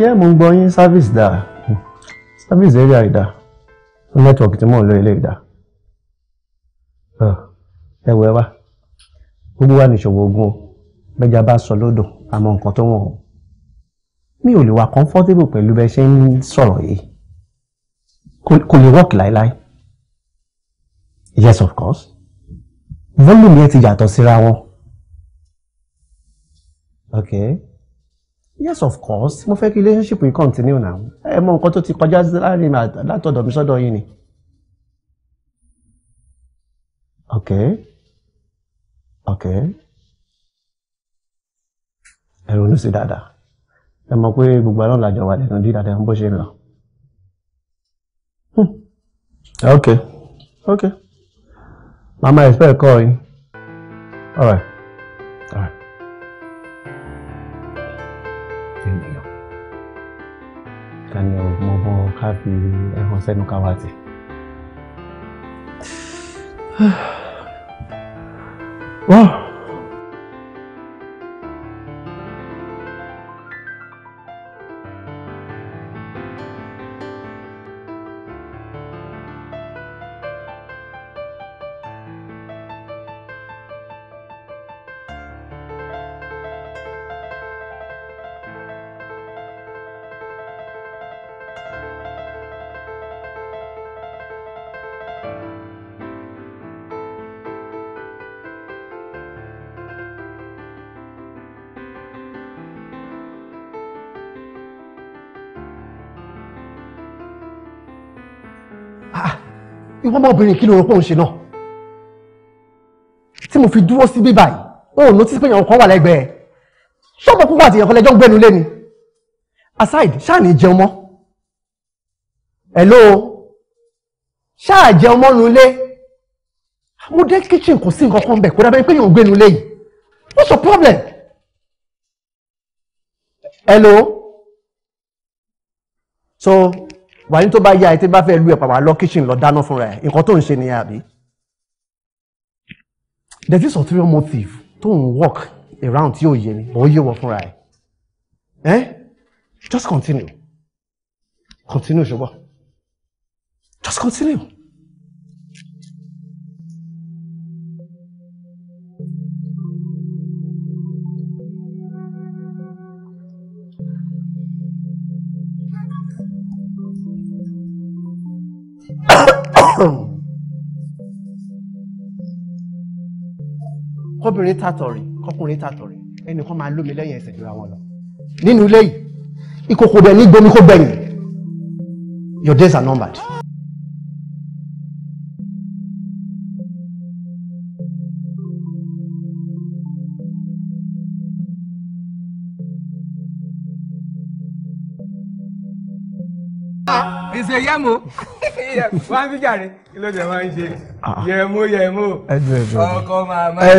yẹ mo ń gbọ́ yín service dà service area ìdá network tí mò ń lò ilé ìdá ah, ẹ wẹ wá gbogbo wa níṣòwò ogun o bẹjà bá sọ lódò àmọ́ nǹkan tó wọn o mi ò lè wà comfortable pẹ̀lú bẹ ṣe ń sọ̀rọ̀ yìí kò lè work láéláé yes of course volume yẹn ti yàtọ̀ síra wọn. Okay yes of course mo fẹ́ kí relationship yìí continue now ẹ mọ nǹkan tó ti kọjá láàrin látọ̀dọ̀ mi sọ́dọ̀ yín ni. ok ok ẹ ronú sí dáadáa ẹ mọ̀ pé gbogbo àlọ́ làjọ wà lẹ́nu dídá dẹ́nu bó ṣe ń lọ. Hmm. ok ok mama expect call yín all right. Kan ò mọ bọ ká fi ẹ̀hàn sẹ́nu ká Wow. ìwọ ọmọbìnrin kí ló rò pé òun ṣe náà tí mo fi dúró sí bíbá yìí ó ò notice pé èèyàn kan wà lẹ́gbẹ̀ẹ́ ṣọ́ọ̀bù púpọ̀ àti èèyàn kan lẹ́jọ́ ń gbẹ́nu lé ni aside ṣáàní jẹun mọ́ hello ṣáà jẹun mọ́nu lé mo dé kitchen kò sí nǹkan kan bẹ̀ kó dábẹ́ pé èèyàn gbẹ́nu lé yìí what's your problem hello so wàyí tó bá yá ẹ tí bá fẹ́ lu ẹ̀ pàpà lọ kíchìn lọ dáná fúnra ẹ̀ nǹkan tó ń ṣe nìyẹn àbí. there is a ulterior motive tó ń work around tí ò yé mi ò yé wọ fúnra ẹ̀ ẹ́ eh? just continue continue ṣùgbọ́n just continue. kọ́bìnrin tàtọ̀ rẹ̀ kọ́kùnrin tàtọ̀ rẹ̀ máa lómi lẹ́yìn ẹsẹ̀ jura wọn lọ nínú ilé yìí ìkòkò rẹ̀ ní gbomi kó gbẹ̀yìn your days are numbered. ṣe yẹmo wá ń fíjà rẹ kí ló jẹ máa ń ṣe yẹmo ah. yẹmo ọkọ màmá. ẹ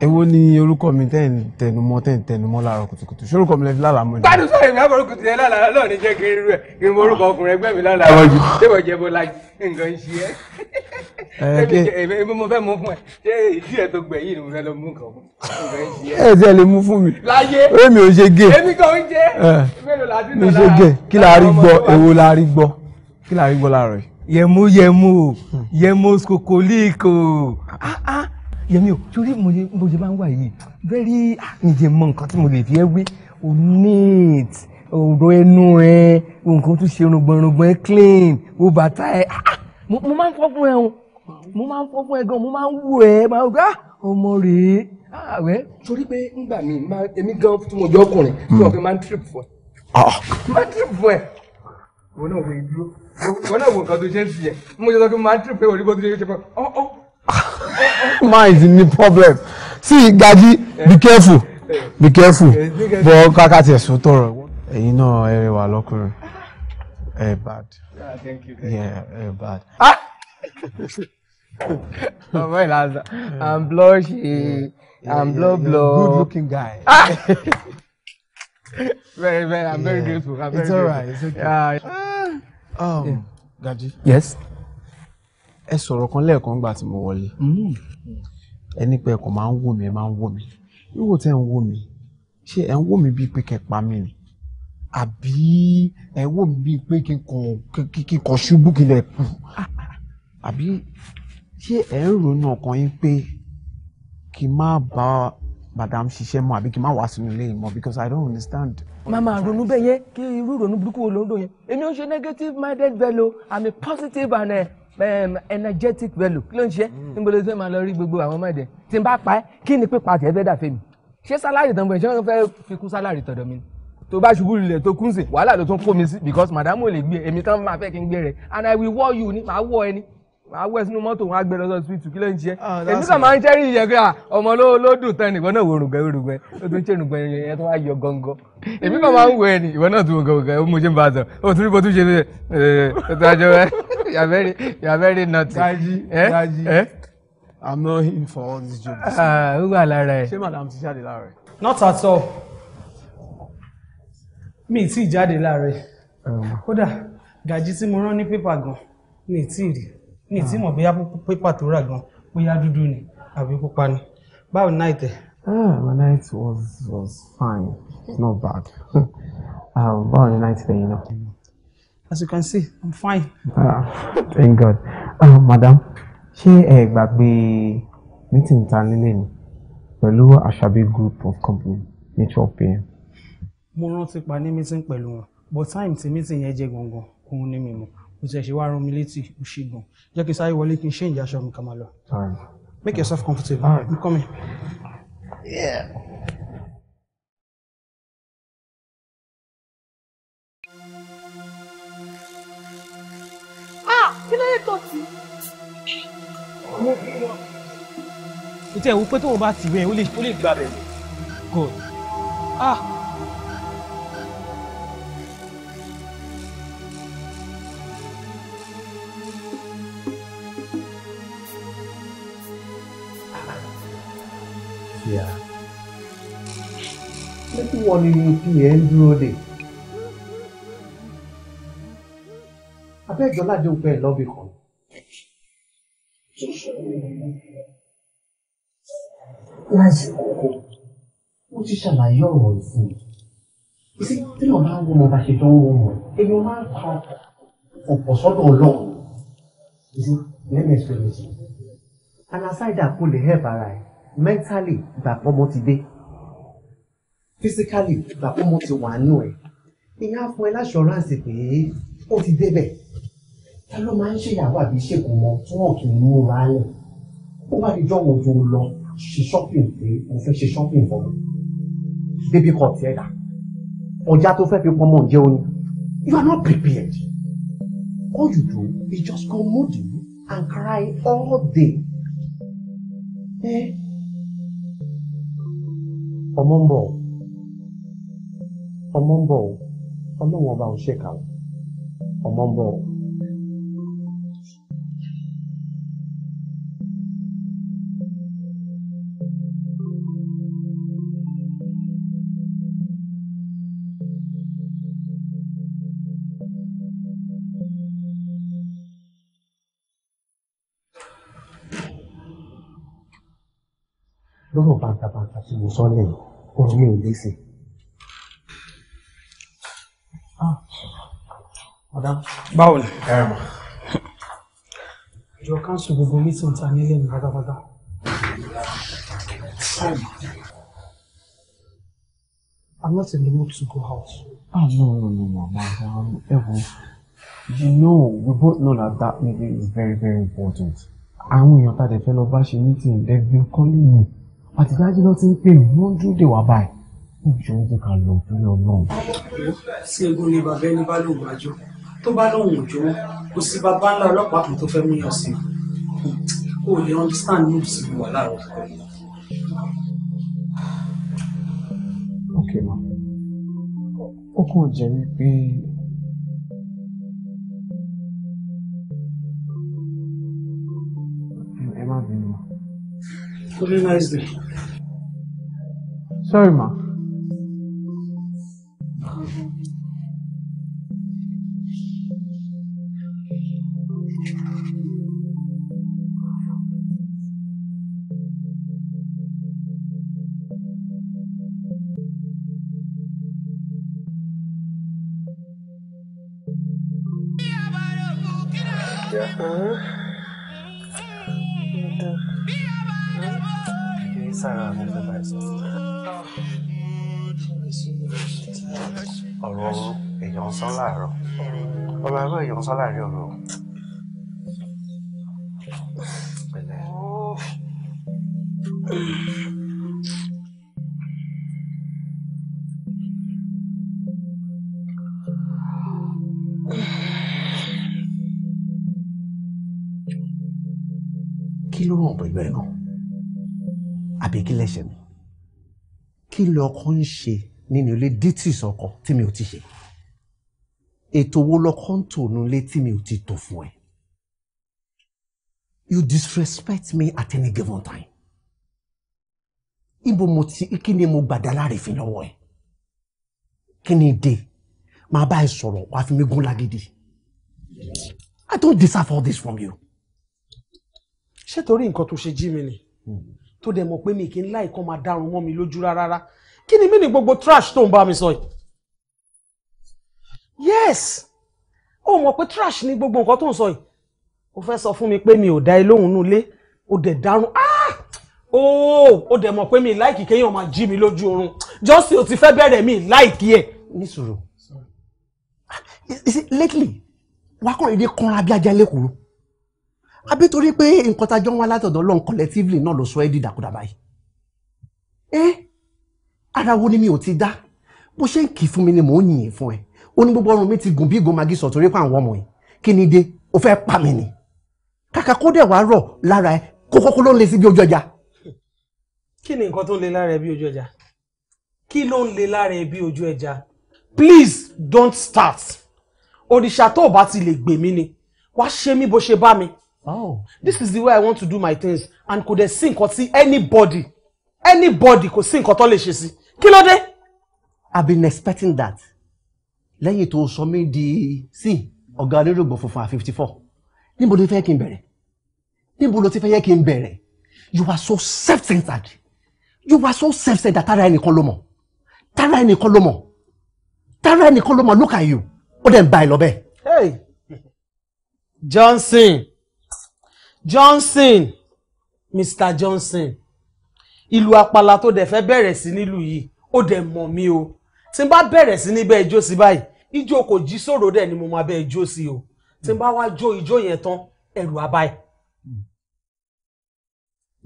èwo ni orúkọ mi tẹ́ ń tẹnumọ́ tẹ́ ń tẹnumọ́ láàárọ̀ kùtùkùtù ṣé orúkọ mi lẹ fi lálàá mọ́ ni. gbádùn sọ̀rọ̀ èmi àbọ̀rọ̀ kùtù yẹn lálàá lọ́ọ̀ ní jẹ́ kí n rú ẹ̀ kí n mọ orúkọ ọkùnrin ẹgbẹ́ mi lálàá wọ́n ju ṣé wọ́n jẹ́ bó la nǹkan ń ṣe ẹ́. èmi mo fẹ́ mú fún ẹ ṣé ìdí ẹ tó gbẹ yìí ni mo fẹ́ lọ mú nǹkan fún ẹ ẹ lè mú fún mi. láyé èmi ò ṣe gé èmi kàn ń jẹ mélòó la dúró lára kí la rí gbọ́ èwo la rí gbọ́ kí la rí gbọ́ láàárọ̀ yìí. yẹmú yẹmú hmm. yẹmú skokoliko hmm. ah ah yẹmi o torí mo ṣe mo ṣe máa ń wà yìí very nìjẹ ah, mọ nǹkan tí mo lè fi ẹ wé o neat ọ̀rọ̀ ẹnu ẹ nǹkan tó ṣe rògbòrògbò ẹ clean o bàtà ẹ ah, ah, mo máa ń fọ́ ẹ o mo máa ń fọ́ ẹ gan mo máa ń wù ẹ máa gbá ọmọ rèé ààwẹ. torí pé ngbà mi èmi gan tí mo jọ ọkùnrin tí wọn máa ń trip fún ẹ máa ń trip fún ẹ wọn náà wò ìdúró wọn náà wò nǹkan tó ṣe ń fi ẹ mo ṣe sọ pé máa ń trip pé òrí bó ti ṣe é ṣe fún ọ ọ. Oh, oh mind the problem see gaji be careful be careful bọ kàkà tiẹ̀ sọ tọrọ ẹ̀yin náà ẹ̀rẹ̀ wà lọ́kùnrin ẹ̀ bad ẹ̀ bad. Ah! Bàbá ìlànà I'm blushing I'm blow blow. Good looking guy. Ah! very very I'm yeah. very grateful. I'm very it's alright it's okay. Uh, um, Gaji. Yes ẹ sọ̀rọ̀ kan lẹ́ẹ̀kan gbà tí mo wọlé mm-hmm. ẹni pé ẹkọ máa ń wò mí ẹ máa ń wò mí wíwò tẹ́ ń wò mí ṣé ẹ ń wò mí bíi pé kẹ́ pa mí ni àbí ẹ wò mí bíi pé kí n kàn ṣubú kí n lè kú àbí ṣé ẹ ń ronú ọkàn yín pé kí n má bá madam ṣiṣẹ́ mọ́ àbí kí n má wá sínú ilé yìí mọ́ because I don't understand. màmá ronú bẹ́ẹ̀ yẹn kí irú ronú burúkú wo ló ń lò yẹn èmi ò ṣe negative minded fellow I'm a positive and. Uh, energetic value kí ló ń ṣe mm. níbo ló fẹ́ máa lọ rí gbogbo àwọn ọmọ ẹ̀dẹ̀ tí n bá pa ẹ́ kí ni pípa tẹ̀ fẹ́ dà fẹ́ mi ṣé sálárì tán bẹ̀ ṣé wọ́n fẹ́ fi kún sálárì tọ̀dọ̀ mi tó bá ṣubú lulẹ̀ tó kún sí wàhálà ló tún kó mi sí because madam ò lè gbé èmi tán máa fẹ́ kí n gbé rẹ̀ and I will war you ni màá wọ ẹni máa wẹ̀ sínú mọ́tò wọn á gbé lọ sọ síbítù kí ló ń ṣe ah, èmi kàn máa ń ṣẹ́rí ìyẹn pé ah, ọmọ ló dùn tán ni ìwọ náà wo rògbẹ́ rògbẹ́ ó tún ṣe rògbẹ́ yẹn tó wá yọ gọ́ngọ́ èmi kàn máa ń wẹ̀ ni ìwọ náà tún rògbẹ́ rògbẹ́ ó mú ṣe ń bá a sọ ó tún rí bó tún ṣe ṣe ẹ tó ajọ rẹ yàbẹ́rẹ́ nọtì. gaji gaji i'm not in for all these jokes. Ah, ó wà lára ẹ. ṣé madam ti jáde láàárọ̀. not at all mi ì tí ì jáde láàárọ̀ oh. kódà gàjí tí mo rán ní pépà gan mi ì tí ì rí mi ì mọ̀ bóyá pípa tó rà gan bóyá dúdú ni àbí pupa ni báwo night ẹ. Ah, my night was was fine it's not bad ah, báwo ni night ẹ yín náà. as you can see i'm fine. ah thank god uh, madam ṣé ẹ gbàgbé meeting ta nílé ni pẹ̀lú àṣàbí group of company ní twelve pm. mo rántí pa ní meeting pẹ̀lú wọn but time tí meeting yẹn jẹ́ gangan òun ni mi mo ti ẹ̀ ṣe wá rán mi létí mo ṣe gan jẹ́ kí n sáré wọlé kí n ṣe ìjà aṣọ mi kà máa lọ. make yourself comfortable right. i'm coming. Yeah. ah kí ló dé tó ti. ìtẹ̀wò pé tóun bá ti bẹ́ẹ̀ ó lè gbà bẹ́ẹ̀. good ah. Olivia. Everyone in UP ẹ̀ ń dúró dè. Abẹ́jọ́ ládé òpẹ́ ẹ̀ lọ́bì kan. Láìsí kókó, ó ti ṣàlàyé ọ̀rọ̀ ìfún mi. Ìsí tí wọ́n máa ń wọ́n bá ṣe tó ń wọ́n mọ̀, èèyàn máa ń pa ọ̀pọ̀ sọ́dọ̀ ọlọ́run. Ìsí, let me explain this. Anasida kò lè help ara ẹ̀ mentally gbà pé ọmọ ti dé physically gbà pé ọmọ ti wà nù ẹ ìyá fún ẹ láṣọránsì pé ó ti débẹ̀ ta ló máa ń ṣèyàwó àbí ṣègùn mọ tí wọn kì í mú ra lẹ ó bá di jọ̀wọ́ tó lọ ṣe shopping pé mo fẹ́ ṣe shopping fún mi bébí kan tiẹ̀ dà ọjà tó fẹ́ fi pọnmọ́ ǹjẹ́ o ni you are not prepared all you do is just go moody and cry all day. Eh? ọmọ ń bọ̀ ọmọ ń bọ̀ ọlọ́wọ́n ọba ò ṣèkà ọmọ ń bọ̀. lọ́rọ̀ bàǹtàbàǹtà tí mo sọ lẹ́yìn ọ̀rọ̀ mi ò lẹ́sẹ̀. Ah, báwo ni. ìjọ káńsù gbogbo mítìn ta nílé mi pátápátá. I'm not in the mood to go out. Oh, no, no, no, no, madam. Ever. You know, we both know that that meeting is very, very important. Àwọn èèyàn tá a dẹ̀ fẹ́ lọ bá ṣe meeting, they've been calling me àti dájú ló ti ń pè mí wọ́n dúró dè wá báyìí níbi tí wọ́n jẹ́ ká lọ torí ọlọ́run. sí egun ni bàbá ẹni bá lòun àjọ tó bá lòun òjò kò sí bàbá ńlá ọlọ́pàá kan tó fẹ́ mú yàn sí i o lè understand ní òsì wà láàárọ̀. ok ma ó kàn jẹ́ wípé. Have a nice day. Sorry, ma. sára mo fẹ́ bá ẹ sọ. ọ̀rọ̀ èèyàn sán láàárọ̀ ọ̀rọ̀ ẹ̀rọ èèyàn sán láàárọ̀ ọ̀rọ̀. pẹ̀lẹ́. kí ló ràn pẹ̀lú ẹ̀ náà àbí kí lẹ́sẹ̀ mi kí lọ ọkọ ń ṣe nínú ilé dítìs ọkọ tí mi ò ti ṣe ètò wo lọkọ ń tò nínú ilé tí mi ò ti tò fún ẹ you disrespect me at any given time ibo mo ti kí ni mo gbàdá láre fi lọ́wọ́ ẹ kí ni dé máa bá ẹ sọ̀rọ̀ wàá fi mí gún lágídí I don't deserve all this from you. ṣé torí nǹkan tó ṣe jí mi ni. Hmm tó dẹ̀ mọ̀ pé mi kì í láì kàn máa dárun mọ́ mi lójú rárá kí ni mí ní gbogbo trash tó ń bá mi sọ yìí. yes ó mọ̀ pé trash ni gbogbo nǹkan tó ń sọ yìí ó fẹ́ sọ fún mi pé mi ò dá ilé òun nulẹ̀ ó dẹ̀ dárun ah oh ó dẹ̀ mọ̀ pé mi láìkì kéèyàn máa jí mi lójú oorun jọ́sìn ò ti fẹ́ bẹ̀rẹ̀ mi láìkì ẹ̀ nísòro ah, lately wákàn èdè kanra bí ajá lẹ́kọ̀ọ́ àbí torí pé nǹkan tá a jọ ń wá látọ̀dọ̀ Ọlọ́run collectively náà ló sọ ẹ́ dìdàkudà báyìí ẹ ara wo ni mi ò ti dá bó ṣe ń kì í fún mi ni mò ń yìn fún ẹ ó ní gbogbo ọrùn mi ti gùn bí ìgò magi sọ torí pé àwọn ọmọ yìí kí ni dé o fẹ́ pa mi ni kàkà kó dẹ̀ wá rọ̀ lára ẹ kó kọ́kọ́ ló ń le sí bí ojú ọjà. kí ni nǹkan tó ń le lára ẹ bí ojú ọjà kí ló ń le lára ẹ bí ojú ọjà please don't start òrìṣà tó o bá ti lè gbè mí ni wàá ṣe mí bó ṣe bá mi. Oh, this is the way i want to do my things and could dẹ̀ sink or see anybody anybody could sink or tó lè ṣe sí kí i've been expecting that lẹ́yìn tó sọ mí di sí ọ̀gá onírògbò funfun à fifty four níbo ló fẹ́ kí n bẹ̀rẹ̀ níbo ló ti fẹ́ you are so self-centered you are so self-centered tara ẹnìkan ló mọ̀ tara ẹnìkan ló tara ẹnìkan ló look at you ó then ń ba ẹ Johnson Johnson Mr Johnson ìlú àpàlà tó dẹ̀ fẹ́ bẹ̀rẹ̀ sí nílùú yìí ó dẹ̀ mọ̀ mí o tí n bá bẹ̀rẹ̀ sí níbẹ̀ ijó sí báyìí ijó kò jí sòrò dẹ̀ ni mo máa bẹ̀ ijó sí o tí n bá wá jó ijó yẹn tán ẹ̀rù àbáyé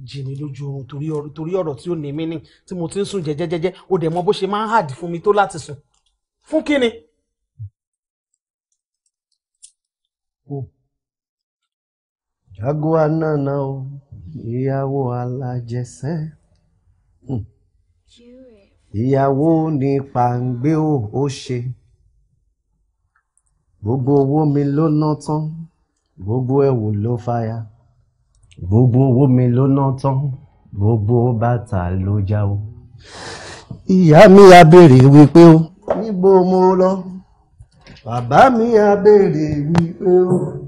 jìnnì lójú oorun torí ọ̀rọ̀ tí ó ní mí ní tí mo ti ń sùn jẹ́jẹ́jẹ́jẹ́ ó dẹ̀ mọ̀ bó ṣe máa ń hàdì fún mi tó láti sùn fún kí ni jaguwa nana o ìyàwó alájẹsẹ hmm. ìyàwó ní pàǹgbé ò ó ṣe gbogbo owó mi ló ná tán gbogbo ẹ̀wù ló fàya gbogbo owó mi ló ná tán gbogbo bàtà ló já ìyá mi á béèrè wípé o níbo mo lọ bàbá mi á béèrè wípé o.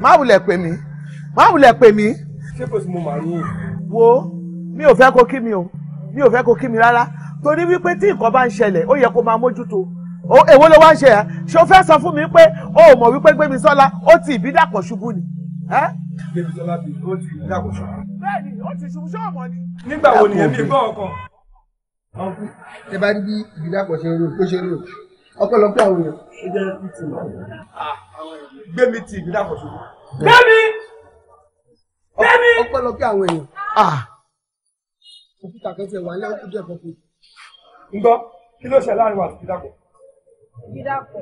má wulẹ̀ pè mí má wulẹ̀ pè mí. ṣé kò sí mo màá yín. wo mi ò fẹ́ kó kí mi o mi ò fẹ́ kó kí mi rárá torí wípé tí nǹkan bá ń ṣẹlẹ̀ ó yẹ kó máa mójútó èwo ló wá ń ṣe ẹ́ ṣé o fẹ́ sọ fún mi pé o ò mọ̀ wípé Gbémisọ́lá ó ti ìbí dàpọ̀ ṣubú ni. Gbémisọ́lá ti ó ti ìbí dàpọ̀ ṣubú. bẹ́ẹ̀ni ó ti ṣubú ṣé ọmọ ni. nígbà wo ni èmi gbọ́ ọkàn. ọkùn tẹ bá rí bí ìbí dàpọ̀ ṣe rò tó ṣe ń rò ọ̀pọ̀lọpọ̀ àwọn èèyàn ó jẹ́ fífi mọ́. Ah, gbẹmí ti ìgbìdá pọ̀ ṣubú. gbẹmí gbẹmí. ọpẹ́lọpẹ́ àwọn èèyàn ah! òkúta kẹsẹ wà ní ọkùnrin ẹ̀kọ́ fún mi. ń gbọ́ kí ló ṣe láàrin wa àti ìgbìdá pọ̀. ìgbìdá pọ̀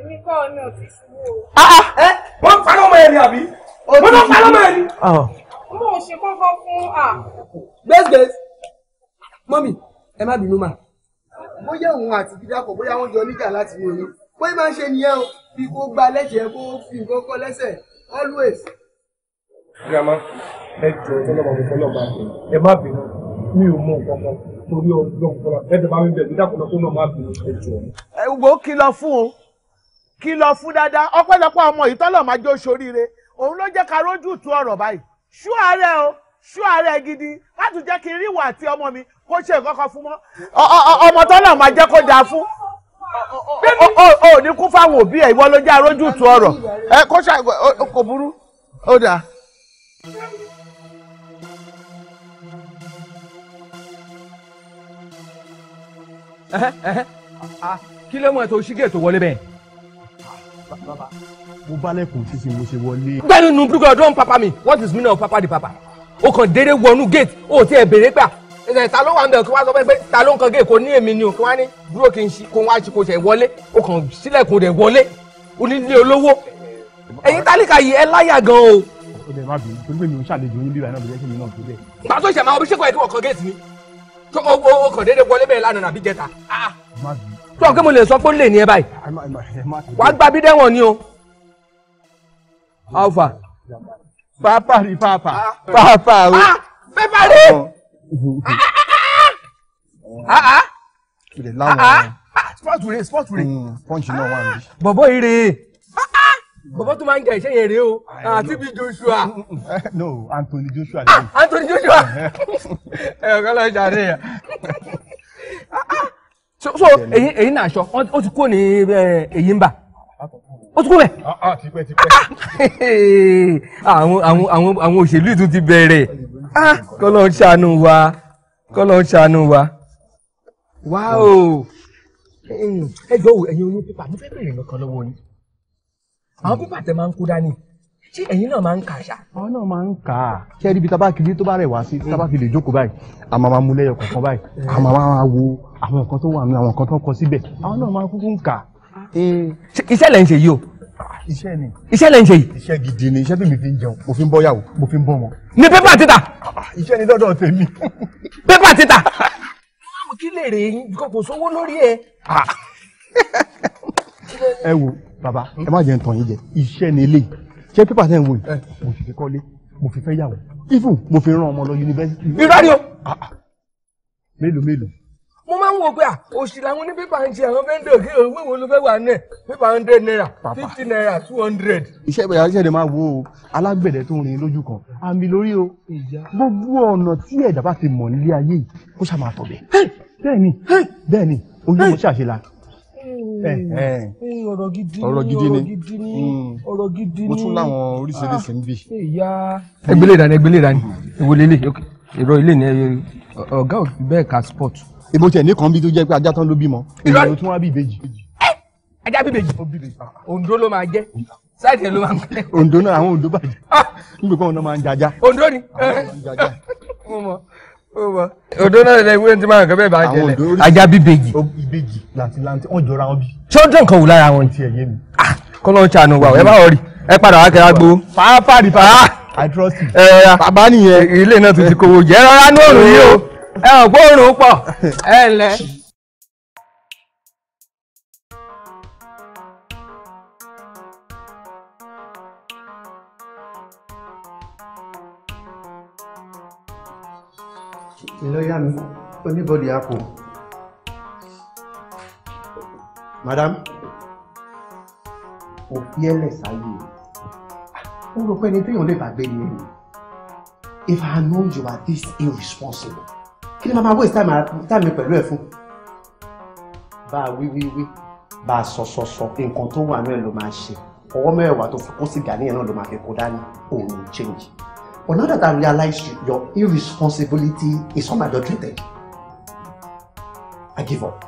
èmi kọ́ ọ náà ti ṣubú o. Ah, ah! wọ́n ń parọ́ ọmọ yẹn ni àbí wọ́n ń parọ́ ọmọ yẹn ni. mo ò ṣe kọ́kọ́ fún a. gbẹ́sgbẹ́s mọ́mì ẹ má bínú mà bóyá òun àti ìgbìdá bóyá wọ́n jọ níjà láti ní oyún bó ṣe máa ń ṣe nìyẹn o bí kò gba lẹ́jẹ̀ kó fi nǹkan kọ́ lẹ́sẹ̀ always. grandma ẹ jọ ọlọ́mọ mi fọlọ́ọ̀bá ẹ má bínú mi ò mọ nǹkan kan torí ọdún kọ́ra ẹ̀dẹ̀ bá mi bẹ̀ mí dákúnlọ tó náà má bínú ẹ jọ. ẹ wo kí lọ fún o kí lọ fún dáadáa ọpẹ́lọpẹ́ ọmọ yìí tọ́lọ̀ máa jó soríire òun ló jẹ́ ká rójú tu ọ̀rọ̀ báyìí ṣú ààrẹ o ṣú ààrẹ gidi má tún jẹ́ kí n ríwà àti ọmọ mi kó ṣe nǹkan kan fún mọ́ ọmọ tọ́lọ̀ máa jẹ́ kó dáa fún ó ní kú fáwọn òbí ẹ ìwọ ló jẹ arójú tu ọ̀rọ̀ ẹ kó ṣá kò burú ó dà. kí ló mú ẹ tó ṣí gèètò wọlé bẹ́ẹ̀. mo bá lẹ́kùn títí mo ṣe wọlé. gbẹ́nu nu pípẹ́ ọdún papa mi what is meaning of papa di papa o kàn déédéé wọnú gate o ò tí ẹ béèrè ẹ ta ló wà ń bẹ̀ kí wọ́n sọ pé ta ló ń kan kò ní èmi ni o kí wọ́n ní dúró kí n ṣe kó wọ́n ṣe kó ṣe wọlé ó kàn sílẹ̀kùn rẹ̀ wọlé onílé olówó ẹ̀yin tálíkà yìí ẹ láyà gan o. ó dẹ̀ má bínú torí pé mi ò ṣàlejò yín bíbá iná mi jẹ́ mi náà tó bẹ̀. ìgbà tó ṣe máa ọbí ṣèkọ ẹ kí wọ́n kan géètì ni tó o kàn déédéé wọlé bẹ́ẹ̀ lánàá àbí jẹta. Ah. tó o kí mo lè sọ pé ó lè ní ẹ báyìí wàá gba bídẹ́wọ̀n ni o. alfa pàápàá rí pàápàá o. Ah. pépà rí. Ah kìlè ah, sport rèé sport rèé. punch náà wà níbí. bọ̀bọ̀ yìí rèé bọ̀bọ̀ tó máa ń jẹ iṣẹ́ yẹn rèé o àti bíi Joshua. no Anthony Joshua. Anthony Joshua ẹ ọ̀gá lọ jà rẹ̀ yà so èyí èyí náà so, ó ti kó ní èyí ń bà ó ti kó bẹ̀. tipẹ́tipẹ́. àwọn àwọn àwọn òṣèlú ìtún ti bẹ̀rẹ̀ ah kọ́lọ́ ń ṣàánú wa kọ́lọ́ ń ṣàánú wa wá o ẹ jọ̀ọ́ wò ẹ̀yin oní pépà mo fẹ́ bèrè nǹkan lọ́wọ́ yín àwọn pépà tẹ máa ń kó dání ṣé ẹ̀yin náà máa ń kà ṣá. àwọn náà máa ń kà á ṣé ẹni ibi tá a kiri tó bá rẹ̀ wá sí tá a bá fi lè jókòó báyìí a máa máa mú lẹ́yọ̀ kọ̀ọ̀kan báyìí a máa máa wo àwọn nǹkan tó wà ní àwọn nǹkan tó kọ síbẹ̀ àwọn náà máa kúkú ń kà. iṣẹ́ lẹ́yìn ṣe yìí o iṣẹ́ ni. iṣẹ́ lẹ́yìn ṣe yìí. iṣẹ́ gidi ni iṣẹ́ tí mi fi ń jẹun mo fi ń bọ́ yàwó mo fi ń bọ́ wọn. ni pépà títà. Ah, iṣẹ́ ni lọ́dọ̀ tèmi. pépà títà. kí lè rè é kò sówó lórí ẹ. Ah. ẹ wo bàbá ẹ má jẹ́ ntàn yín jẹ iṣẹ́ ni eléyìí ṣé pépà tẹ̀ ń wò yìí mo fi kọ́lé mo fi fẹ́ yàwó even mo fi rán ọmọ lọ yunifásitì. irọ́ ni o. Ah, mélòó mélòó mo máa ń wo pé òṣì làwọn ní pépà ń ṣe àwọn vendor kí o wíwo ló fẹ́ wà náà pépà hundred naira fifty naira two hundred. iṣẹ́ ìbẹ̀rẹ̀ iṣẹ́ ìdẹ̀ máa wo alágbẹ̀dẹ tó ń rin lójú kan àmì lórí o gbogbo ọ̀nà tí ẹ̀dá bá ti mọ̀ nílé ayé yìí kó ṣáà máa tọ̀bẹ̀. bẹ́ẹ̀ni bẹ́ẹ̀ni olúwo ṣàṣelà hmm. hmm, ọ̀rọ̀ gidi ni ọ̀rọ̀ gidi ni hmm. ọ̀rọ̀ gidi ni mo tún láwọn oríṣiríṣi ah, èmi tẹ̀ ní kan bí tó jẹ́ pé ajá tán ló bímọ ìrọ̀lù tún wá bí ìbejì. ajá bí ìbejì òǹdó ah, ah. ló máa jẹ́ sáìtì ló máa ń pẹ́. òǹdó náà àwọn òǹdó bàjẹ́ ah! nígbà kan náà máa ń jaja. òǹdó ni mo mọ mo mọ òǹdó náà lè wé ní máa nǹkan bẹ́ẹ̀ bá jẹ lẹ. ajá bí ìbejì. ìbejì làǹtí làǹtí wọ́n jọra wọn bí. ṣé ó dùn kan wù lára wọn. kọ́ ń ṣàánú wa ẹ bá wọ̀ rí ẹ padà wá kẹ́ra gbó. fàáfàá ni fàá. I trust you. Eh, bàbá nìyẹn. ilé náà tún ti kówó jẹ́ rárá ní òrùn yìí o ẹ ò gbóòórùn pọ̀ ẹ ǹlẹ́. lọ́yà mi oníbọ̀dì àpò madam kò fi sáyé o ó rò pé ẹni téèyàn lè bàgbé ni if I know you are this irresponsible kí ló máa máa waste time pẹ̀lú ẹ̀ fún. bá a wí wí wí bá a sọ sọ sọ nǹkan tó wà náà ló máa ṣe ọwọ́ mẹ́wàá tó fi kó sìgá níyẹn náà ló máa fi kó dání òun ò change. But now that I realize your irresponsibility is unadulterated, I give up.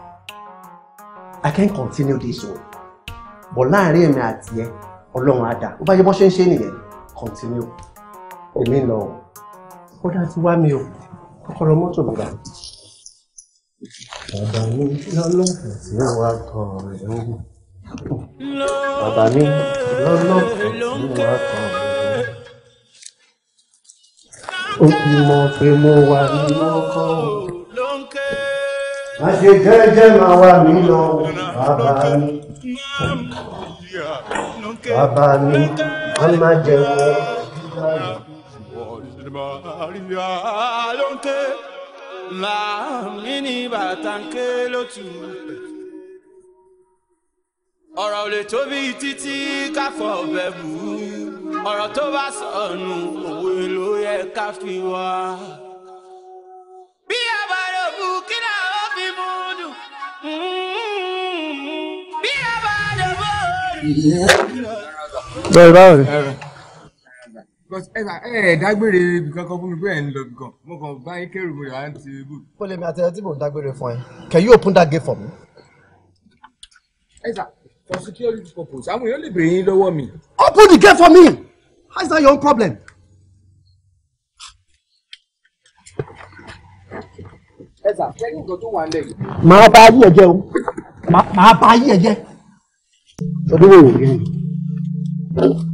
I can't continue this way. But láàrin èmi àti ẹ, Ọlọ́run á dà. Ó bá yẹ bó ṣe ń ṣe nìyẹn, continue. Èmi lọ. Ó dá ti wá mi o kọ́kọ́rọ́ mọ́tò mi rà. bàbá mi lọ́lọ́pẹ̀ tí ó wá tọ̀ rẹ̀ ń wù. bàbá mi lọ́lọ́pẹ̀ tí ó wá tọ̀ rẹ̀ ń ó ti mọ pé mo wà ní lọ́kọ́. má ṣe jẹ́jẹ́ máa wà mí lọ bàbá mi. bàbá mi a máa jẹun. Maria lonte la mini batanke lotu ọ̀rọ̀ ò lè tóbi títí káfọ̀ ọ̀bẹ bù ú ọ̀rọ̀ tó bá sọnù òwe ló yẹ ká fi wá. bí a bá lò bù kí náà ó fi mú un dùn hmm. bí a bá lò bù. bẹ́ẹ̀ báwo ni because ẹ ẹ dágbére ibìkan kan fún mi pé ẹ ń lọ ibìkan mo kàn bá yín kẹrù mi rà á ti bù. ó lè mi àti ẹ tí mò ń dágbére fún ẹ can you open that gate for me. ẹ sà for security purpose àwọn èèyàn lè béèrè yín lọ́wọ́ mi. open the gate for me how is that your own problem. ẹ sà kẹ́kẹ́ nǹkan tó wà ń lẹ̀ yìí. màá bá yí ẹ jẹ o màá bá yí ẹ jẹ. ọdún wo wò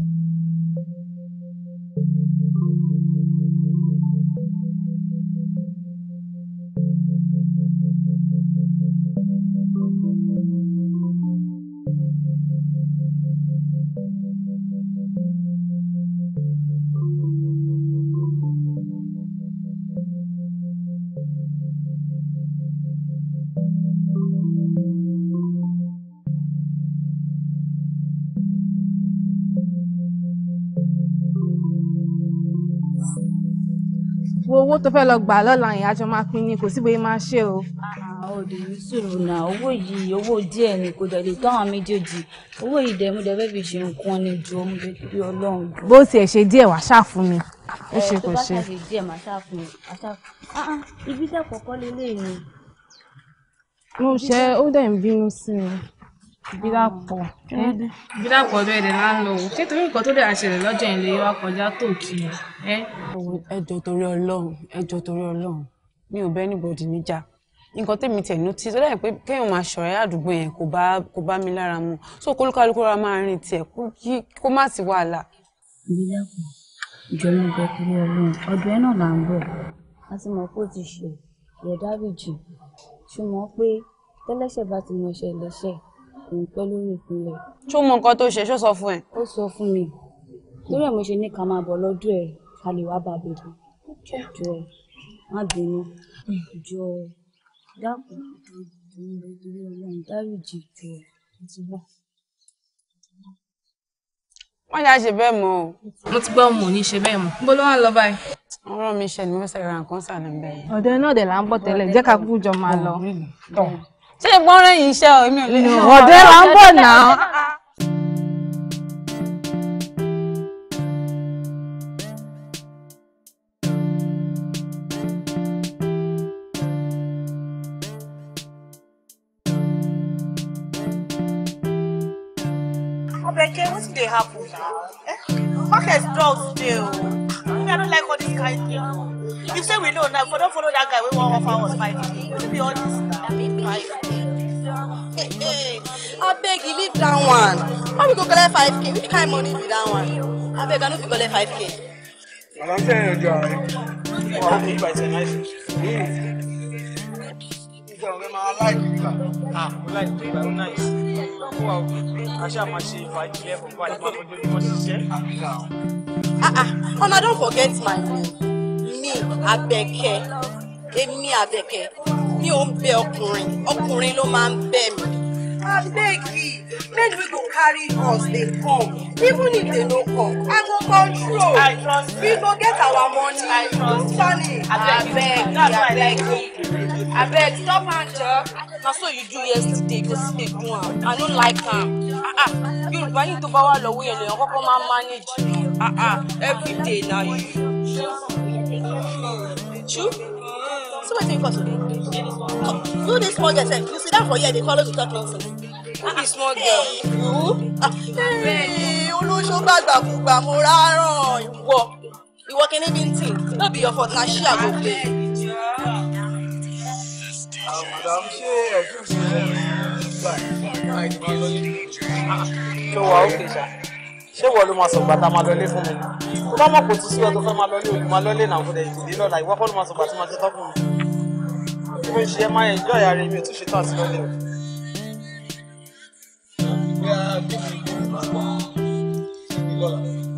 owó tó fẹ́ lọ gbà lọ́la yẹn àjọ máa pín ni kò sí bóyá máa ṣe o. òde mi sùúrù na owó yìí owó díẹ̀ ni kò dẹ̀ lè méjèèjì owó yìí dẹ̀ dẹ̀ fẹ́ fi ṣe nǹkan ni ju omi bí ọlọ́run. bó tiẹ̀ ṣe díẹ̀ wàá ṣàfún mi ó eh, ṣe kò ṣe. ẹ tó bá ṣàṣe díẹ̀ màá ṣàfún mi màá ṣàfún ah, ah, ibi tẹ̀ kọ̀ọ̀kan lélẹ́yìn. mo ṣe ó dẹ̀ ń bínú sí mi. Bídàpọ̀ Bídàpọ̀ bẹ́ẹ̀ dẹ̀ máa ń lọ wò ṣé torí nǹkan tó dẹ̀ àṣẹlẹ̀ lọ́jọ́ yẹn lè wá kọjá tó kì í ẹ́. ẹjọ torí Ọlọ́run ẹjọ torí Ọlọ́run mi ò bẹ anybody níjà nǹkan tèmi tẹ̀ nú tí tó dáyẹ̀ pé kéèyàn máa ṣọ̀rẹ́ àdúgbò yẹn kò bá kò bá mi lára mu so kólúkálukú ra máa rìn tiẹ̀ kó má sí wàhálà. Bídàpọ̀ ìjọba ìbẹ̀ torí Ọlọ́run ọdún ẹ náà là ń bọ̀ a ti mọ̀ pé ó ti ṣe yẹ dáríjì ṣùgbọ́n pé tẹ́lẹ́ṣẹ̀ bá ti mọ̀ ṣẹlẹ́ṣẹ̀ òun pẹ́ lórí ìpínlẹ̀. ṣó mọ nǹkan tó ṣe ṣó sọ fún ẹ. ó sọ fún mi torí ẹ̀ mo ṣe ní ká máa bọ̀ lọ́dún ẹ̀ ká lè wá bá bèrè jọ ẹ má bínú jọ ẹ dákun ìdúró Ọlọ́run dáríjì jọ ẹ ti bọ̀. wọ́n ṣáà ṣe bẹ́ẹ̀ mọ́ o. mo ti gbọ́ ọmọ òní ṣe bẹ́ẹ̀ mọ́. bó ló wà lọ báyìí. ọ̀rọ̀ mi ṣẹlẹ̀ mo fẹ́ ra nǹkan sàlẹ̀ ń bẹ̀rẹ̀. ọ̀dọ̀ iná ọ̀dẹ̀ là ń bọ̀ tẹ́lẹ̀ jẹ́ ká kú jọ máa lọ. tọ̀ ṣé gbọ́nrẹ́ yìí iṣẹ́ o èmi ò lè. ọ̀dẹ́ là ń bọ̀ náà. Obeke, wetin dey happen now? Eh? drugs dey I don't like all dis kain thing. If say we know now, we don't follow that guy. We want half hours five. We'll be honest. I beg you leave that one. How we go collect five k? Which kind of money be that one? I beg I know no fit collect five k. Àlàáfíà yẹn jọ ààrẹ. Wọ́n á ní ìgbà ìṣẹ̀ náà ṣe. Ìgbà ọ̀rẹ́ máa láìpẹ́ Ah, láìpẹ́ ìgbà ó náà ṣe. Wọ́n á ṣáà máa ṣe ìfàjì lẹ́fọ̀ọ́ bá Ah ah, una don't forget my name èmi Àbẹ̀kẹ́ èmi Àbẹ̀kẹ́ mi ò ń bẹ ọkùnrin ọkùnrin ló máa ń bẹ mi. abegi men wey go carry us dey come even if they no come i go control we go get our money I trust funny abeg abeg abeg stop am jor na so you do yesterday go still dey do am i no like am yorùbá yìí tó bá wà lọ́wọ́ yẹn lèèyàn kọ́kọ́ máa manage Ah, ah. everyday na you. True? So what do you for today? Come, this small girl self. You sit down for here, they follow you talk nonsense. Who be small girl? You? Hey, olóṣó gbàgbà kúgbà mo rárán ìwọ. Ìwọ kìíní bí n tì, no be your fault, na ṣí àgbo pé. Àbùdàm ṣe ẹ̀dùn sílẹ̀ nígbà yìí. Ṣé wàá ó kè sá? ṣé wọ́n ló máa sọ̀gbà tá a máa lọlé fún mi tó bá mọ̀ kò tún sí ọ fẹ́ máa lọlé òní máa lọlé náà fún ẹ̀ ìdílé lọ́la ìwọ kọ́ ló máa sọ̀gbà tí máa ṣe tán fún mi bí mo ń ṣe máa ẹ̀ ìyá rẹ̀ mi ò tún ṣe tán àti lọlé o.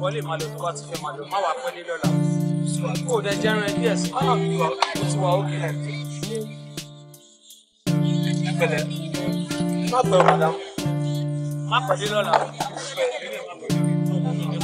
wọ́n lè máa lọ tó bá ti fẹ́ máa lọ má wàá pẹ́lẹ́ lọ́la kó o dẹ jẹ́rán ẹbí ẹ̀sìn kọ́nà mi wà ó wà ó kìlẹ̀ pẹ̀lẹ́ má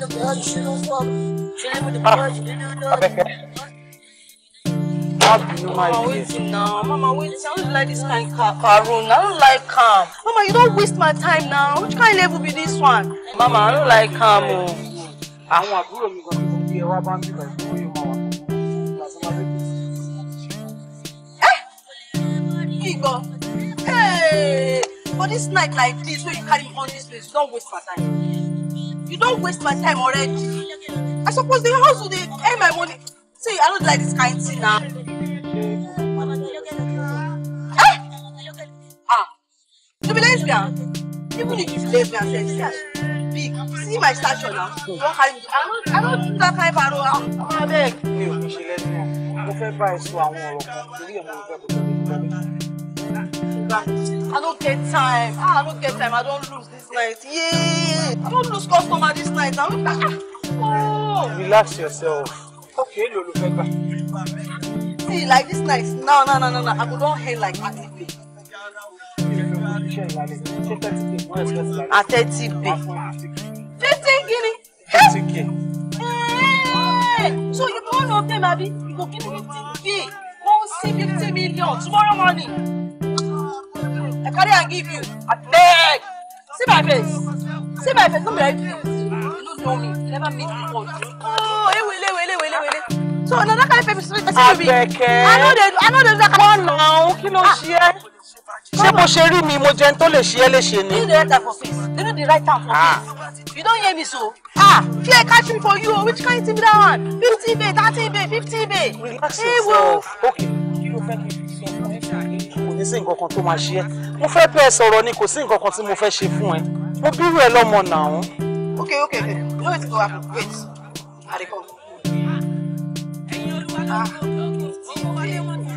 the girl, you shouldn't fuck. She live with the boy, she didn't know Mama, Mama wait now. Mama, wait. I don't like this kind of carroon. I don't like calm. Mama, you don't waste my time now. Which kind of level be this one? Mama, I don't like calm. Àwọn àbúrò mi kan tó bí ẹ wá bá ń bí bàjẹ́ owó yóò máa Hey! For this night like this, when you carry me on this place, don't waste my time. You don't waste my time already. I suppose they hustle, they earn my money. See, I don't like this kind of thing now. Eh? Ah, Ah, you be lesbian. Even if you lesbian, say, see, big. See my stature now. Don't carry I don't, I don't do that kind of arrow. I beg. Mi ò ní ṣe lẹ́nu. Mo fẹ́ bá ẹ sọ àwọn ọ̀rọ̀ kan torí ẹ̀ mo fẹ́ kó back. I don't get time. Ah, I don't get time. I don't lose this night. Yeah. I don't lose customer this night. I don't. Ah. Oh. Relax yourself. Okay, Lolo Pepper. See, like this night. No, no, no, no, no. I go don't hate like anything. At 30 pay. 15 guinea. 30 k. Hey! So you go all of them, Abi? You go give me 15 k see fifty million tomorrow morning. I carry and give you. I beg. See my face. See my face. No be like you. You no know me. You never meet me before. Oh, hey, wele, wele, wele, wele. So na that kind of person I be. I know they. I know they do that now, kí ló ṣé mo ṣe rí mi mo jẹun tó lè ṣe é léṣe ni. you dey write am for face you no dey write for face you don hear me so. ah fear catch me for you o oh. which kind thing be that one fifty bay thirty bay fifty bay. relax yourself okay kí ló fẹ́ kí n sọ fún ẹ kò ní sí nǹkan kan tó máa ṣe ẹ́ mo fẹ́ bẹ́ẹ̀ sọ̀rọ̀ ni kò sí nǹkan kan tí mo fẹ́ ṣe fún ẹ mo bírò ẹ lọ́mọ nàún. okay okay okay No know wetin go happen wait i dey come. ah. ah. Oh,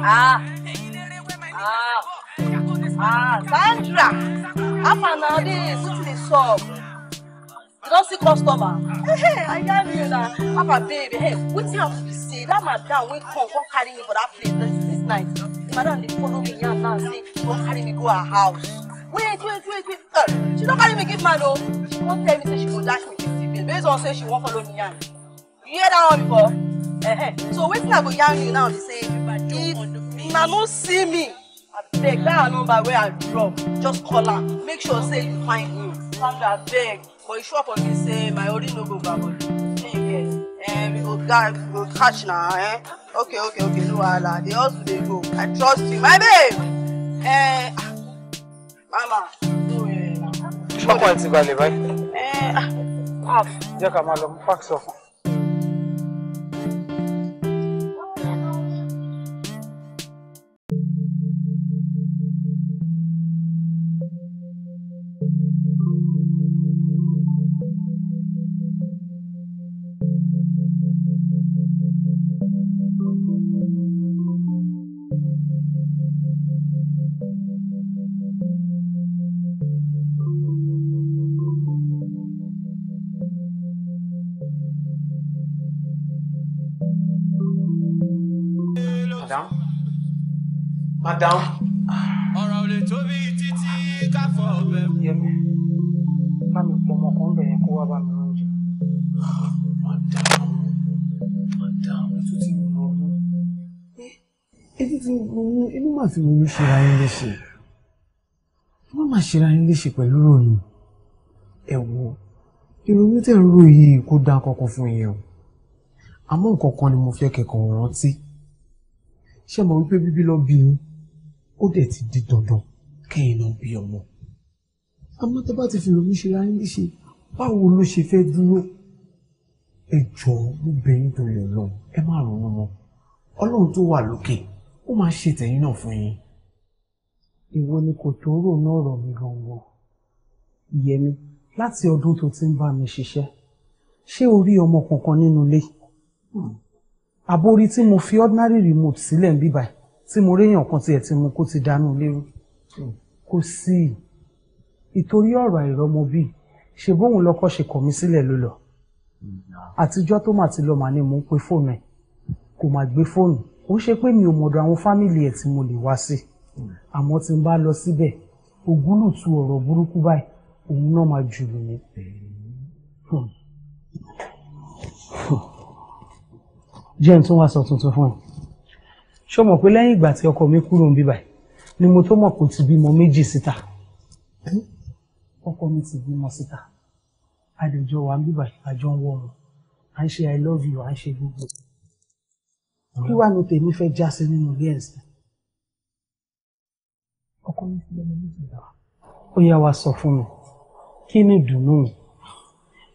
Ah. Ah. Ah, Sandra. Up and now this, put this up. You don't see customer. I tell you that. Papa, baby, hey, what you have to say? That madam come, come carry me for that place this, this night. Madam, they follow me here now, say, she carry me go her house. Wait, wait, wait, wait. Uh, she don't carry me give man, though. She won't tell me, say she go dash me 50 bills. Based on say she won't follow me here. You hear that one before? so wetin i go yarn you now be say if una no see me abeg that her number wey i drop just call am make sure say you find me sandra abeg but e sure for me say my ori no go babo. um, eh, we go guy we go catch na eh? okay okay okay no wahala the hustle dey go i trust you my babe eh, mama no eh, na. Ah. ṣé ọkọ ẹ ti balẹ̀ báyìí. jẹ́ ká máa lọ fáàkì sọ̀kan. down. ọ̀rọ̀ ò lè tóbi títí káfọ́ ọ̀bẹ. yẹmi bá mi pọ ọmọ kan bẹ̀rẹ̀ kó wá bá mi rán jù. madam madam ètò tí mo rọ mú. ètò tí mo rọ mú inú màá fi ronú ṣe ra yín léṣe wọ́n máa ṣe ra yín léṣe pẹ̀lú ròyìn ẹ wo ìrònú tẹ̀ ń rò yìí kó dá kọ́kọ́ fún yín o àmọ́ nǹkan kan ni mo fẹ́ kẹ̀kọ́ rántí ṣé mo wípé bíbí lọ bí yín ó dẹ̀ ti di dandan kẹ́yìn náà bí ọmọ. àmọ́ tó bá ti fi ronú ṣe ráyé níṣe báwo ló ṣe fẹ́ dúró. ẹ jọ̀ọ́ mo bẹ̀ yín torí ọlọ́run ẹ má ronú mọ́ ọlọ́run tó wà lókè ó máa ṣe tẹ̀yìn náà fún yín. ìwọ ni kò tó rò náà rọ̀ mí gan-an yẹmi láti ọdún tó ti ń bá mi ṣiṣẹ́ ṣé o rí ọmọ kankan nínú ilé hmm. àbórí tí mo fi ordinary remote sílẹ̀ ń bíbáyìí tí mo réyàn kan tiẹ̀ tí mo kó ti dánú lérú kò sí ìtorí ọ̀rọ̀ àìrọ́mọ bíi ṣe bóun lọ́kọ́ ṣe kọ̀ mí sílẹ̀ ló lọ àtijọ́ tó mà ti lọ mà ni mò ń pe fóònù ẹ̀ kò mà gbé fóònù ó ṣe pé mi ò mọ̀dọ̀ àwọn fámìlì ẹ̀ tí mo lè wá sí àmọ́ tí n bá lọ síbẹ̀ ògúlùtù ọ̀rọ̀ burúkú báyìí òun náà máa jù mí. jẹ́ n tún wá sọ tuntun fún ẹ ṣó mọ̀ pé lẹ́yìn ìgbà tí ọkọ mi kúrò ń bí báyìí ni mo tó mọ̀ kó ti bímọ méjì síta ọkọ mi ti bímọ síta àdèjọ wà ń bí báyìí àjọ ń wọ ọrùn à ń ṣe i love you à ń ṣe gbogbo kí wàá ní tèmi fẹ́ já sí nínú ilé ẹ̀sìn ọkọ mi ti bímọ méjì síta ó yá wa sọ fún mi kí ni ìdùnnú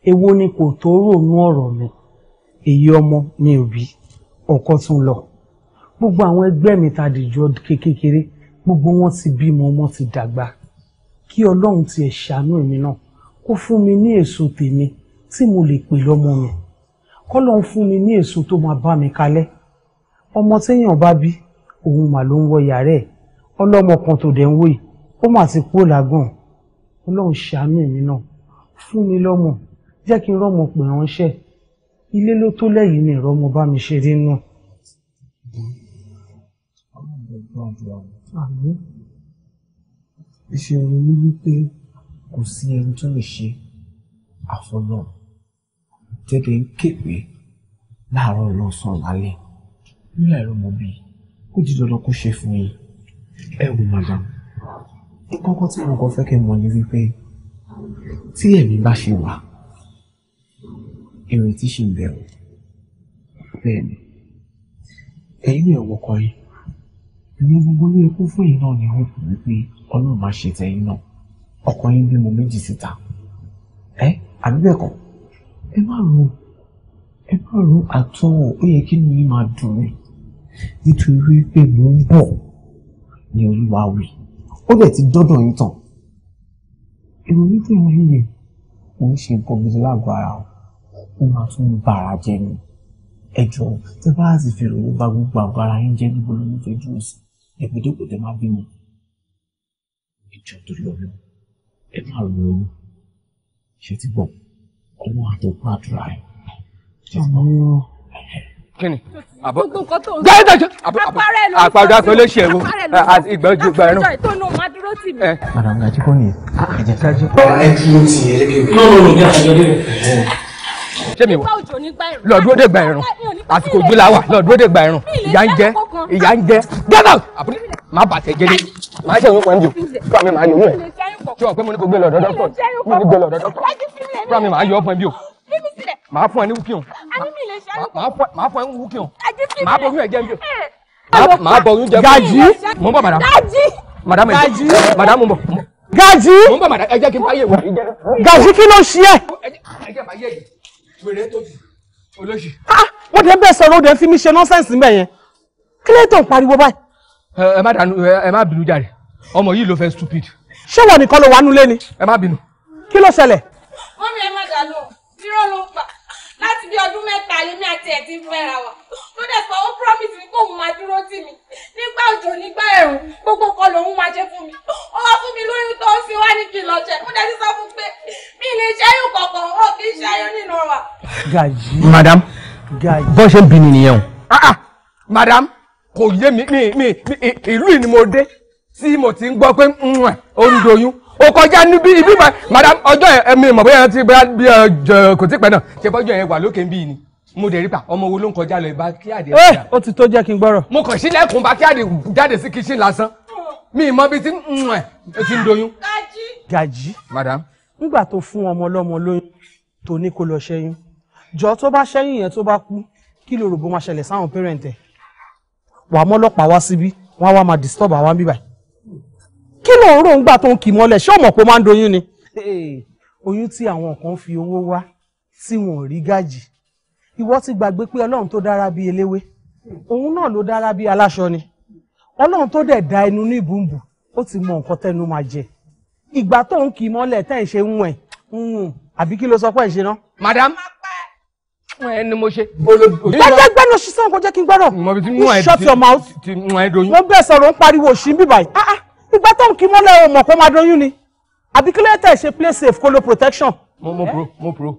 èwo ni kò tó rònú ọ̀rọ̀ mi èyí ọmọ mi ò bí ọkọ tún lọ gbogbo àwọn ẹgbẹ́ mi ta dìjọ kékeré gbogbo wọn ti bímọ wọn ti dàgbà kí ọlọ́run tiẹ̀ ṣàánú èmi náà kó fún mi ní èso tèmi tí mo lè pè lọ́mọ mi kọ́lọ́run fún mi ní èso tó máa bá mi kalẹ̀ ọmọ téèyàn bá bí òun mà ló ń wọ yàrá ẹ̀ ọlọ́mọ kan tó dẹ̀ ń wò yìí ó mà ti kú làgàn ọlọ́run ṣàánú èmi náà fún mi lọ́mọ jẹ́ kí n rọ́mọ pè ránṣẹ́ ilé ló tó lẹ́yìn ni ìrọ́mọ bá mi ṣe rí náà lọ́dọ̀ ọ̀hún. àmì ìṣòro ni wípé kò sí ẹni tó lè ṣe àfọlọ́ tẹ́lẹ̀ ń képe láàárọ̀ lọ́sàn-án lálẹ́ nílẹ̀ ẹ̀rọ mọ̀ bíi kó di dandan kó ṣe fún yín ẹ wò madam. nǹkan kan tí mo kàn fẹ́ kí n mọ̀ ni wípé tí ẹ̀mí bá ṣe wà ìrètí ṣì ń bẹ̀rù bẹ́ẹ̀ ni ẹ̀yin ẹ̀ wọkọ yín ìyẹn gbogbo ilé epo fún yìí náà ni wọn kò wípé Ọlọ́run máa ṣe tẹ̀yìn náà ọkọ yín bímọ méjì síta ẹ àbí bẹ́ẹ̀ kọ́ ẹ má ro ẹ má ro àtọ ó yẹ kí nìyí máa dùn mí nítorí pé mo ń bọ̀ ni Olúwa wí ó dẹ̀ ti dọ́dọ̀ yín tán ìròyìn tí mo rí yẹn mo ń ṣe nǹkan gidi lágbo ara o ó máa tún bàrà jẹ ni ẹ jọ̀ọ́ tẹ bá ti fi ìròyìn bá gbogbo àgọ́ ara yín jẹ níbo ló ń fẹjú sí ẹgbẹ́ jókòó tẹ máa bímọ ìjọ tó lọ lọ ẹ máa rò ó ṣe ti gbọ́ ọwọ́ àtọkọ àdúrà ẹ ṣe ti gbọ́. kíni àbọ gbẹ́dẹ̀ jọ àpàdé àpẹẹlẹ ṣe ẹ̀rọ ìgbẹ́jú ìgbà ẹ̀rọ. madam gajikọ ẹ jẹ ká jẹ. ẹ dúró tì í eh. ẹ ah, lẹ́gbẹ̀ẹ́ ṣé mi wọ lọ dúró dé gba ẹ̀rùn àsìkò òjò la wà lọ dúró dé gba ẹ̀rùn ìyá ń jẹ ìyá ń jẹ get out àbúrò má bàtẹ jẹlé má ṣe ìwé pọnjú fún mi máa yọ mú ẹ tí wọn pé mo ní kò gbé lọ́dọ̀ dọkítọ mo ní gbé lọ́dọ̀ dọkítọ fún mi máa yọ ọpọn bí o máa fún ẹ ní wúkìọ máa fún ẹ ní wúkìọ máa bọ oyún ẹ jẹ bí o máa bọ oyún jẹ bí o. gaji mo ń bọ̀ madam madam ẹ jẹ madam mo ń bọ̀ gaji gaji kí ló ṣe ẹ wèrè tó jù olóṣì. wọ́n dẹ̀ bẹ́ẹ̀ sọ̀rọ̀ ó dẹ̀ fi mí ṣe nọ́sẹ̀nsì mbẹ̀ yẹn kí ló tó ń pariwo báyìí. ẹ má dànù ẹ má bínú jàre ọmọ yìí ló fẹ́ stupid. ṣé wọn nìkan ló wà nulẹ̀ ni. ẹ má bínú. kí ló ṣẹlẹ̀. mọ́mí ẹ má dà lóhùn irọ́ ló ń pa láti bí ọdún mẹ́ta lèmi àti ẹ̀ fẹ́ra wa ló dẹ̀ sọ ó promise mi kóun máa dúró tì mí nígbà òjò nígbà ẹ̀rùn gbogbo kan lòun máa ṣe fún mi ó wá fún mi lóyún tó ń fi wá ní kí jẹ mo dẹ̀ ti sọ fún pé mi lè ṣẹ́yún kọ̀ọ̀kan ó kì í ṣẹ́yún nínú wa. Gaji. madam bó ṣe ń bi nìyẹn o. Ah, ah, madam kò yé mi mi mi ìlú yìí ni mo dé tí mo ti ń gbọ́ pé ó ń doyún o kọjá níbí ibi madam ọjọ́ ẹ̀mí mọ̀ bóyá ti bí ẹ kò tí pẹ́ náà ṣe bọ́jọ́ yẹn wà lókè nbí ni mo dẹ̀ rí ọmọ wo ló ń kọjá lọ ìbá kíáde. Eh, ẹ ó ti tó jẹ́ kí n gbọ́rọ̀. mo kàn sílẹ̀kùn bá kíáde jáde sí kíṣìn lásán mi mọ bí ti ń mm, ẹ̀ ti ń doyún. gají. madam. nígbà tó fún ọmọ ọlọ́mọ lóyún tó ní kó lọ ṣẹ́yún jọ tó bá ṣẹ́yìn yẹn tó bá kú kí ló bó máa ṣẹlẹ̀ sáwọn pẹ́rẹ́ǹtẹ̀ wàá mọ́lọ́pàá wá síbí wọ́n á wá máa disturb àwọn bíbáyìí kí ló ń rò ń gbà tó ń kì mọ́lẹ̀ ṣé ọmọ kò máa ń doyún ni. Eh, oyún tí àwọn kan fi owó wá tí wọn ò rí gàjì ìwọ ti gbàgbé pé ọlọ́run tó dára bíi eléwé òun náà ló dára bíi aláṣọ ni ọlọ́run tó dẹ̀ da ẹnu ní ìbùnbù ó ti mọ nǹkan tẹnu máa jẹ ìgbà tó ń kì mọ́lẹ̀ tẹ́ ẹ̀ ṣe ń wẹ̀ ń àbí kí ló sọ pé ẹ̀ ṣe ná. madam ẹ ni mo ṣe. gbẹ́gbẹ́ gbẹ́nu ṣiṣẹ́ nǹkan jẹ́ kí n gbọ́dọ̀. shut your mouth. wọ́n bẹ̀ sọ̀rọ̀ ń pariwo òṣì bíbáyìí ìgbà tó ń kí mọ́lẹ̀ o mọ̀ pé máa doyún ni àbí kí ló ṣe play safe kó lo protection. mo mo pro mo pro.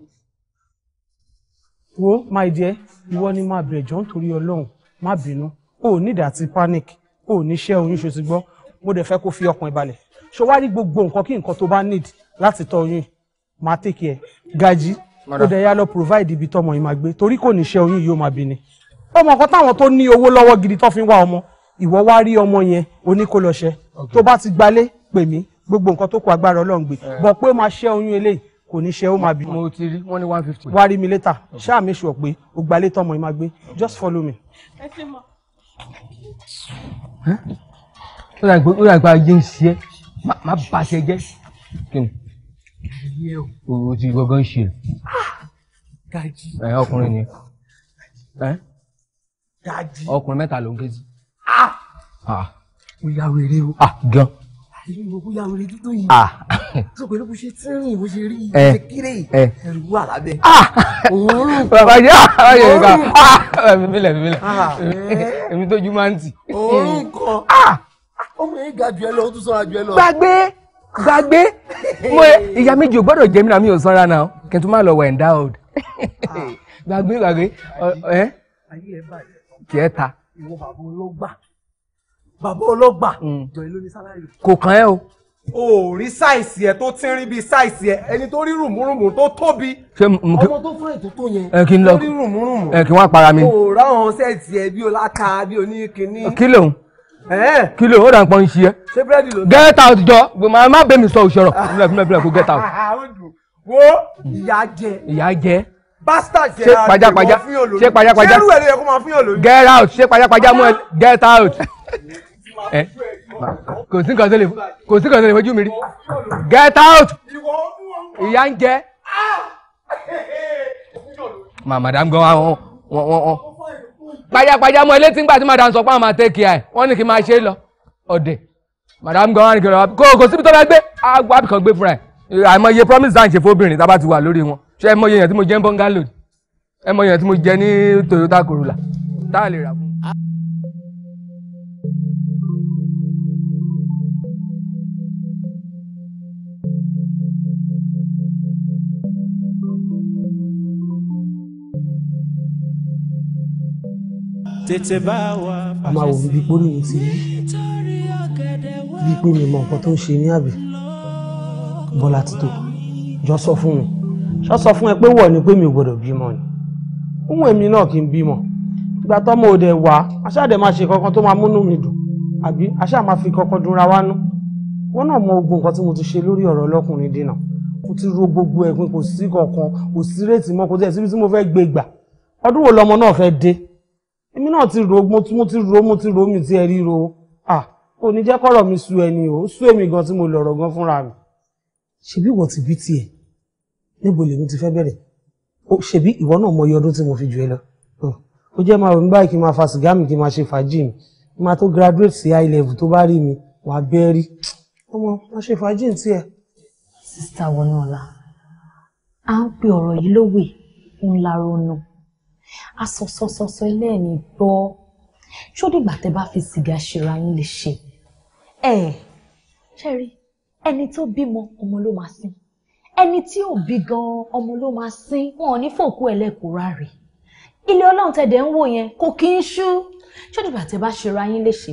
wo my dear ìwọ ni máa bẹ̀rẹ̀ jọ nítorí ọlọ́run má bínú o ò nídàá ti panic o ò ní ṣẹ́ oyún ṣe ti gbọ́ mo dẹ̀ fẹ́ kó fi ọkàn ìbalẹ̀ ṣe wá rí gbogbo nǹkan kí nǹkan tó bá need láti tọ́ oyún máa take care Gaji, ó dẹ̀ yá lọ provide ibi tọmọ yìí máa gbé torí kò ní ṣẹ́ oyún yìí ó máa bí ni ọmọ kan táwọn tó ní owó lọ́wọ́ gidi tó fi ń wá ọmọ ìwọ wá rí ọmọ yẹn oní kó lọ ṣe tó bá ti gbalé pè mí gbogbo nǹkan tó kọ agbára Ọlọ́run gbé eh. bọ̀ pé ó máa ṣẹ́ oyún eléyìí kò ní ṣe ó máa bí. mo ti rí wọn ní one fifty. wá rí mi later ṣáà mi sọ pé o gbalé tọmọ ẹ máa gbé just follow me. ẹ ti mọ. ó dà gbọ́ ó dà gbọ́ ayé ń ṣe é má bà ṣe jẹ́ o ti gbọ́ngàn ṣe ọkùnrin ni ọkùnrin mẹ́ta ló ń ké Ah. Ah. mo ya wèrè o. Ah, gan. àyẹ̀wò mo ya wèrè tuntun yìí. sọ pé bó ṣe tí ń rìn bó ṣe rí ibi eh, ṣe kéré yìí eh. ẹ̀rù wà lábẹ́. òórùn bàbá yẹ bàbá yẹ ká mímílẹ̀ mímílẹ̀ èmi tó jùmọ̀ àǹtí. òórùn Ah, ọmọ eh. yẹn ga jù ẹ lọ ó tún sọ́ra jù ẹ lọ. gbàgbé gbàgbé mo ìyá méjì ò gbọ́dọ̀ jẹ́ mi náà mi ò sanra náà kí n tún má lọ wẹ̀ endowed gbàgbé gbàgbé ẹ kí ẹ ta ìwọ bàbá ọlọ́gbà bàbá ọlọ́gbà mm. jọ̀ọ́ ló ní sálárì. kò kàn ẹ́ o. o rí sáìsì ẹ tó tínrín bíi sáìsì ẹ ẹni tó rí rùmùrùmù tó tóbi ọmọ tó fún ètò tó yẹn tó rí rùmùrùmù. ẹ kí wọ́n para mi. o ráwọn sẹ́ẹ̀tì ẹ bí o láka bí o ní kinní. kí lòun kí ló ó dà ń pọ́n ṣí ṣé búrẹ́dì ló ń get out jọ máa má bẹ́ẹ̀ mi sọ òṣèrò fúnlẹ̀ fúnlẹ̀ fúnlẹ̀ kó get out. wo ìyá jẹ. ìyá jẹ bastard ṣe pajápajá ṣe pajápajá get out ṣe pajápajá mú ẹ get out ẹ eh? kò sí nǹkan tó lè kò sí nǹkan tó lè fojú mi rí get out ìyá ń jẹ ah! madam gan wọn wọn wọn pajápajá mú ẹ létí ńgbà tí madam sọ pé àwọn máa take care ẹ wọn ní kí n máa ṣe é lọ ọdẹ madam gan wọn ní kí n lọ kó kò síbi tó bá gbé àgbà kan gbé fúnra ẹ àìmọye promise dáhùn ṣe fóbìnrin tá a bá ti wà lórí wọn ṣé ẹ mọye èèyàn tí mo jẹ ń bọ́ngálò ni ẹ mọye èèyàn tí mo jẹ ní Toyota Corolla tá a lè rà fún. tètè bá wa. a máa wò bíi pé ní ti bíi pé mi mọ nǹkan tó ń ṣe ní àbí bọ́lá títò jọ sọ fún mi ṣọ́ sọ fún ẹ pé wọ̀ ni pé mi ò gbọ́dọ̀ bímọ ni ohun èmi náà kì í bímọ ìgbà tọ́mọ òde wà aṣáàdẹ̀ máa ṣe kankan tó máa múnú mi dùn àbí aṣáà máa fi kankan dunra wá nú wọn náà mọ ogun nǹkan tí mo ti ṣe lórí ọ̀rọ̀ ọlọ́kùnrin dènà kò ti ro gbogbo ẹ̀gbin kò sí kankan kò sí rètí mọ́ kò tẹ̀ tí mo fẹ́ gbé gbà ọdún wo lọmọ náà fẹ́ dé èmi náà ti ro mo ti ro mo ti ro mi ti ẹ ríro ah kò ní jẹ́ mi sú ẹni o sú èmi gan tí mo lọ̀rọ̀ gan fúnra mi ṣebí ìwọ ti bí tiẹ̀ níbo lèmi ti fẹ́ bẹ̀rẹ̀ ṣebí ìwọ náà mọ iye ọdún tí mo fi jù ẹ lọ hm. ó jẹ́ máa ròyìn báyìí kí n máa fa sìgá mi kí n máa ṣe fàájì mi kí n máa tó graduate sí high level tó bá rí mi wàá bẹ́ẹ̀ rí ọmọ máa ṣe fàájì tiẹ̀. sista Wọnúọlá à ń pe ọ̀rọ̀ yìí lówè ń la ronú asọsọsọsọ ilé ẹ̀ ní gbọ́ ṣó dìgbà tẹ́ bá fi sìgá ṣera yín lè ṣe ẹ̀ ṣẹ́rí ẹni tó bímọ ọmọ ló máa sin ẹni tí ò bí gan ọmọ ló máa sin wọn ò ní fòkú ẹlẹ́kùnrà rè ilé ọlọ́run tẹ̀dẹ̀ ń wò yẹn kò kí ń ṣú ṣọ́dọ̀gbà tẹ bá ṣera yín léṣe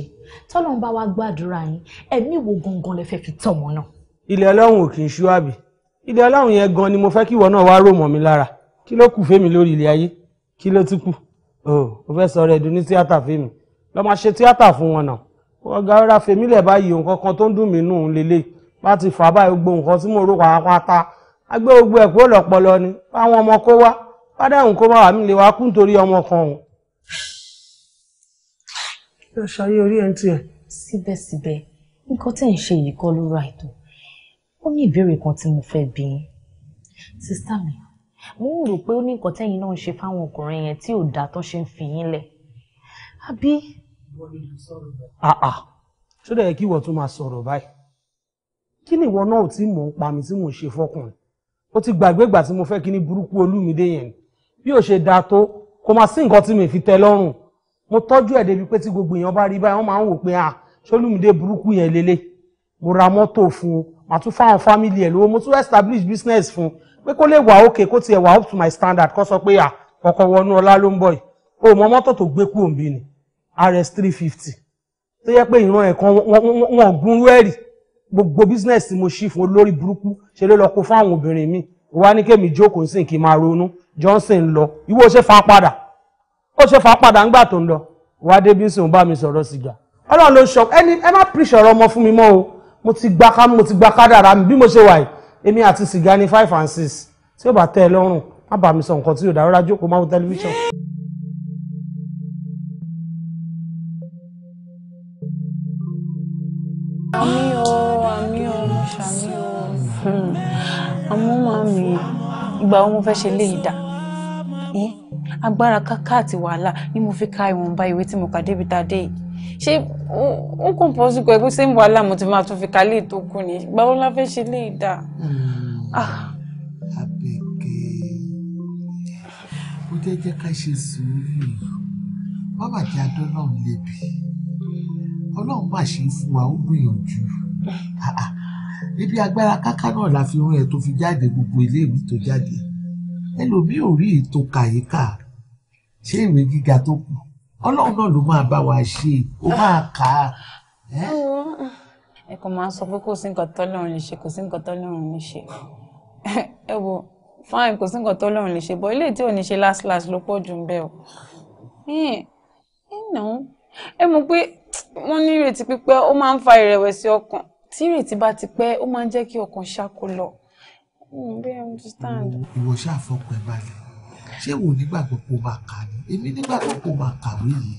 tọ́lọ́run bá wá gbàdúrà yín ẹ̀mí wo gangan lẹ fẹ́ fi tọmọ náà. ilé ọlọ́run ò kì í ṣú àbí ilé ọlọ́run yẹn gan ni mo fẹ́ kí ìwọ náà wá rò mọ́ mi lára kí ló kù fẹ́mi lórí ilé ayé kí ló tún kù o ò fẹ́ sọ rẹ̀ dùn ní tíátà fẹ́mi lọ́ọ́ máa ṣe tíátà fún wọn náà ọ̀gá ọ̀rá fẹ́mi lẹ̀ báyìí òun kankan tó ń dùn mí nù ń lélẹ́yìí bá ti fà báyìí gbogbo nǹkan tí mo rò wá pátá agbé gbogbo ẹ̀ kúrò lọ́pọlọ ni báwọn ọmọ kó wá bá dáhùn kó má wà mí lè wá kú nítorí ọmọ kan òun. yóò ṣayé orí ẹ̀ ń tiẹ̀. síbẹ̀síbẹ̀ nǹkan tẹ̀ ń ṣe yìí kọ́ ló ra ètò ó ní ìbéèrè kan tí mo fẹ́ bi yín sísá mi mo ń rò pé ó ní nǹkan tẹ́yìn náà ń ṣe fáwọn ọkùnrin yẹn tí ò dáa tó ṣe ń fi yín lẹ̀ àbí. Ah, ah. ṣó dẹ̀ yẹ kí ìwọ tún máa sọ̀rọ̀ báyìí kí ni ìwọ náà tí mò ń pa mi tí mò ń ṣe fọkùnrin ó ti gbàgbé ìgbà tí mo fẹ́ kí ní burúkú olúmídé yẹn bí ó ṣe dáa tó kò máa sí nǹkan tí mi fi tẹ́ lọ́rùn mo tọ́jú ẹ̀ débi pé tí gbogbo èèyàn bá rí báyìí wọ́n máa ń wò pé à ah, ṣolúmídé burúkú yẹn lélẹ̀ mo ra mọ́tò fún un màá tún fáwọn fámìlì ẹ̀ lówó mo tún establish business fún un pé kó lè wà òkè kó tiẹ̀ wà up to my standard kó sọ pé à ah, kọ̀kọ̀ wọnú ọlá ló ń bọ̀ yìí o mọ mọ́tò tó gbé kú òǹbí ni rs three fifty tó yẹ pé ìran ẹ̀ kan wọ́n gún wẹ́rì gbogbo business mo ṣí fún olórí burúkú ṣe ló lọ kó fáwọn obìnrin mi wá ní kémi jókòó sí kí n máa ronú johnson lọ ìwọ ṣe fa padà ó ṣe fa padà ńgbà tó ń lọ wá débi sùn bá mi sọ̀rọ̀ sìgá ọlọ́run ló ṣọ ẹni ẹ má pìṣẹ̀ ọ̀rọ̀ ọmọ fún mi mọ́ o mo ti gba ká mo ti gba kádàrá mi bí mo ṣe wà yìí èmi àti sìgá ní five and six tí ó bá tẹ́ ẹ lọ́rùn má bàa mi sọ nǹkan tí yóò dára jókòó máa wo tẹlifíṣàn. àmọ́ máa mi ìgbà wo mo fẹ́ ṣe lé ìdá agbára káká àti wàhálà ni mo fi ka ìwọ̀nba ìwé tí mo kà débi tá a dé yìí ṣé ó kàn pọ̀ sí pé ṣé wàhálà mo ti máa tún fi kálé tó kù ni ìgbà wo la fẹ́ ṣe lé ìdá. Àbẹ̀kẹ́ hmm, ah. ó jẹ́ jẹ́ ká ṣe sùúrù bàbá àti adọ́lọ́run lè ọlọ́run bá ṣe fún wa ó gbìyànjú ibi agbára káká náà la fi rán ẹ tó fi jáde gbogbo iléèwé tó jáde ẹlòmíì ò rí ètò kàyíkà ṣé ìwé gíga tó kù ọlọ́run náà ló máa bá wa ṣe ó máa kà á. ẹ kò máa sọ pé kò sí nǹkan tọ́lọ́run lè ṣe kò sí nǹkan tọ́lọ́run lè ṣe ẹ wo fine kò sí nǹkan tọ́lọ́run lè ṣe bọ́ ilé tí ò ní ṣe last last ló pọ̀ jù ń bẹ́ẹ̀ o hmm, ẹ mọ̀ pé wọ́n ní ìrètí pípẹ́ ó máa ń fa ìrẹ̀wẹ̀sì ọkàn tí ìrètí bá ti pẹ́ ó máa ń jẹ́ kí ọkàn ṣáko lọ hmm, ìwọ ṣàfọkàn ẹ balẹ̀ ṣé wò nígbàgbọ́ kó bá kà ní èmi nígbàgbọ́ kó bá kàwé yìí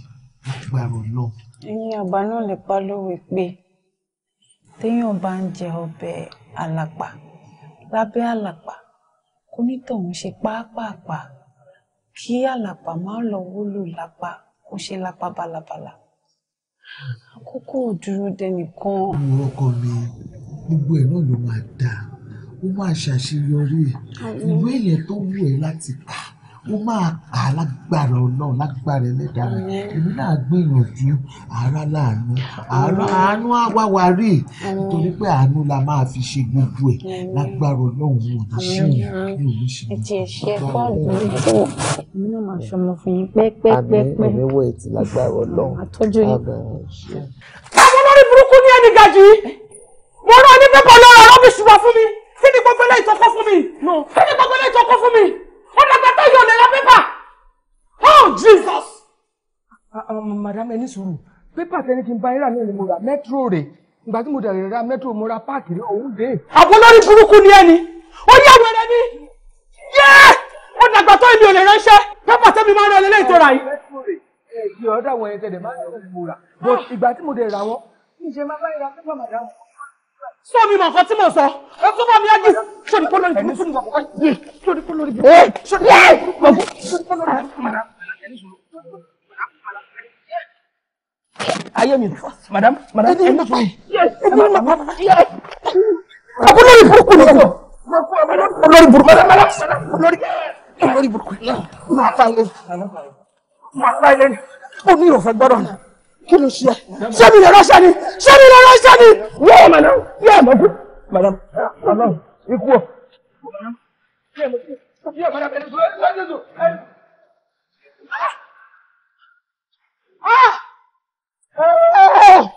gbàrọ lọ. ẹ̀yin àgbà náà lè pa lówe pé téèyàn bá ń jẹ ọbẹ̀ àlàpà lábẹ́ àlàpà kó nítọ̀hún ṣe pápápá kí àlàpà má lọ wúlò lápá kó ṣe lápá balabala àkókò dúró dẹnìkan. orúkọ mi gbogbo ẹ náà ló máa dáa ó máa ṣàṣeyọrí ẹ ìwé yẹn tó wù ẹ láti kà mo máa kà á lágbára ọlọ́run lágbára ẹlẹ́dàá mi èmi náà gbìyànjú ara láàánú àánú I nítorí pé àánú la máa fi ṣe gbogbo ẹ̀ lágbára ọlọ́run ò ní ṣe yẹn ní òní ṣe. ẹ ti ẹ ṣe fọọlù mi tó èmi náà máa ṣọmọ fún yín pẹ́pẹ́pẹ́. àmì ẹ̀mí wọ̀ ẹ̀ ti lágbára ọlọ́run. àtọ́jú yín. àwọn mo rán ọ ní pẹ́pẹ́ ọlọ́run rọ́bìṣì wá fún mi kí ni gbogbo eléyìí tó fún mi kí ni gbogbo eléyìí tó fún mi. Ọ̀dàgbàtà you lè ra pépà. Oh Jesus! Uh, ah, ah, um, ẹni sùúrù, pépà tẹni kí n bá ẹ́rà náà ni mo rà mẹ́tírò rè. Ìgbà tí mo dẹ̀ ra mẹ́tírò mo ra páàkì rẹ̀ òun dé. Àbọ̀ lórí burúkú ni ẹni, ó yá wẹ̀rẹ̀ ni. Ọ̀dàgbàtà èmi ò lè ránṣẹ́, pépà tẹ́mi máa ń rán lélẹ́yìn tó ra yìí. Ẹ̀jẹ̀ ọ̀dà wọ̀nyẹn tẹ̀lé máa ń rán ìgbà tí mo dẹ̀ ra wọn, níṣẹ́ máa bá sọ mi mọ nǹkan tí mo sọ ẹ tún bá mi á jì sórí kó lórí burúkú ni bàbá yìí sórí kó lórí burúkú sórí eh, kó lórí burúkú sórí eh! kó lórí burúkú. ayé mi madam madam ẹ ní báyìí ẹ ní báyìí kó lórí burúkú ni sọ kó lórí burúkú madam madam kó lórí kó lórí burúkú máa fa ilé máa fa ilé ó ní ìrọ̀fẹ́ gbọ́dọ̀ náà kí ló ṣe ṣé mi lè rọ́ṣẹ́ ni ṣé mi lè rọ́ṣẹ́ ni wọ́n mọ̀ náà bí ẹ̀ mọ̀ fún. madam madam ikú Ah. Ah!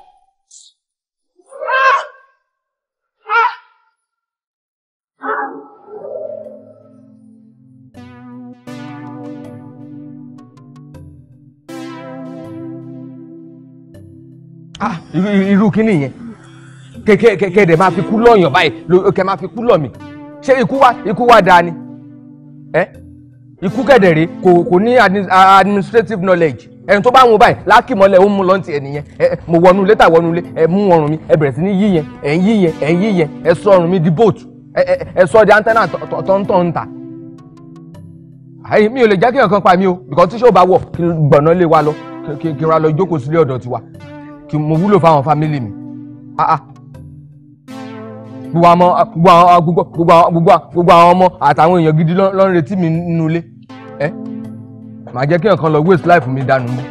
ah irú kí nìyẹn kẹkẹ kẹkẹ dẹ máa fi kú lọ́yàn báyìí kẹ máa fi kú lọ mi ṣé ikú wa ikú wa dáa ni ẹ ikú kẹdẹ kò kò ní administrative knowledge ẹni tó bá ń wo báyìí lákìmọ́lẹ̀ ó mú lọ́ntì ẹ̀ nìyẹn ẹ mo wọnú ilé tà wọnú ilé ẹ mú ọrùn mi ẹ bẹ̀rẹ̀ sí ní yí yẹn ẹ ń yí yẹn ẹ ń yí yẹn ẹ sọ ọrùn mi di boat ẹ ẹ sọ di antenna tọ̀ntọ̀ ń tà. mi ò lè jẹ́ kí nǹkan pa mi o because tíṣọ́ bá wọ̀ kí n gbọ̀nà lé wa lọ kí n ra lọ jókòó sílé ọ̀dọ̀ tiwa kí mo wúlò fáwọn fámílì mi gbogbo àwọn gbogbo àwọn ọmọ àtàwọn èèyàn gidi ló retí mi nínú ilé ẹ eh? màá jẹ́ kí nǹkan lọ waste life mi dànù mọ́.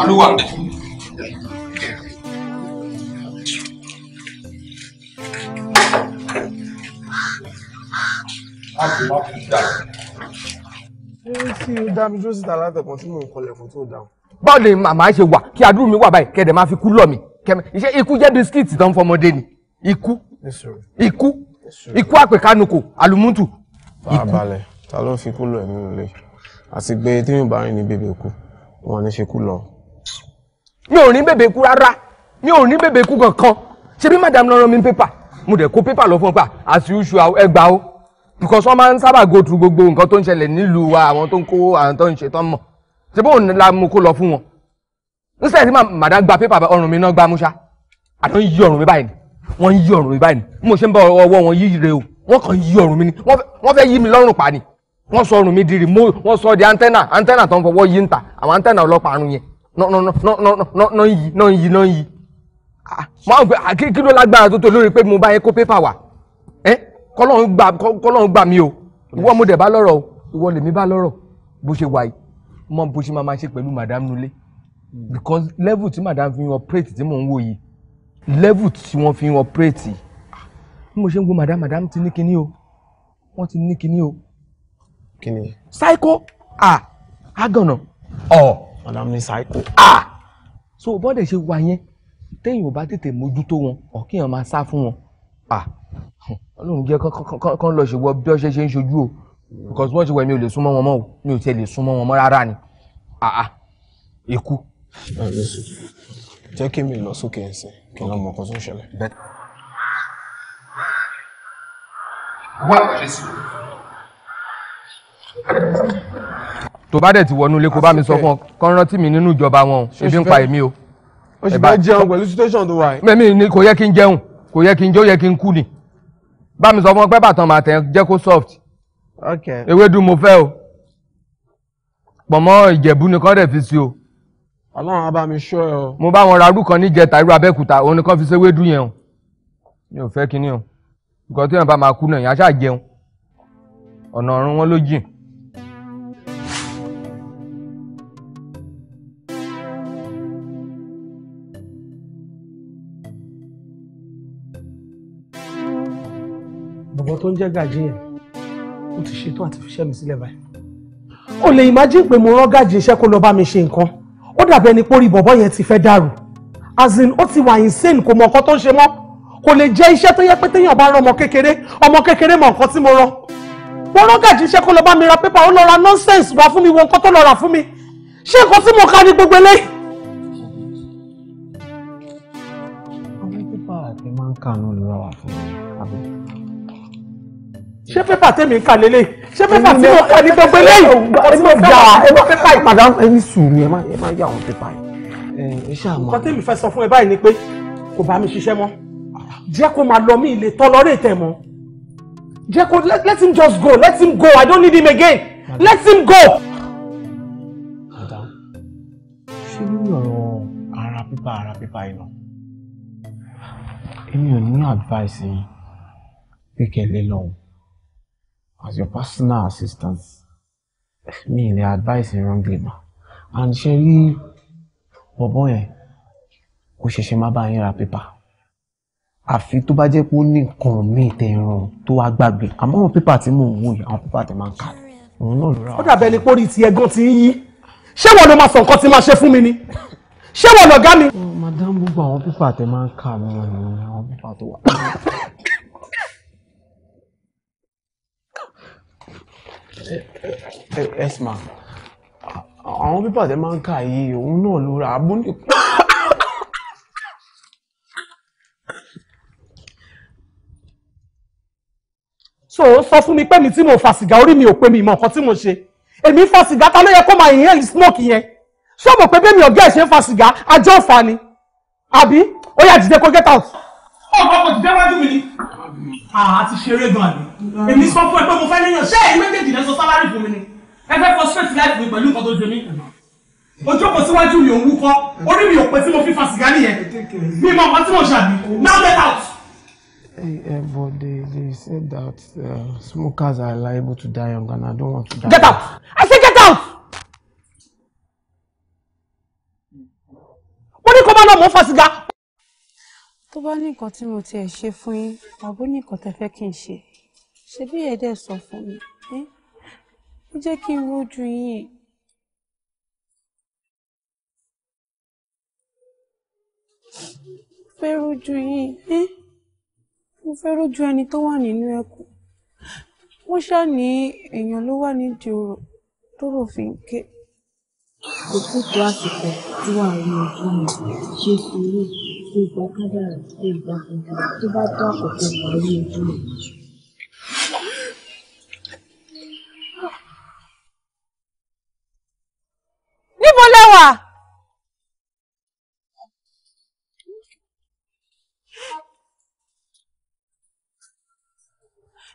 Aluwa. láti má fi dà. ṣé tí o dá mi dúró síta látẹ̀kùn tí mò ń kọlẹ̀ fún tó dáhùn. báwo ni màmá ṣe wà kí adúrú mi wà báyìí kẹ́dẹ̀ máa fi kú lọ mi iṣẹ́ ikú jẹ́ bisikíìtì tán fọmọdé ni ikú ikú ikú àpèkánukò àlùmúntù. farabalẹ̀ ta ló ń fi kú lọ ẹ̀mí nílé àti pé tí mi bá rìn ní bèbè kú wọn ní ṣe kú lọ. mi ò ní bèbè kú rárá mi ò ní bèbè kú kankan ṣebí madam lọ rán mi pépà mo dẹ̀ kó pépà lọ fún ọ pa àti oṣù ẹgbàá o because wọ́n máa ń sábà go through gbogbo nǹkan tó ń ṣẹlẹ̀ nílùú wa àwọn tó ń kó àwọn tó ń ṣe tán mọ̀ ṣe bóun la mú kó lọ fún wọn nísìlẹ̀ tí màdá gba pépà ọrùn mi náà gbá mú ṣá àtọ́ ń yí ọrùn mi báyìí wọ́n ń yí ọrùn mi báyìí mo ṣe ń bá ọwọ́ wọn yí re o wọ́n kàn yí ọrùn mi ni wọ́n fẹ́ yí mi lọ́rùn pa ni wọ́n sọ ọrùn mi di remote wọ́n sọ di antenna antenna tó ń fọwọ́ yí ń ta àwọn antenna ọlọ́pàá àrùn yẹn náà ń yí náà ń yí náà ń yí. máa ń gbé kí ló lágbára tó tó lórí pé mo bá yẹ kó pépà wà kọ́lọ́run gbà kọ́lọ́run gbà mí o ìwọ mo dẹ̀ bá lọ́rọ̀ o ìwọ lèmi bá lọ́rọ̀ bó ṣe wà yìí mo bó ṣe máa ṣe pẹ̀lú madam nulẹ̀ mm. because level tí madam fi operate tí mò ń wò yìí level tí wọ́n fi operate bí mo ṣe ń wo madam madam ti ní kinní o wọ́n ti ní kinní o. kinní. psycho ah agànà Oh, madam ní psycho ah so bọ́dẹ̀ ṣe wà yẹn téèyàn ò bá tètè mójútó wọn ọ̀ kéèyàn máa sá fún wọn ah ọlọ́run jẹ́ kán lọ ṣèwọ bí wọ́n ṣe ń ṣojú o because wọ́n ṣe wẹ̀ mi ò lè súnmọ́ wọn mọ́ o mi ò tiẹ̀ lè súnmọ́ wọn mọ́ rárá ni àà ikú. jẹ́ kí mi lọ sókè ẹsẹ̀ kí n lọ mọ̀ nǹkan tó ń ṣẹlẹ̀. wá àṣẹ sí tó bá dẹ̀ ti wọnú ilé kó bá mi sọ fún ọ kán rántí mi nínú ìjọba wọn o ebi ń pa èmi o. o sì fẹ́ jẹun pẹ̀lú situation tó wà yìí. mẹ́mi ni kò yẹ kí n jẹun kò yẹ kí n jẹ ó yẹ kí n kú ni bá mi sọ fún ọ pé bàtàn màtẹ jẹ́ kó soft okay ewédú mo fẹ́ o pọ̀mọ́ ìjẹ̀bú ni kán dẹ̀ fi sí o. ọlọ́run á bá mi ṣọ́ ẹ o. mo bá wọn ra arú kan níjẹta irú abẹ́kúta òun ni kán fi ṣe ewédú yẹn o mi ò fẹ́ kinní o nǹkan tí wọn bá máa kú náà yẹn á ṣáà jẹun ọ̀nà ọ̀run wọn ló jìn. bọ̀bọ̀ tó ń jẹ́ gàjí yẹn ó ti ṣetán àti fi iṣẹ́ mi sílẹ̀ báyìí o lè imagine pé mo rán gàjí iṣẹ́ kó lọ bá mi ṣe nǹkan ó dàbí ẹni pórí bọ̀bọ̀ yẹn ti fẹ́ dàrú as in ó ti wà insane kò mọ nǹkan tó ń ṣe mọ́ kò lè jẹ́ iṣẹ́ tó yẹ pé téèyàn bá rán ọmọ kékeré ọmọ kékeré mọ nǹkan tí mo rán mo rán gàjí iṣẹ́ kó lọ bá mi ra pépà ó lọ ra nonsense wá fún mi wo nǹkan tó lọ rà fún mi ṣé nǹkan tí mo ka ní gbogbo eléyìí. àwọn pípa àti máa ń kànú lọ́wọ́ àfihàn àbí ṣé pépà tèmi kà lélẹ̀ ṣé pépà tí mo kà ní gbogbo eléyìí ẹ má jà pépà ìpàdà ẹ sùúrù ẹ má yà wọn pépà yìí. nǹkan tèmi fẹ́ sọ fún ẹ báyìí ni pé kò bá mi ṣiṣẹ́ mọ́ jẹ́ kó máa lọ mí ilé tọ́lọ́rẹ́ tẹ̀ mọ́ jẹ́ kó let him just go let him go I don't need him again let him go. ṣé lórí ọ̀rọ̀ ara pípa ara pípa iná èmi ò ní advice yìí pé kẹ́ lé lọ́hùn as your personal assistant me mi lè advice wrongly ma and Sherry, rí bọ̀bọ̀ yẹn kò ṣẹ̀ṣẹ̀ má bá yín ra pépà àfi tó bá jẹ́ pé ó ní nǹkan míì tẹ̀ ràn tó wá gbàgbé àmọ́ àwọn pépà tí mò ń wò yìí àwọn pépà tẹ̀ máa ń kà ó dàbẹ̀ ni pórí ti ẹ̀gán ti ń yí ṣé wọn ló máa sọ nǹkan tí máa ṣe fún mi ni ṣé wọn lọ̀gá mi. madam gbogbo àwọn pépà tẹ̀ máa ń kà mí àwọn pépà tó wà. yes ma àwọn pípà tẹ máa ń kà yìí òun náà ló ra abó ní. so sọ fún mi pé mi tí mo fa sìgá orí mi ò pé mi mọ nǹkan tí mo ṣe èmi fa sìgá ta ló yẹ kó máa yìn hẹ́lì smoke yẹn ṣé o mọ̀ pé bẹ́ẹ̀ mi ọ̀gá ẹ̀ ṣe ń fa sìgá ajọ́ ọ̀fà ni àbí ó yá dìde kó get out. ọkọ kò dìde wájú mi ni. Ah, a ti ṣeré gan àbí èmi sọ fún ẹ pé mo fẹ́ níyàn ṣé èyí méjèèjì lẹ́sọ sálárì fún mi ni ẹ fẹ́ kọ straight life mi pẹ̀lú nǹkan jẹ mí ojú ọkọ̀ síwájú mi ò ń wúkọ́ orí mi ò pé tí mo fi fa sìgá nìyẹn mi mọ ọkọ tí mo ṣàbí now get out. but they, they said that uh, smokers are liable to die young and I don't want to die. Get out! I say get out! Wọ́n ní kọ́ máa lọ mọ́ fa sìgá tó bá ní nǹkan tí mo tiẹ̀ ṣe fún yín àbó ní nǹkan tẹ́ fẹ́ kí n ṣe ṣe bí ẹ̀ẹ́dẹ̀ sọ fún mi ó jẹ́ kí n rójú yín. fẹ́ rójú yín mo fẹ́ rójú ẹni tó wà nínú ẹkùn wọ́n ṣáà ní èèyàn ló wà nídìí ọ̀rọ̀ tó rò fi ń ké. kò tó tó àsìkò tí wàá rí ojú mi ṣe sùúrù ẹ níbo lẹ wà.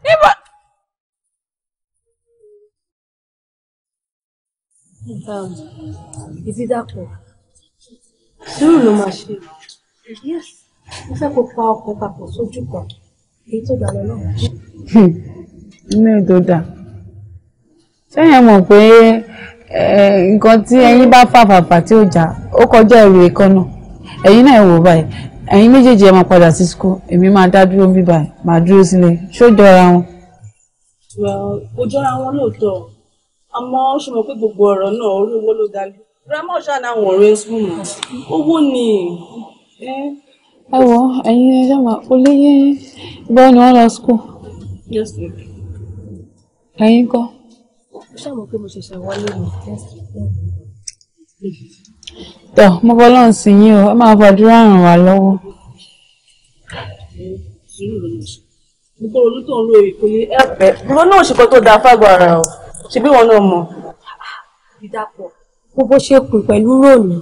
níbo. ìdí dàpọ̀ sùúrù ló máa ṣe yes mo fẹ́ kó pa ọkọ̀ papọ̀ sójú kan èyí tó hmm. dà lọ lọ́wọ́. inú ètò dà sẹ́yìn mọ̀ pé nǹkan tí ẹyin bá fàfàfà tí ó jà ó kọjá ẹrù ẹ̀kan náà ẹ̀yin náà ẹ wò báyìí ẹ̀yin méjèèjì ẹ máa padà sí school èmi máa dá dúró bí báyìí máa dúró sílẹ̀ ṣó jọra wọn. ó jọra wọn lóòótọ́ àmọ́ ó ṣe mọ̀ pé gbogbo ọ̀rọ̀ náà orí owó ló dá lé grandma ṣáà náà wọ̀n rẹ̀ sùn mọ́ owó ni ẹ wọ ẹ̀yin ẹ sábà ó lé yé ìgbà ni wọ́n lọ school. just a bit. ẹ̀yin kọ́. ó ṣàmọ̀ pé mo ṣẹ̀ṣẹ̀ wọlé mi tọ́ mo bọ́ lọ́n sí yín o ẹ máa fàdúrà ràn wá lọ́wọ́. nítorí olùtọ̀ ń lo ìpele ẹ̀pẹ́ dúró náà ṣe kan tó da fágbọ́ ara o ṣebí wọn náà mọ̀. ìdàpọ̀ bó bó ṣe kù pẹ̀lú ròòlù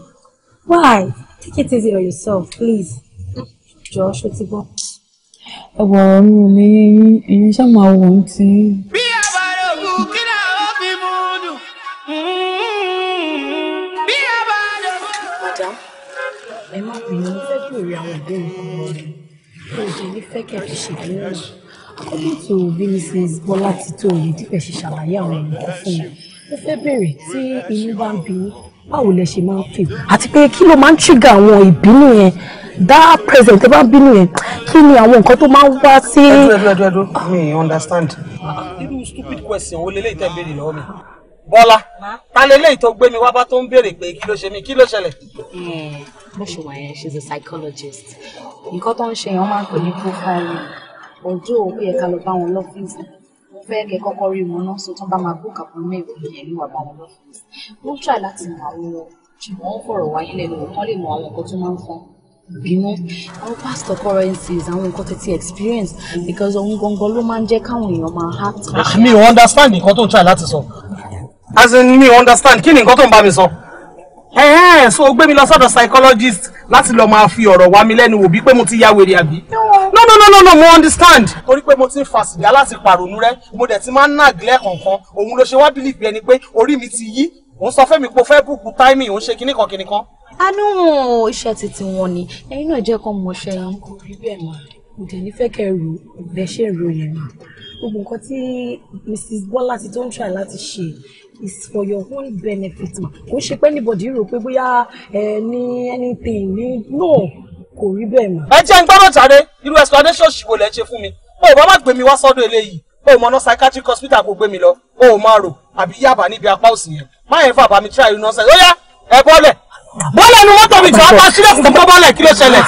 wáì take it easy on yourself please jọ ṣó ti gbọ́. ẹ̀wọ̀ ọ̀rọ̀ mi ò lè yé yín èyí ṣáà máa wò ó ti. bí a bá lògùn kí náà mm-hmm. a bá lògùn. madam ẹ má bínú fẹ́ bèrè àwọn ìbéèrè kan lọ́rùn lóde nífẹ̀ẹ́ kẹ́kẹ́ ṣègbéyàwó according to bí mrs bọ́lá ti tó òye dípẹ̀ ṣe ṣàlàyé àwọn nǹkan fún mi mo fẹ́ bèrè tí báwo lẹ ṣe máa ń feel àti pé kí ló máa ń trigger àwọn ìbínú yẹn dá present ẹ bá ń bínú yẹn kí ni àwọn nǹkan tó máa ń wá sí. understand. irú stupid question wo leléyìí tẹ́ béèrè lọ́wọ́ mi bọ́lá ta leléyìí tó gbé mi wá bá tó ń béèrè pé kí ló ṣe mí kí ló ṣẹlẹ̀. Hmm, bó ṣe wà yẹn she's a psychologist nǹkan tó ń ṣe yẹn wọ́n máa ń pè ní profiling ọjọ́ òkú yẹ lọ bá wọn lọ́fíìsì fẹ́ kẹ́ kọ́kọ́ rí wọn náà so tán bá máa book appointment yẹn ẹ̀rí wà bá wọn lọ́fíìsì wọ́n try láti mọ àwọn lọ ṣùgbọ́n wọ́n fọ̀rọ̀ wáyé lẹ́nu kán lè mọ àwọn nǹkan tó máa ń fọ́n bínú àwọn past occurrences àwọn nǹkan tó ti experience because ohun gangan ló máa ń jẹ́ káwọn èèyàn máa act. Ah, mi ò understand nǹkan tó ń try láti sọ as in mi ò understand kí ni nǹkan tó ń bá mi sọ. Hey, so o gbé mi lọ sọ́dọ̀ psychologist láti lọ máa fi ọ̀rọ̀ wá mi lẹ́nu wò bí pé mo ti ya wèrè àbí no no no mo understand. orí pé mo ti ń fa sìgá láti pàrònú rẹ mo dẹ̀ ti máa ń nàgílẹ̀ kankan òun ló ṣe wá bílíìfì ẹni pé orí mi ti yí òun sọ fẹ́mi pé o fẹ́ bùkún táìmì òun ṣe kíníkan kíníkan. anú iṣẹ́ titi wọn ni ẹ̀yin náà jẹ́ kó mọ ṣe yẹn. kò rí bẹ́ẹ̀ mọ́ kò dẹ̀ ní fẹ́ kẹ́ ro bẹ́ẹ̀ ṣe ro yẹn mọ́ gbogbo nǹkan tí Mrs. Bọ́lá ti tó ń try láti ṣe is for your own benefit ma kò ń ṣe pé anybody rò pé bóyá ẹ ní anything ní no kò rí bẹ́ẹ̀ mọ́. ẹ jẹ́ ń gbọ́dọ̀ jàre irú explanation ṣìwò lẹ́ ṣe fún mi o ò bá má gbé mi wá sọ́dọ̀ eléyìí o ò mọ̀nà psychiatric hospital kò gbé mi lọ o ò máa rò àbí yàbá níbi apá òsì yẹn má yẹn fà bá mi try irun nọ́ọ̀sẹ̀ lóyá ẹ bọ́lẹ̀ bọ́lẹ̀ nu mọ́tò mi jọ apá sílẹ̀ fún kọ́ bọ́lẹ̀ kí ló ṣẹlẹ̀.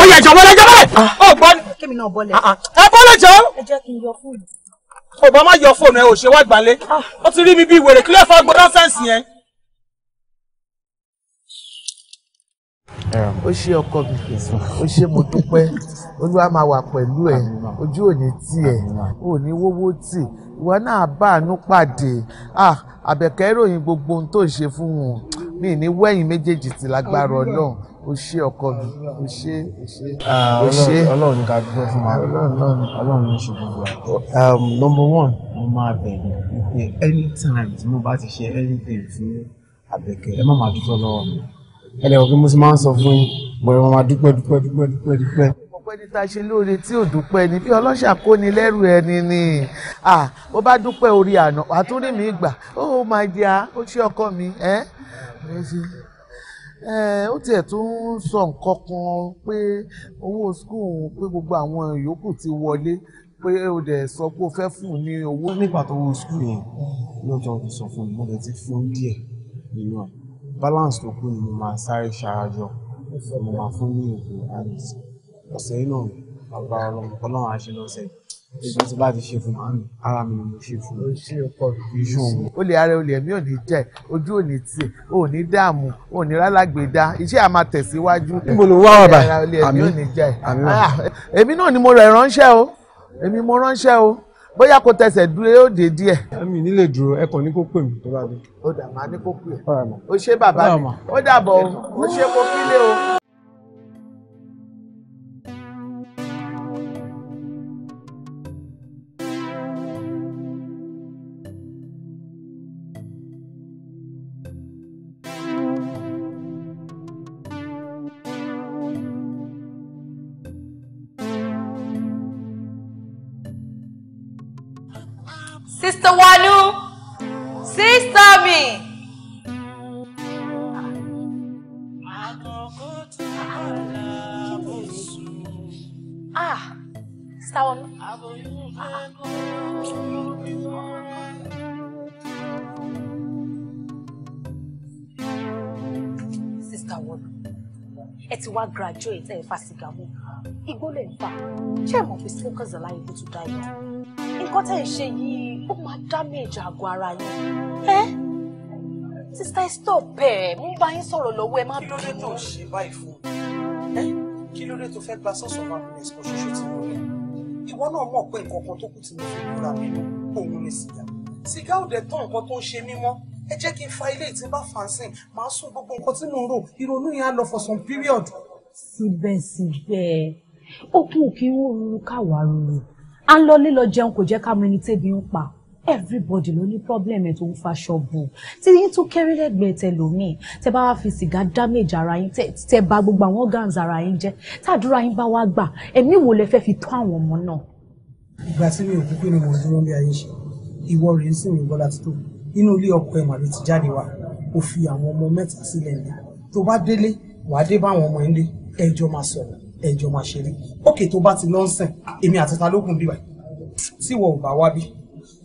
ó jọ wọlé jọ bọ́lẹ̀ ah. ah, ah. ẹ bọ́lẹ̀ jọ. ẹ jẹ́ bá má yọ fóònù ẹ ó ṣe ọkọ mi ó ṣe mo dúpẹ́ olúwa máa wà pẹ̀lú ẹ ojú òní tiẹ̀ òní wówó tì ìwọ náà bá pàdé àbẹ̀kẹ́ ròyìn gbogbo ohun tó ṣe fún wọn mi ní wẹ́yìn méjèèjì ti lágbára ọlọ́run o ṣé ọkọ mi o ṣé o ṣé o ṣé ká dúró fún wa ọlọ́run ní ṣe gbogbo wa. Um, number one mo máa bẹ̀rẹ̀ wípé anytime tí mo bá ti ṣe anything fún àbẹ̀kẹ́ ẹ má máa dúró lọ́wọ́ mi ẹlẹ́ òkè mo sì máa ń sọ fún yín bọ̀rẹ̀ wọn máa dúpẹ́ dúpẹ́ dúpẹ́ dúpẹ́ dúpẹ́. ọ̀pọ̀ ẹni tá ṣe lóore tí ò dúpẹ́ ni bí ọlọ́ṣà kó ni lẹ́rù ẹni ni bó bá dúpẹ́ orí àná wàá mi gbà ó máa jẹ á ó ṣe ọkọ mi ó tiẹ̀ tún sọ nǹkan kan pé owó skul pé gbogbo àwọn yòókù ti wọlé pé o dẹ̀ sọ pé o fẹ́ fún ní owó. nígbà tó wọ skul yẹn lọ́jọ́ sọ fún mi mo dẹ̀ ti fún díẹ̀ nínú ẹ̀ balance tó kù ni mo máa sáré ṣarajọ, mo máa fún ní òògùn and ọ̀sẹ̀ yìí náà lágbára Ọlọ́run, Ọlọ́run á ṣe lọ́sẹ̀ yìí. Èyí tí bá ti ṣe fún màámi, ara mi ni mo ṣe fún un. Olè ara olè ẹ̀mí ò ní jẹ́, ojú ò ní tì, ò ní dààmú, ò ní rálágbèédá, iṣẹ́ a máa tẹ̀síwájú. Níbo ló wá wà báyìí? Olè ara olè ẹ̀mí ò ní jẹ́. Ah, èmi náà ni mo rẹ̀ ránṣẹ́ o, èmi mo ránṣẹ́ o bóyá kò tẹsẹ̀ dúró yóò dé díẹ̀. mi nílè dúró ẹ kàn ní kó pè mí tó bá dé. ó dà máa ní kó pè é ó ṣé bàbá mi ó dàbọ̀ ó ṣé kó kílé o. Stała. Sister Wọlé, ẹ ti wá graduate ẹ̀ fa sìgá mú. Igbó lè fà. Ṣé ẹ mọ̀ smokers are to die? Nǹkan tẹ̀ ń ṣe yìí, ó máa damage àgọ́ ara yín. Ẹ́ Sista stop ẹ̀, mo ń bá yín sọ̀rọ̀ lọ́wọ́ ẹ má bínú. Kí ló dé tó ṣe báyìí fún mi? Kí ló dé tó fẹ́ gba sọ́sọ́ máa bí ẹ̀sìn kan ṣoṣo tí mo rí? ìwọ náà mọ̀ pé nǹkan kan tó kù tí mo fi múra mi òun ni sìgá sìgá ò dẹ̀ tó nǹkan tó ń ṣe mí mọ́ ẹ jẹ́ kí n fa ilé ìtí bá fàǹsìn máa sún gbogbo nǹkan tí mo ń rò ìrònú yẹn á lọ for some period. síbẹ̀síbẹ̀ ó kún òkè ń rú káwá rú à ń lọ lílọ jẹun kò jẹ́ ká mọ ẹni tẹ́bi ń pa everybody ló ní problem ẹ̀ tó ń fa ṣọ́ọ̀bù tí yín tún kẹ́rí lẹ́gbẹ̀ẹ́ tẹlòmíì tẹ bá wá fi sìgá damage ara yín tẹ bà gbogbo àwọn organs ara yín jẹ́ tàdúrà yín bá wá gbà ẹ̀mí wo lẹ fẹ́ fi tọ́ àwọn ọmọ náà. ìgbà tí mi ò kúkú ni mo dúró bí ayé ṣe ìwọ rèé sì rìn bọ́lá tó inú ilé ọkọ ẹ̀ màlúù ti jáde wá ó fi àwọn ọmọ mẹ́ta sílẹ̀ ní tó bá délé wàá dé bá àwọn ọmọ ilé ẹjọ́ máa sọ̀rọ̀ ẹjọ́ máa ṣeré ókè tó bá ti lọ́ńsẹ̀ èmi àti ta lókun bíbà tí wọ́n ò bá wá bí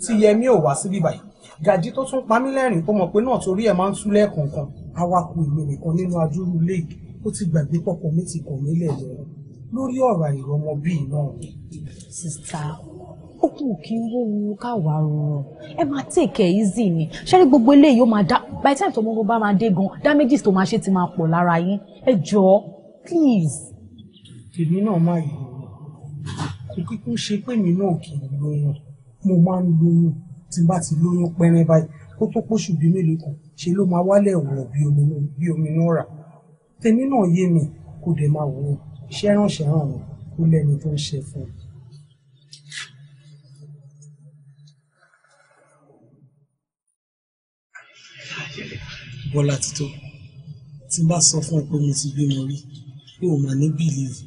tí yẹmí ò wá síbí báyìí gàdí tó tún pa mí lẹ́rìn tó mọ̀ pé náà torí ẹ̀ máa ń tú lẹ́ẹ̀kọ̀ọ̀kan awakọ̀ èmi nìkan nínú adúrú ilé ó ti gbàgbé pọ̀pọ̀ mi ti kàn nílẹ̀ lọ lórí ọ̀rọ̀ àìrọ́mọ bíi náà. sista ó kù kí n wówu káwa rọrùn ẹ máa tèkẹ́ easy ni ṣẹ́rí gbogbo eléyìí ó máa dá by the time tó mọ́gbọ́n bá máa dé gan damages tó máa ṣe ti máa pọ̀ lára yín ẹ jọ̀ọ́ please. tèmi náà máa yọ̀ ọ́ kíkún ṣe pé mi náà kì í lóyún mo máa ń lóyún tí n bá ti lóyún pẹ́rẹ́ báyìí kó tó pọ̀ṣù bí mélòó kan ṣe ló máa wálẹ̀ wọ̀ bí omi náà rà tèmi náà yé mi kó dẹ̀ máa wò ó ṣẹ́ràn ṣẹ́ràn wọn kó lẹ́ni tó ń ṣe fún un. Bọ́lá Títọ́ tí n bá sọ fún ẹ pé mo ti gbé wọn rí pé o máa ní bìlíìfù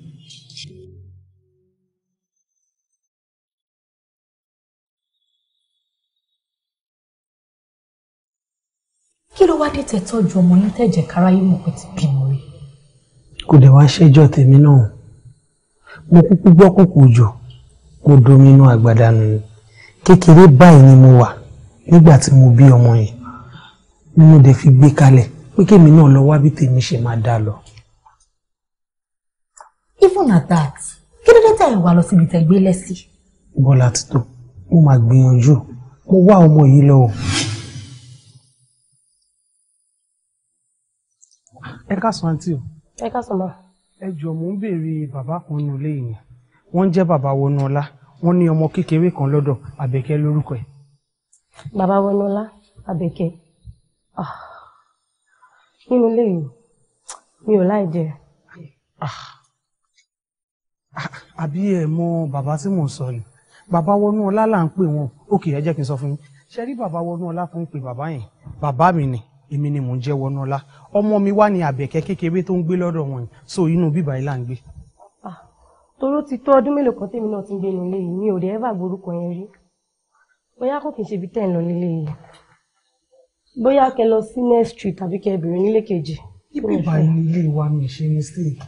kí ló wá dé tẹ tọ́jú ọmọ yín tẹ̀jẹ̀ káráyé mọ̀ pé ti bímọ rí. kò dẹ̀ wá ṣẹ́jọ́ tèmi náà mo kúkú gbọ́ kúkú jù mo domi inú àgbàdànù ni kékeré báyìí ni mo wà nígbà tí mo bí ọmọ yẹn ni mo dẹ̀ fi gbé kalẹ̀ pé kémi náà lọ wá bí tèmi ṣe máa dá lọ. even at that kí ló dé tẹ̀ wá lọ síbi tẹ̀ gbé lẹ́sí. bọ́lá ti tó mo máa gbìyànjú mo wá ọmọ yìí lọ o. ẹ káàsán àǹtí o. ẹ káàsán ma. ẹ jọ mò ń béèrè bàbá kan nù lé yẹn wọ́n ń jẹ́ bàbá Wọnúọlá wọ́n ní ọmọ kékeré kan lọ́dọ̀ Àbẹ̀kẹ́ lórúkọ ẹ̀. bàbá Wọnúọlá Àbẹ̀kẹ́ ah, nínú ilé mi ò láì jẹ. Ah, ah, àbí ẹ mọ bàbá tí mò ń sọ ni bàbá Wọnúọlá là ń pè wọn òkè ẹ jẹ́ kí n sọ fún yín ṣe rí bàbá Wọnúọlá fún pé bàbá yẹn bàbá mi ni èmi ni mò ń jẹ́ wọnọlá ọmọ mi wá ní àbẹ̀kẹ́ kékeré tó ń gbé lọ́dọ̀ wọn so inú bíbá ilá ń gbé. Ah, toró ti tó ọdún mélòó kan tèmi náà ti ń gbé nílé yìí mi ò dé ẹ́fà gborúkọ yẹn rí bóyá kò kì í ṣe ibi tẹ́ ń lọ nílé yìí bóyá kẹ lọ sí next street tàbí kẹ bèrè nílé kejì. ibi ìbàyìí ni ilé wa mi ṣe mistake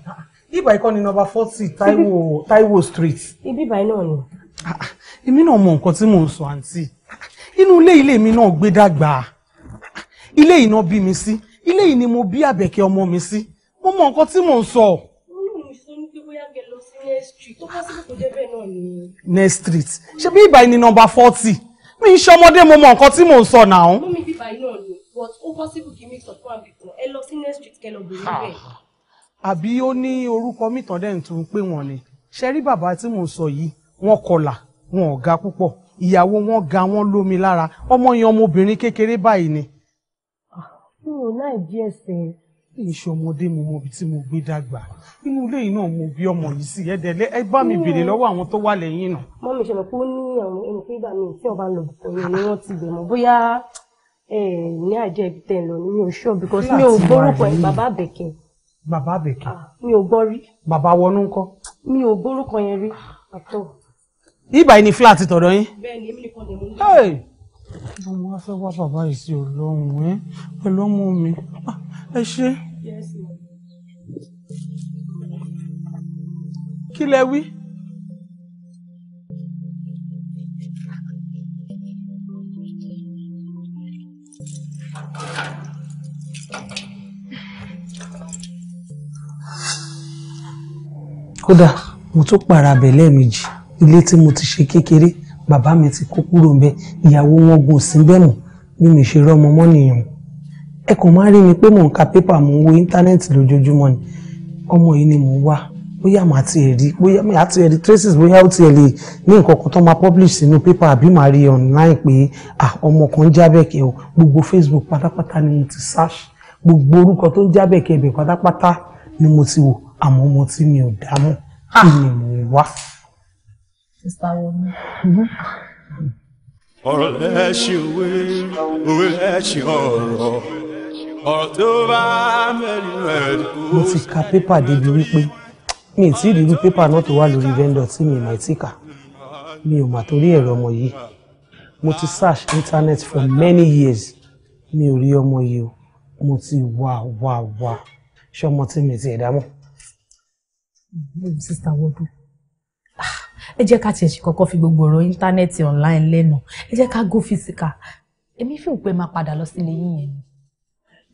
ibà ah, ikọ́ ni number forty Taiwo Taiwo street. ibi ìbàyìí náà ni. Ah, èmi náà mọ nǹkan tí mò ń sọ àǹtí inú ilé ilé mi náà gbé dàgbà ilé yìí náà bí mi sí ilé yìí mo bí àbẹ̀kẹ́ ọmọ mi sí mo mọ nǹkan tí mò ń sọ. next street ṣe bí ìbàyìí ni nọ́mbà forty mi ń ṣọmọdé mo mọ nǹkan tí mò ń sọ náà. mú mi bíbá iná ni but ó possible kí mix up one bìkan ẹ lọ sí next street kẹ lọ bèrè bẹ́ẹ̀. àbí ó ní orúkọ mìtàn dẹ́yìn tó wọ́n ni ṣe rí bàbá tí mò ń sọ yìí wọ́n kọlà wọn ò ga púpọ̀ ìyàwó wọn ga wọn lómi lára ọmọ yẹn ọmọbìnrin kékeré báyìí ni mi ò láì bí ẹsẹ̀ ìṣọmọdé mo mọ ibi tí mo gbé dàgbà inú ilé yìí náà mo bí ọmọ yìí sí ẹdẹlẹ ẹ bá mi hmm. béèrè lọ́wọ́ àwọn tó wà lẹ́yìn náà. mọ mi ṣẹlẹ̀ pé ó ní àwọn ẹni ìgbà mi tí ọba lọ òye ni wọn ti bẹmọ bóyá ní àjẹ ibi lọ ní oṣù because mi ò gbórúkọ ẹ bàbá àbẹ̀kẹ́. bàbá àbẹ̀kẹ́. Ah, mi ò gbọ́ rí. bàbá wọnú ńkọ́. mi ò gbórúkọ yẹn rí àtọ. ibà yìí ni flat tọ̀dọ̀ yín. bẹ́ẹ̀ni èmi nìkan ni mo ló wá fẹ́ wá bàbá yìí sí ọlọ́run ẹ pẹ̀lú ọmọ mi ah, ẹ ṣe. kí lẹ wí. kódà mo tún pààrà abẹ lẹ́ẹ̀mejì ilé tí mo ti ṣe kékeré bàbá mi ti kó kúrò ńbẹ ìyàwó wọn gùn sí bẹ́ẹ̀ mọ̀ bí mi ṣe rọ́mọ mọ́ nìyẹn ẹ kàn máa rí mi pé mò ń ka pépà mò ń wo íńtánẹ́ẹ̀tì lójoojúmọ́ ni ọmọ yìí ni mò ń wá bóyá màá ti rí bóyá màá ti rí traces bóyá ó ti lè ní nǹkan kan tó máa publish sínú pépà àbí màá rí online pé ọmọ kan Jábẹ̀kẹ́ o gbogbo Facebook pátápátá ni mo ti search gbogbo orúkọ tó ń Jábẹ̀kẹ́ ibẹ̀ pátápátá ni mo ti wò àmọ́ mo ti mi ò dámọ̀ ah! kí ni mò ń wá. Sister Wọmi. you will, òwe, òwe lẹ́ṣin ọ̀rọ̀. Ọ̀rọ̀ tó bá mẹ́rin rẹ̀ kú. Mo ti ka pépà débi wípé mi ì tí ì rírú pépà náà tó wà lórí vendor tí mi máa ti kà. Mi ò mà torí ẹ̀rọ ọmọ yìí. Mo ti search internet for many years. Mi ò rí ọmọ yìí o. Mo ti wà wà wà. Ṣé ọmọ tí mi ti ẹ̀dá mọ̀? Sister Wọmi ẹ jẹ́ ká tiẹ̀ ṣe kọ́kọ́ fi gbogbo ọ̀rọ̀ íńtánẹ́ẹ̀tì online lẹ́nu ẹ jẹ́ ká go physical èmi fi òpè máa padà lọ sílé yín yẹn ni.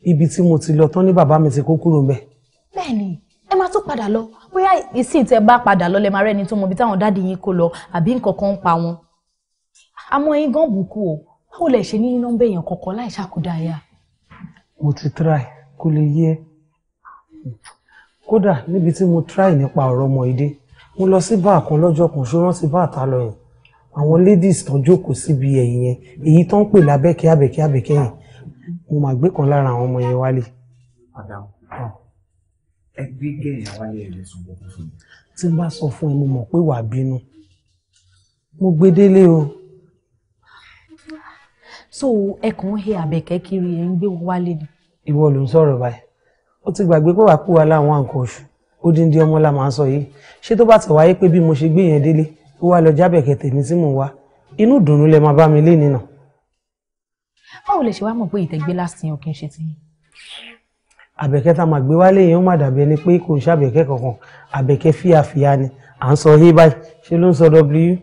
ibi tí mo ti lọ tán ní bàbá mi ti kó kúrò mbẹ. bẹ́ẹ̀ni ẹ máa tún padà lọ bóyá ìsìn tẹ bá padà lọ lẹ máa rẹni tó mọ ibi táwọn dáàdi yín kó lọ àbí nǹkan kan ń pa wọn. àmọ́ ẹ̀yin gan bùkún o báwo lẹ ṣe ní nọ́mbà èèyàn kọ̀ọ̀kan láì ṣàkódáyà. mo ti try kó lè yé kódà níbi tí mo try nípa ọ̀rọ̀ ọmọ ìdí mo lọ sí báà kan lọ́jọ́ kan ṣó rántí báà ta lọ yẹn àwọn ladies tán jókòó síbi ẹ̀yìn yẹn èyí tán ń pè lábẹ́kẹ́ abẹ́kẹ́ abẹ́kẹ́ yẹn mo máa gbé kan lára àwọn ọmọ yẹn wálé. ẹ gẹ̀yìn wálé ẹ̀ lẹ́sùn gbọ́dọ̀ fún mi. tí n bá sọ fún ẹ mo mọ̀ pé wàá bínú mo gbé délé o. so ẹ kàn ń he abẹ́kẹ́ kiri ẹ̀ ń gbé wálé ni. ìwọ ló ń sọ̀rọ̀ báyìí ó ti gbàgbé pé wàá kú wa láwọn nǹkan oṣù odindi ọmọ la máa ń sọ yìí ṣé tó bá ti wáyé pé bí mo ṣe gbé yẹn délé ó wá lọ jábẹ̀kẹ̀ tèmi tí mò ń wá inú ìdùnnú lẹ máa bá mi lé nínà. báwo lè ṣe wá mọ̀ pé ìtẹ̀gbé last year kì í ṣe tiyín. àbẹ̀kẹ́ tá a máa gbé wálé yẹn ó má dàbí ẹni pé kò ń ṣàbẹ̀kẹ́ kankan àbẹ̀kẹ́ fíàfíà ni à ń sọ hey báyìí ṣe ló ń sọ w.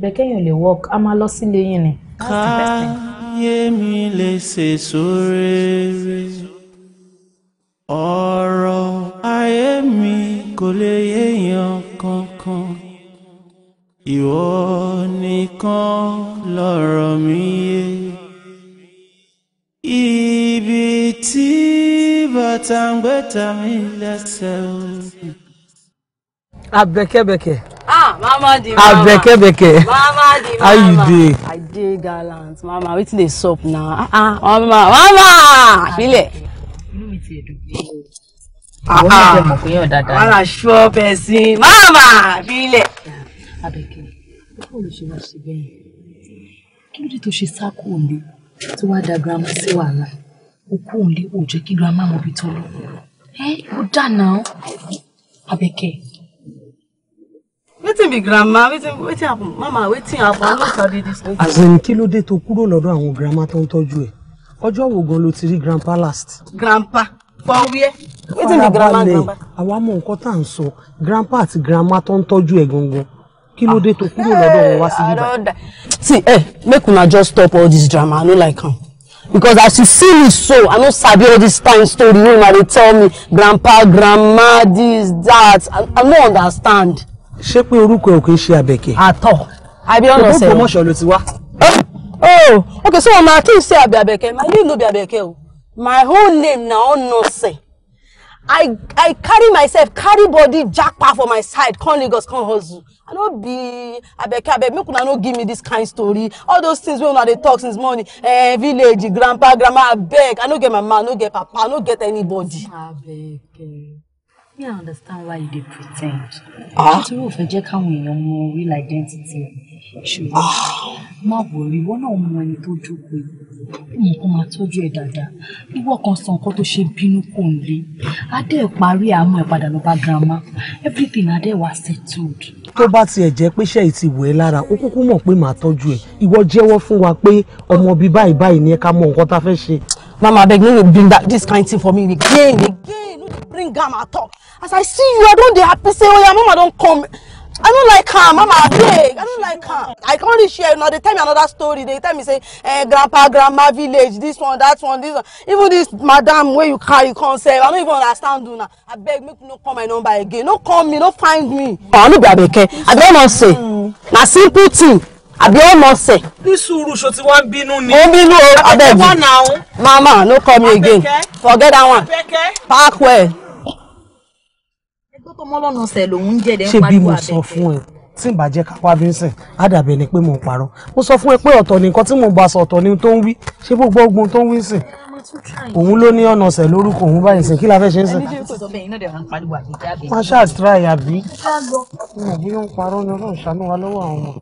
bẹ̀kẹ́ yẹn lè work a máa lọ sílé yín ni. káyé mi lè ṣèṣó rere ọ̀rọ̀ ayé mi kò lè yéèyàn kankan ìwọ nìkan lọ̀rọ̀ mi yé ibi tí bàtà ń gbé mi lẹ́sẹ̀ o. abẹ́kẹ́bẹ́kẹ́. ah mama di mama abẹ́kẹ́bẹ́kẹ́ mama di mama how you dey. i dey gallant mama wetin dey sup na ah ah mama mama filẹ̀ inú mi ti dùn bí ah, àwọn náà fẹ́ ah. mọ̀ pé yàn dáadáa. wàhálà ṣọ́ bẹ́ẹ̀ sí i máàmá bílẹ̀. abẹ́kẹ́ púpọ̀ ló ṣe wá ṣe bẹ́yìn kí ló dé tó ṣe sá kúrò nílé tó wá da girama sí wàhálà ó kúrò nílé ò jẹ́ kí girama mọ̀ bí tọ́ lọ. ẹ ó dànà abẹ́kẹ́. wetin be grandma wetin wetin happen mama wetin happen i no sabi dis thing. as kí ló dé tó kúrò lọ́dọ̀ àwọn girama tó ń tọ́jú ẹ̀ ọjọ́ wo gan ló ti rí grandpa last. grandpa for where. wetin be grandma and grandpa. àwa mọ nǹkan tá à ń sọ grandpa àti grandma tó ń tọ́jú ẹ̀ gangan kí ló dé tó kúrò lọ́dọ̀ wọn wá sí bíbá. see eh make una just stop all this drama i no like am because as you see me so i no sabi all this time story wey una dey tell me grandpa grandma this that i, I no understand. ṣé pé orúkọ ẹ ò kì í ṣe àbẹ̀kẹ́. àtọ̀ abiona sẹ́wọ̀n. ìbò promotion ló ti wá oh okay so my team say abi abeke my name no be abeke oh. my whole name na say. i i carry myself carry body jackpot for my side come lagos come hustle i no be abeke abeg make una no give me this kind story all those things wey una dey talk since morning eh, village grandpa grandma abeg i no get mama i no get papa i no get anybody. abeke me i understand why you dey pre ten d. ah ṣé tí wọ́n fẹ́ jẹ́ káwọn èèyàn real identity ṣùgbọ́n má wọrí ìwọ náà mọ ẹni tó jókòó yìí kó máa tọ́jú ẹ dáadáa ìwọ kan san nǹkan tó ṣe bínú kò ń lé adé ẹ parí àmọ́ ẹ padà lọ bá girama everything adé wa settled. tó bá tiẹ̀ jẹ́ pé ṣe ìtì wọ̀ ẹ́ lára ó kúkú mọ̀ pé màá tọ́jú ẹ̀ ìwọ jẹ́wọ́ fún wa pé ọmọ bíi báyìí báyìí ni ẹ ká mọ nǹkan tá a fẹ́ ṣe. mama abeg no dey bring that this kind thing for me again again no dey bring am at all as i see you i don dey happy say oya oh, mama don come I don't like am, Mama, beg. I don't like am. I can't really share. You know, they tell me another story. They tell me, say, eh, grandpa, grandma, village, this one, that one, this one. Even this madam where you carry, you can't sell. I don't even understand you now. I beg, make you no call my number again. No call me, no find me. I no be abeke. I don't know say. Na simple thing. I be mọ sẹ. ní sùúrù ṣo ti wá ń bínú ni. ó ń bínú o mama no call me again forget that one park well tó mọ́ lọ́nà ọ̀sẹ̀ lòún jẹ́ dẹ́ ń pariwo àbẹ̀tẹ̀. ṣé bí mo sọ fún ẹ tí n bá jẹ́ kápá vincent àdàbẹ̀ ni pé mo ń parọ́ mo sọ fún ẹ pé ọ̀tọ̀ ni nǹkan tí mo bá sọ ọ̀tọ̀ ni tó ń wí ṣé gbogbo ogun tó ń wí sìn òun ló ní ọ̀nà ọ̀sẹ̀ lórúkọ òun báyìí sìn kí la fẹ́ ṣe ń sìn. má ṣáà tíra mo bí wọ́n parọ́ ni ọlọ́run ṣàánú wa lọ́wọ́ àwọn ọmọ.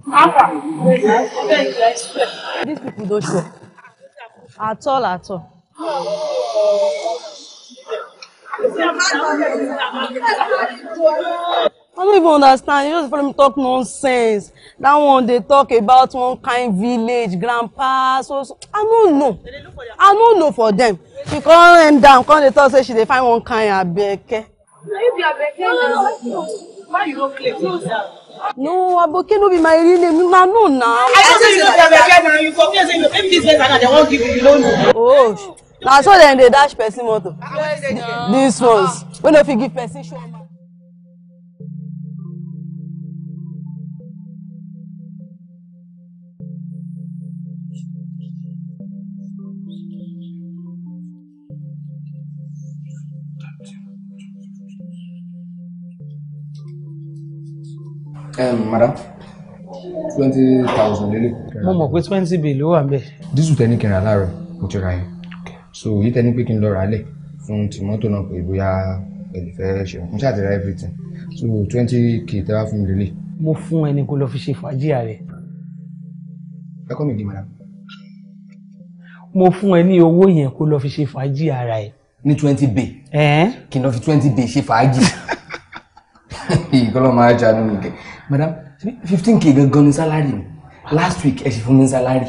these people I don't even understand. You just follow me talk nonsense. That one they talk about one kind village, grandpa, so, so. I don't know. I don't know for them. She call them down, Call they talk say she they find one kind abeke. No, Aboke no be my real name. Na no na. I don't say you no be Abeke na. You for me say you pay me this na they wan give you. You don't know. Oh na so dem dey dash person motor ah, these ah, ah. ones wey no fit give person show man. Um, madam twenty thousand lele. mo mọ̀ pé twenty bill ló wà ń bẹ̀. dísù tẹ́ ní kẹrin aláàárọ̀ mo ti ra yẹn so yìí tẹ́ ní pé kí n lọ rà á lẹ̀ fún tìmọ́tò náà pé bóyá ẹ̀lì fẹ́ ṣe n ṣàtẹ̀rẹ̀ everything so twenty k tẹ́ wá fún mi lélẹ̀. mo fún ẹni kó lọ fi ṣe fàájì rẹ. ẹ kọ́ mi di madam. mo fún ẹ ní owó yẹn kó lọ fi ṣe fàájì ara ẹ. ní twenty bay. kí n lọ fi twenty bay ṣe fàájì. ìkọlọ́ máa jáde mi kẹ madam fifteen k gangan ni salary mi last week ẹ sì fún mi salary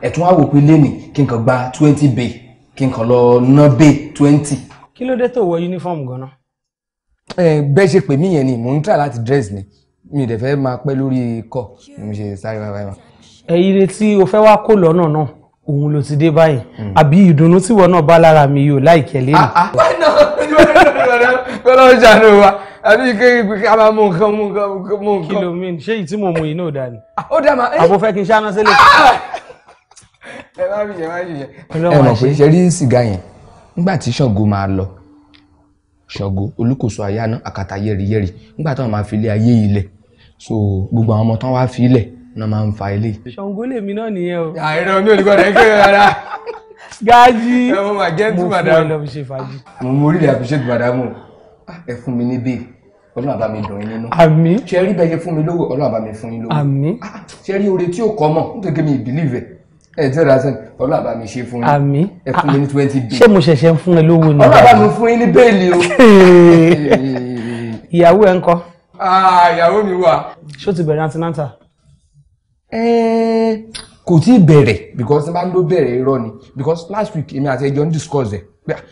ẹ tún wá wò pé lẹ́nìí kí n kàn gba twenty bay kí n kàn lọ ná twenty. kí ló dé tó wọ uniform gan-an. ẹ bẹ́ẹ̀ ṣe pè mí yẹn ni mò ń try láti dress ni mi ì dẹ̀ fẹ́ máa pẹ́ lórí kọ́ mo ṣe sáré báyìí báyìí. ẹyin retí o fẹ́ wá kó lọ́nà náà òun ló ti dé báyìí hmm. àbí ìdùnnú tíwọ náà bá lára mi yóò láìkẹ́ lé mi. kọ́lọ́ ń ṣàánú wa àbí kí a máa mú nǹkan mú nǹkan. kí ló mean ṣé ìtí mò ń mú yìí náà dà ní. Ah, ó dà àbò fẹ́ kí n ṣáná sílẹ̀. Ah! ẹ má bìyẹn má bìyẹn. ẹ mọ̀ pé ṣe rí sìgá yẹn nígbà tí Ṣàngó máa lọ Ṣàngó olùkóso àyáná àkàtà yẹ́rìyẹ́rì nígbà táwọn máa fi ilé ayé ilẹ̀ so gbogbo àwọn ọmọ tán wá fi ilẹ̀ náà máa ń fa ilé. Ṣàngó lèmi náà nìyẹn o. àìrọ ah, mi ò ní gbọ́dọ̀ ẹgbẹ́ rẹ rárá. gaji mo fún ọ lọ fi ṣe fàájì. mo mú orílẹ̀ àfiṣẹ́ tó padà mọ̀ ẹ fún mi ní bẹ́ẹ̀ ọlọ́run àbá mi dùn yín nínú. àmín. ṣe rí bẹ́ẹ̀ fún mi lówó ọlọ́run àbá mi fún yín lówó. àmín. Ah, ṣe rí oore tí ò kọ́ mọ̀ nítorí mi bìlíìfẹ̀ ẹ tí ó dá sẹ́ni ọlọ́run àbá mi ṣe fún yín àmì ẹ fún mi ní ah, ah. twenty bíi ṣé mo ṣẹ̀ṣẹ̀ ń fún ẹ lówó ni ọlọ́run àbá mi fún yín ní bẹ́ẹ̀lì o. ìyàwó ẹ ń kọ́. Ah, ìyàwó mi wà. ṣó ti bẹ̀rẹ̀ antinanta. kò tí ì bẹ̀rẹ̀ because máa ń ló bẹ̀rẹ̀ irọ́ ni because last week èmi àti ẹjọ́ ń discuss ẹ̀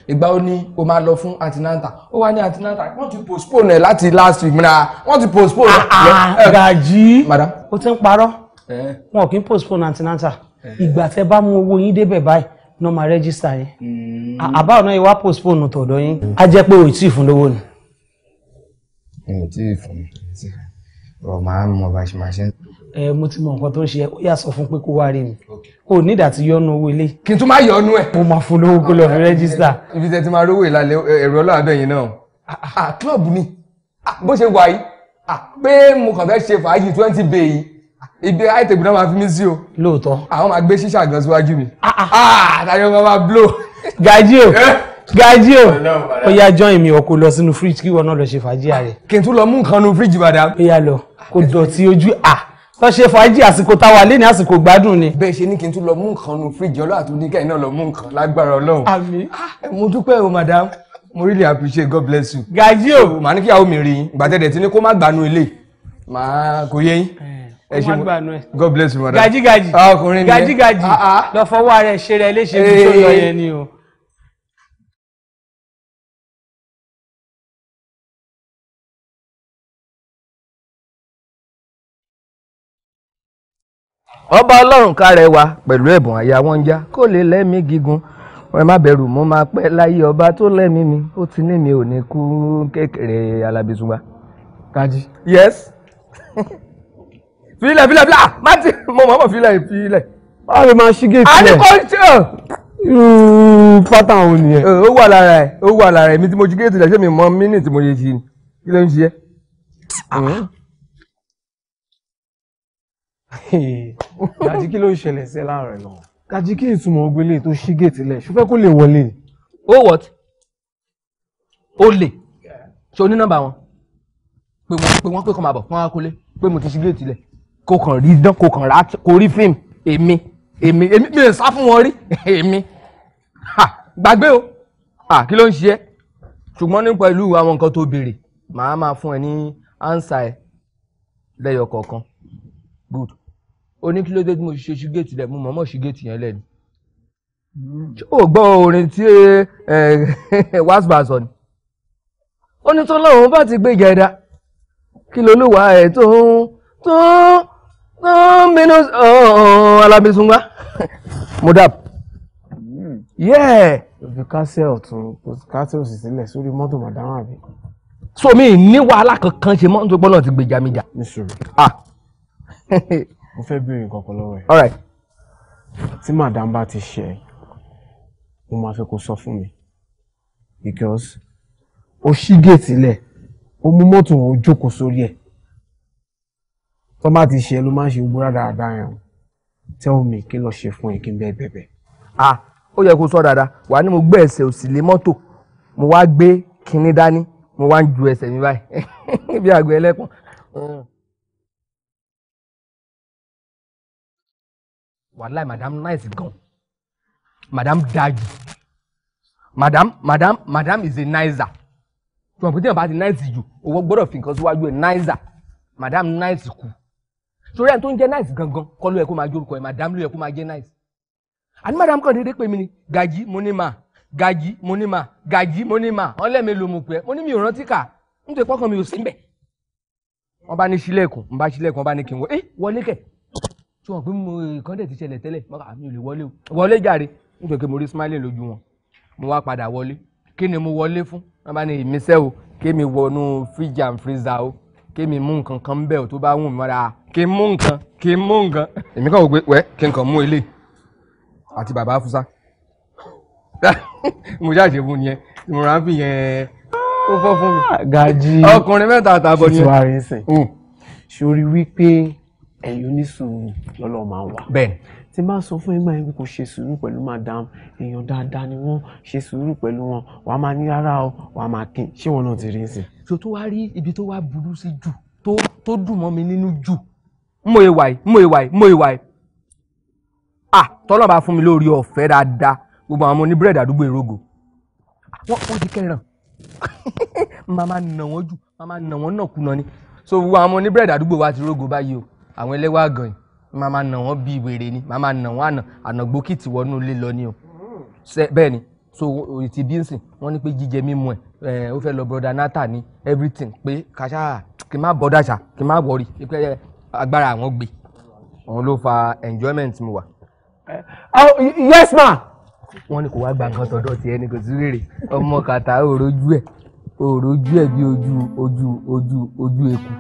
ìgbà ó ní o máa lọ fún antinanta ó wá ní antinanta wọ́n ti postpone ẹ̀ láti last week mìíràn wọ́n ti postpone ẹ̀. gàjí o ti ń parọ́ wọn kì í postpone antinanta ìgbà tẹ bá mú owó yín débẹ̀ báyìí ní ọmọ rẹ́gísítà yín hmm. àbá ọ̀nà ìwà postpone tọ̀dọ̀ yín á jẹ́ pé ò tí ì fún lówó ni. mi ò tí ì fún ọ máa ń mọ bá ṣe máa ṣe. ẹ mo ti mọ nǹkan tó ń ṣe ó yà sọ fún pé kó wá rí mi o ní ìdá tí yọnu owó ilé. kí n tún má yọnu ẹ. mo máa fún lówó kó lọ rí rẹ́gísítà. ibi tẹ ti máa rówó ìlàlẹ ẹ̀rọ ọlọ́àbẹ̀ yìí náà. Ah, ah. Ah, club ni bó ṣe wà yìí pé mo kàn fẹ́ ṣe fàájì twenty bay yìí ibi àìtẹ̀gbọ́n náà máa fi mí sí o. lóòótọ́. àwọn máa gbé ṣíṣà gan síwájú mi. àtàyọ̀ ah, ah. ah, máa máa blow. gají o eh? gají o ó yá join mi ọkọ lọ sínú fridge kí wọn náà lọ ṣe fàájì rẹ. kí n tún lọ mú nǹkan nu fridge bàdà. ó yá lọ kó dọ̀tí ojú à lọ ṣe fàájì àsìkò táwa lé ní àsìkò gbádùn ni. bẹ́ẹ̀ ṣe ní kí n tún lọ mú nǹkan nu fridge ọlọ́run àtúndí kẹ́yìn náà lọ mú nǹkan lágbára ọlọ́run. àmín. mo dúpẹ́ o madam mo really appreciate god bless you. Gaji o. màá ní kíyàwó mi rí i gbàtẹ́dẹ̀ tí ní kó má gbanú ilé màá kò yẹ yín. Eh ẹ ṣe mo god bless you madam gajigaji ah, ọkùnrin ni gajigaji ah, ah. lọ fọwọ́ ara ẹ̀ ṣe rẹ̀ léṣe bí tó lọ yẹn ni o. ọba ọlọ́run kárẹ̀ wa pẹ̀lú ẹ̀bùn àyà wọn já kó lè lẹ́mí gígùn ẹ má bẹ̀rù mo máa pẹ́ láyé ọba tó lẹ́mí mi ó ti ní mi ò ní kú kékeré alábísúgbà. gaji. yes. filẹ̀ filẹ̀ filẹ̀ ah, má ti mo mọ̀ mọ̀ filẹ̀ filẹ̀. báwo ló máa ṣí géètì rẹ̀ àní kò ṣe ọ̀. irú pátá òun nìyẹn. ó wà lára ẹ ó wà lára ẹ mi tí mo ṣí géètì rẹ̀ ṣé mi mọ mínítì mo yẹ ṣe ni kí ló ń ṣe ẹ́. Ah. gàjí kí ló ń ṣẹlẹ̀ sí ẹ láàárọ̀ lọ. gàjí kí ìtumọ̀ ogbélé tó ṣí géètì lẹ̀ ṣùgbọ́n kó lè wọlé. ó oh, wọ̀t ó lè ṣe oní nọ́mbà wọn pé wọ́n pé kọ́ máa bọ̀ wọ́n á kólé pé mo ti ṣí géètì lẹ̀ kò kàn rí dán kò kàn rà kò rí fíìmù èmi èmi èmi mi ò sá fún wọn rí èmi gbàgbé o kí ló ń ṣe é ṣùgbọ́n ní pẹ̀lú àwọn nǹkan tó béèrè màá máa fún ẹ ní ánsà ẹ lẹ́yọ kọ̀ọ̀kan good ó ní kí ló dé tí mo ṣe ṣúgẹ́ẹ̀tì rẹ̀ mo mọ̀ mọ̀ ṣúgẹ́ẹ̀tì yẹn lẹ́nu ṣé o gbọ́ orin tí wasba sọ ni ó bá ti gbé gẹ̀ẹ́dá kí lolúwa ẹ̀ tó ń tó ń. Oh, menos, oh, ala alabisunga mudap hmm. yeah. òfin kásẹ̀ ọ̀tún kásẹ̀ òsì sílẹ̀ sórí mọ́tò màdámà bí. so mi ní wàhálà kankan ṣe mọ́tò gbọ́dọ̀ ti gbèjà mi jà. níṣòro ah mo fẹ́ béèrè kankan lọ́wọ́ ẹ̀. all right. tí madam bá ti ṣe ẹ́ mo máa fẹ́ kó sọ fún mi because ó ṣí géètì lẹ̀ ó mú O ó jókòó sórí tó bá ti ṣe ló máa ń ṣe gbúra dáadáa yẹn tell me kí lọ ṣe fún ẹ kí n bẹ́ẹ̀ bẹ̀bẹ̀. ah ó yẹ kó sọ dáadáa wà á ní mo gbé ẹsẹ̀ òsì lé mọ́tò mo wá gbé kinní dání mo wá ń ju ẹsẹ̀ mi báyìí bí àgbẹ̀ ẹlẹ́kùn. wàláì madam nice gan madam dájú madam madam madam is a nicer tí wọn kò tí wọn bá ti nice jù owó gbọ́dọ̀ fi nǹkan síwájú ẹ nicer madam nice kù. Cool torí ẹni tó ń jẹ́ nice gangan kọ́ ló yẹ kó máa jórúkọ ẹ̀ madam ló yẹ kó máa jẹ́ nice àní madam kan dédé pè mí ni gají mo ní ma gají mo ní ma gají mo ní ma ọlẹ́mi ló mo pè ẹ́ mo ní mi ò rántí kà nítorí pọ́kàn mi ò sí mbẹ̀ wọ́n bá ní sílẹ̀kùn ń bá sílẹ̀kùn wọ́n bá ní kí n wọ ẹ́ wọlé kẹ̀ tí wọ́n pín mo kàn dẹ̀ ti ṣẹlẹ̀ tẹ́lẹ̀ mi ò lè wọlé o wọlé jàre nítorí pé mo rí kí n mú nǹkan kí n mú nǹkan èmi kàn wò pé wẹ́ kí n kàn mú ilé àti bàbá Fúsá mo ṣáà fún yẹn mo rà á fi yẹn ó fọ́ fún mi. Ah, Gaji ọkùnrin mẹ́ta àtàbọ̀ ni. ìtura rẹ̀ ń sìn. sori wípé ẹ̀yin onísùúrù lọ́lọ́ máa wà. bẹ́ẹ̀ tí máa sọ fún ẹgbẹ́ yẹn kò ṣe sùúrù pẹ̀lú madam èèyàn dáadáa ni wọ́n ṣe sùúrù pẹ̀lú wọn wàá máa ní rárá o wàá máa kín ṣé wọn náà ti rí sí. so tó wá rí ibi tó wá burú sí jù tó dùn mọ́ mi nínú jù mo ìwà yìí mo ìwà yìí mo ìwà yìí ah tọ́lọ́ bá fún mi lórí ọ̀fẹ́ dáadáa gbogbo àwọn ọmọ ní búrẹ́dì àdúgbò ìrógò wọ́n wọ́n ti kẹ́ràn màmá nà wọ́n jù màmá nà wọ́n nà kùnà ni so gbogbo àwọn ọmọ ní búrẹ́dì àdúgbò wa ti rógò báyìí o àwọn ẹlẹ́wà gan yìí màmá nà wọ́n bíi wèrè ni màmá nà wọ́n àná ànàgbó kìtì wọnú ilé lọ ni o bẹ́ẹ̀ ni so ti bí nsìn wọ́n ní pé jíjẹ mímu ẹ̀ ó fẹ́ lọ broda nata ni everything pé kàṣà kì má bọ́dàṣà kì má wọ̀rì agbára àwọn gbé òun ló fa enjoyment mi wà. Eh, oh, yes ma. wọ́n ní kò wá gba nǹkan tọ̀dọ̀ tiẹ̀ ní kò sí rèrè ọmọ kàtà òrojú ẹ̀ òrojú ẹ̀ bí ojú ojú ojú ojú eku.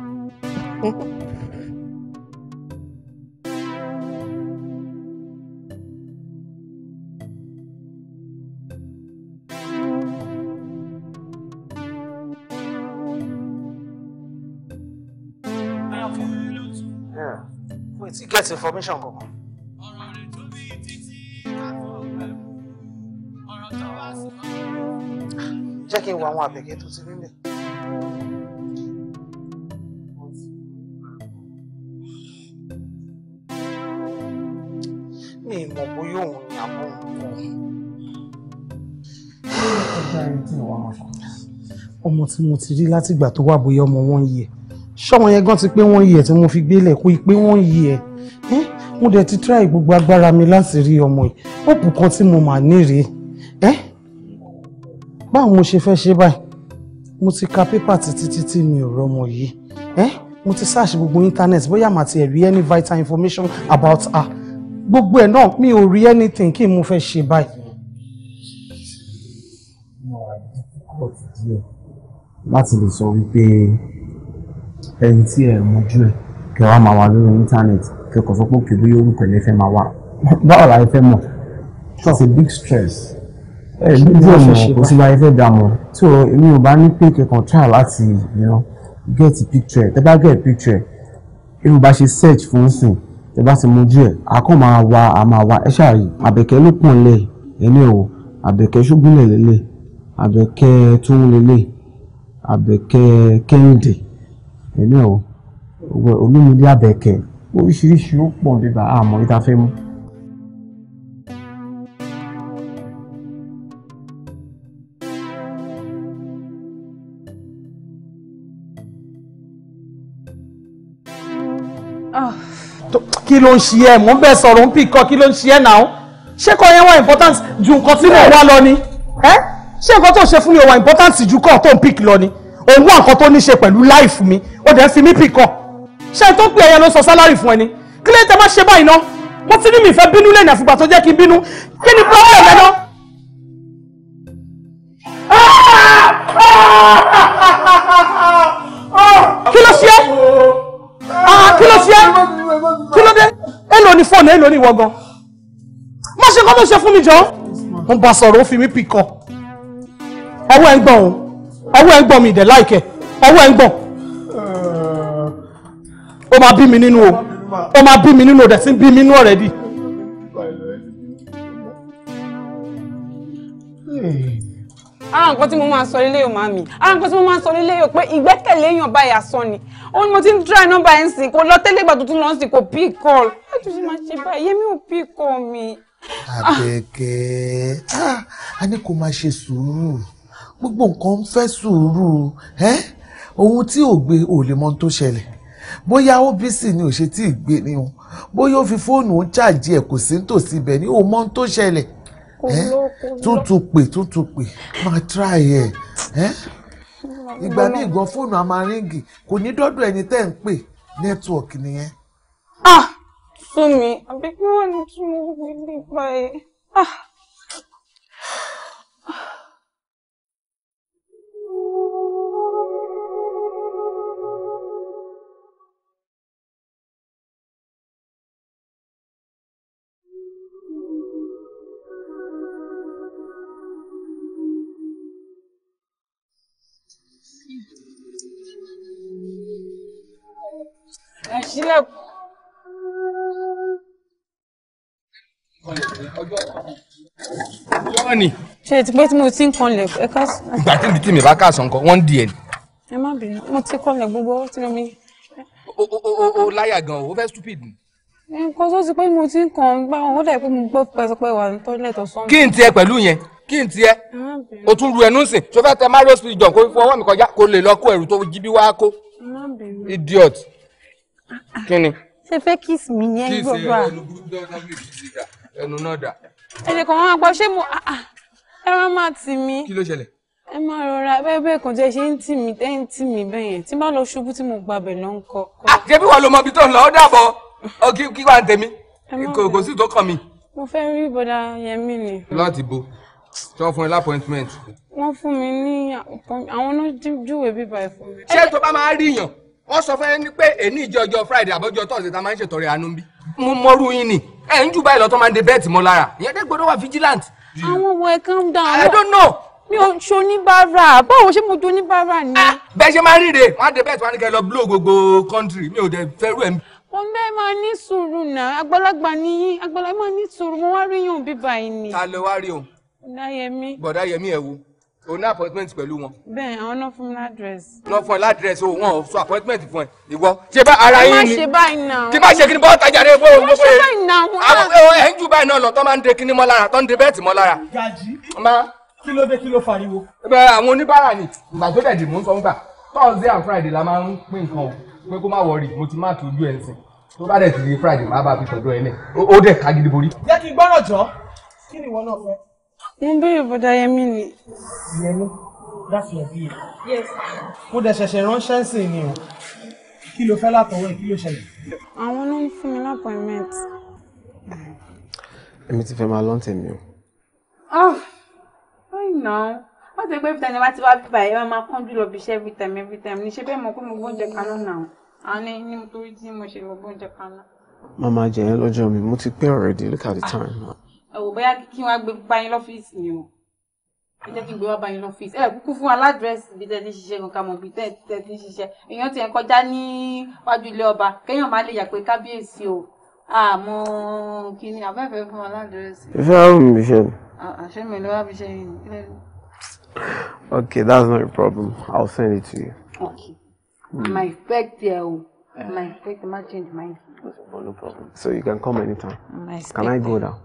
get information kankan. jẹ́ kí n wo àwọn àbẹ̀kẹ́ tó ti rí mi. mi mọ̀ bóyá òun ni àbọ̀ òun. ọmọ tí mo ti rí látìgbà tó wà bóyá ọmọ wọn yìí ẹ ṣọmọ yẹn gan ti pé wọn yìí ẹ tí mo fi gbélé kó i pé wọn yìí ẹ mo dẹ̀ ti try gbogbo agbára mi láti rí ọmọ yìí hope kan tí mo mà ní rèé ẹ́ báwo mo ṣe fẹ́ ṣe báyìí mo ti ka pépà títí títí mi ò rọmọ yìí ẹ́ mo ti search gbogbo internet bóyá màá ti rí any vital information about her gbogbo ẹ̀ náà mi ò rí anything kí n mo fẹ́ ṣe báyìí. láti lè sọ wípé ẹni tí ẹ mójú ẹ kẹwàá máa wà lórí íńtánẹ́ẹ̀tì ẹ kò fọ́ pé òkè bóyá orúkọ yẹn máa wá báwo la ẹ mọ̀ it's a big stress. ẹ ẹ bí díẹ̀ kò sí bá fẹ́ dà so èmi ò bá ní pé kẹkàn try láti you know, get a picture tẹ bá get a picture èmi ò bá ṣe search fún sìn tẹ bá ti mú díẹ̀ àkọ́ máa wá a máa wá ẹ ṣáàyè àbẹ̀kẹ́ ló pọ̀n lẹ̀ ẹni ò àbẹ̀kẹ́ ṣógúnlẹ̀ lélẹ̀ àbẹ̀kẹ́ tó lélẹ̀ àbẹ̀kẹ́ kẹ́hìndé ẹni ò olúmídé àbẹ̀kẹ́ oríṣiríṣi ó pọ̀ bíbá àmọ́ ìta fẹ́ mú. Ah. kí ló ń ṣe ẹ mò ń bẹ sọ̀rọ̀ ń pì kọ́ kí ló ń ṣe ẹ náà ṣé kọ́ yẹn wá important ju nǹkan tí mò ń wá lọ ni ṣé nǹkan tó ṣe fún mi ò wá important ju kọ́ tó ń pì lọ ni òun wá nǹkan tó ní ṣe pẹ̀lú life mi ó dẹ̀ ń fi mí pì kọ́ ṣé tó pè ẹyẹ ló sọ sálárì fún ẹni kí lè tẹ má ṣe báyìí ná mo ti ní mi fẹ́ bínú lẹ́yìn àfìgbà tó jẹ́ kí n bínú kí ni problem ẹ ná. kí ló ṣe ah, kí ló ṣe kí ló dé èlò ni fóònù èlò ni ìwọ gan má ṣe kọ́ ló ṣe fún mi jọ mo bá sọ̀rọ̀ ó fi mí pìkọ́ ọwọ́ ẹ̀ ń gbọ̀n ọwọ́ ẹ̀ ń gbọ̀n mi ìdẹ̀ láìkẹ́ ọwọ́ ẹ̀ ń gbọ̀n ó máa bí mi nínú o ó máa bí mi nínú o dẹ̀ sí bí mi nínú already. ara nǹkan tí mo máa sọ lílé yòó màmí ara nǹkan tí mo máa sọ lílé yòó pé ìgbẹ́kẹ̀lé èèyàn báyìí asán ni òun ni mo ti ń dry number ẹ̀ ń sìn kò lọ tẹ́lẹ̀ ìgbà tuntun lọ ń sìn kò pick call láti fi máa ṣe báyìí yẹmi ò pick call mi. àbẹ̀kẹ́ a ní kó máa ṣe sùúrù gbogbo nǹkan ń fẹ́ sùúrù ohun tí ò gbé ò lè mọ ohun tó ṣẹlẹ̀ bóyá ó bísí ni ò ṣe tí ì gbé ni o bóyá ó fi fóònù ó ṣàjì ẹ̀ kò sí nítòsí ibẹ̀ ni ò mọ ohun tó ṣẹlẹ̀ tuntun pè tuntun pè máa try ẹ̀ ìgbà míì gan fóònù a máa ríngì kò ní dọ́dọ̀ ẹni tẹ́ ń pè nẹ́tíwọ̀kì nìyẹn. ah sumi àbí kí wọ́n ní kí mo gbé nípa ẹ̀ ah. sílẹ̀kùn. Jọ́ọ̀nì. Ṣé ti pé tí mo ti ń kanlẹ̀ ẹ ká sùn? Ìgbà tí mi tí mi bá ká sàn kan, wọ́n ń di ẹ̀. Ẹ má bínú, mo ti kanlẹ̀ gbogbo owó tí mi. O o o láyà gan o, o fẹ́ stupid ni. Nǹkan tó ti pé mo ti ń kàn gbá wọn, ó dà pé mo gbọ́ pẹ́sọpẹ́ wà ní tọ́lẹ̀ tó sọ́n. Kí n tiẹ̀ pẹ̀lú yẹn? Kí n tiẹ̀? O tún ru ẹnu sìn, ṣo fẹ́ tẹ Mario Spirit jọ̀ kó fọwọ́ mi kọjá kó lè lọ kó ẹ̀rù tó jí bí wá kó. Idiot kí ni. ṣe fẹ́ kiss mi yẹn gbọ́dọ̀ à. kí ṣe ẹnu burúkú tó ń sábẹ́ ìdíje ìjà ẹnu náà dà. ẹnì kan máa gbọ́ ṣé mo ah, ah, ẹran máa tì mí. kí ló ṣẹlẹ̀. ẹ máa rọra bẹ́ẹ̀ bẹ́ẹ̀ kàn jẹ́ ṣe ń tì mí ẹ̀ ń tì mí bẹ́ẹ̀ yẹn tí bá lọ ṣubú tí mo gba bẹ̀ lọ ń kọ. àjẹbí wà ló mọ ibi tó ń lọ ó dàbọ̀ kí wàá tẹ̀mí kò sí tó kàn mí. mo fẹ́ rí bọ́dà Yẹmí ni. láti bo tí wọ́n fún ẹ lápọ́ìntmẹ́ǹtì. wọ́n fún mi ní àwọn náà júwèé bíbá ẹ̀ fún mi. ṣé tó bá máa rí yàn wọ́n sọ fún ẹni pé èní ìjọjọ friday àbọ̀jọ thursday ta máa ń ṣètọrẹ àánú bí. mo mọrú yín ni ẹ ń jù báyìí lọ́tọ́ máa ń de bẹ́ẹ̀tì mọ́ lára ìyẹn dẹ́ gbọ́dọ̀ wà vigilant. àwọn ọmọ ẹ calm down. I don't know. mi ò ṣe oníbàárà báwo ṣe mo do oníbàárà ni. Ah, bẹ́ẹ̀ ṣe máa ríre wọ́n á de bẹ́ẹ̀tì wọ́n á ní kẹ́ lọ blow gbogbo country mi ò dẹ̀ fẹ́ rú ẹ̀ wọn bẹ́ẹ̀ máa ní sùúrù náà àgbàlagbà nìyí àgbàlagbà máa ní sùúrù mo wá rí yàn bíbá yìí ni. ta ló wá rí òun. bọ̀dá yẹmi. bọ̀dá yẹmi ẹ̀ wo o ní appointment pẹ̀lú wọn. bẹ́ẹ̀ àwọn náà fún mi ládírẹ́sì. lọ fún ẹ ládírẹ́sì o wọn ò sọ appointment fún ẹ ìwọ ṣe bá ara yín ni. kí má ṣe báyìí náà. kí má ṣe kí ni bọ́ọ̀ tajà rẹ fún owó pé àwọn ẹ̀ ń jù báyìí náà lọ tó máa ń de kíní mọ́ tó ń de bẹ́ẹ̀tì mọ́ lára. gàjí kí ló dé kí ló fariwo. bẹ́ẹ̀ àwọn oníbàárà ni ìgbà tó dẹ̀ dì mú sọ nígbà Thursday and Friday la máa ń pín nǹkan pé kó má wọrí mo ti má mo ń béèrè bọ́dá yẹmí ni. yẹmí that's your bill. yes. mo dẹ̀ ṣẹ̀ṣẹ̀ ránṣẹ́ sí ni o kí ló fẹ́ látọwọ́ ẹ̀ kí ló ṣẹlẹ̀. àwọn ló ń fún mi lápọ̀ìmẹ́ǹt. èmi ti fẹ́ máa lọ́n tèmi o. ah i know wọ́n ti pé every time ẹ bá ti wá bíbá ẹ máa kánjú lọ bí iṣẹ́ every time every time ní ṣe bẹ́ẹ̀ mọ̀ pé mo gbọ́njẹ kaná náà àní ní mo torí tí mo ṣe lọ gbọ́njẹ kaná. màmá jẹ́ ẹ lọ́jọ́ mi mo ti pẹ́ already look at the time. Ah ẹ wò kí wọ́n gbé bá yín ni o ẹ jẹ́ gbé wá bá yín ẹ kúkú fún wa ládírẹ́sì bí tẹ́ ń ṣiṣẹ́ nǹkan mọ̀ bí tẹ́ ń ṣiṣẹ́ èèyàn ti ẹ̀ kọjá ní wájú ilé ọba kéèyàn má lè yà pé kábíyèsí o àmọ́ kí ni àbẹ́fẹ́ fún wa ládírẹ́sì. ìfẹ́ àwọn mi ṣe ni. àṣẹ mi ló wá fi ṣe yìí nílẹ̀ ni. Okay, that's not a problem. I'll send it to you. Okay. My effect there. Yeah. My effect might change my. No problem. So you can come anytime. My can I go now?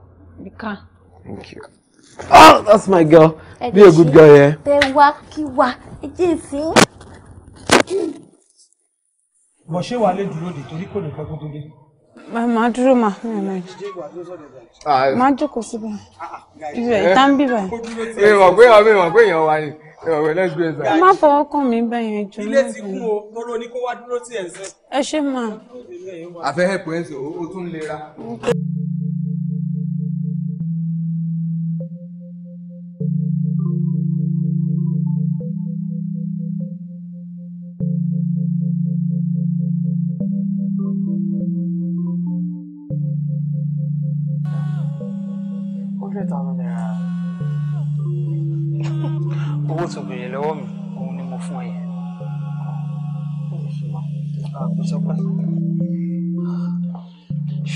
You can. Thank you. Oh, that's my girl. Be a good girl, yeah. Bewa kiwa. Ejesi. Bó ṣe wà lè dúró dè torí kò lè pẹ́ kó tó dé. Màmá dúró mà fún mi náà. Má jókòó síbẹ̀. Ibẹ̀ ìta ń bíbẹ̀. Ẹ mọ̀ pé ọmọ ìmọ̀ pé èèyàn wà ní ẹ̀rọ ẹlẹ́gbẹ̀ẹ́ sá. Má fọwọ́ kàn mí bẹ́yẹn jù. Ilé ti kún o, lọ́rọ̀ oníkó wá dúró tí ẹ̀ ń sẹ́. Ẹ ṣe máa. Àfẹ́ hẹ̀pù ẹ̀ sọ, ó tún lera.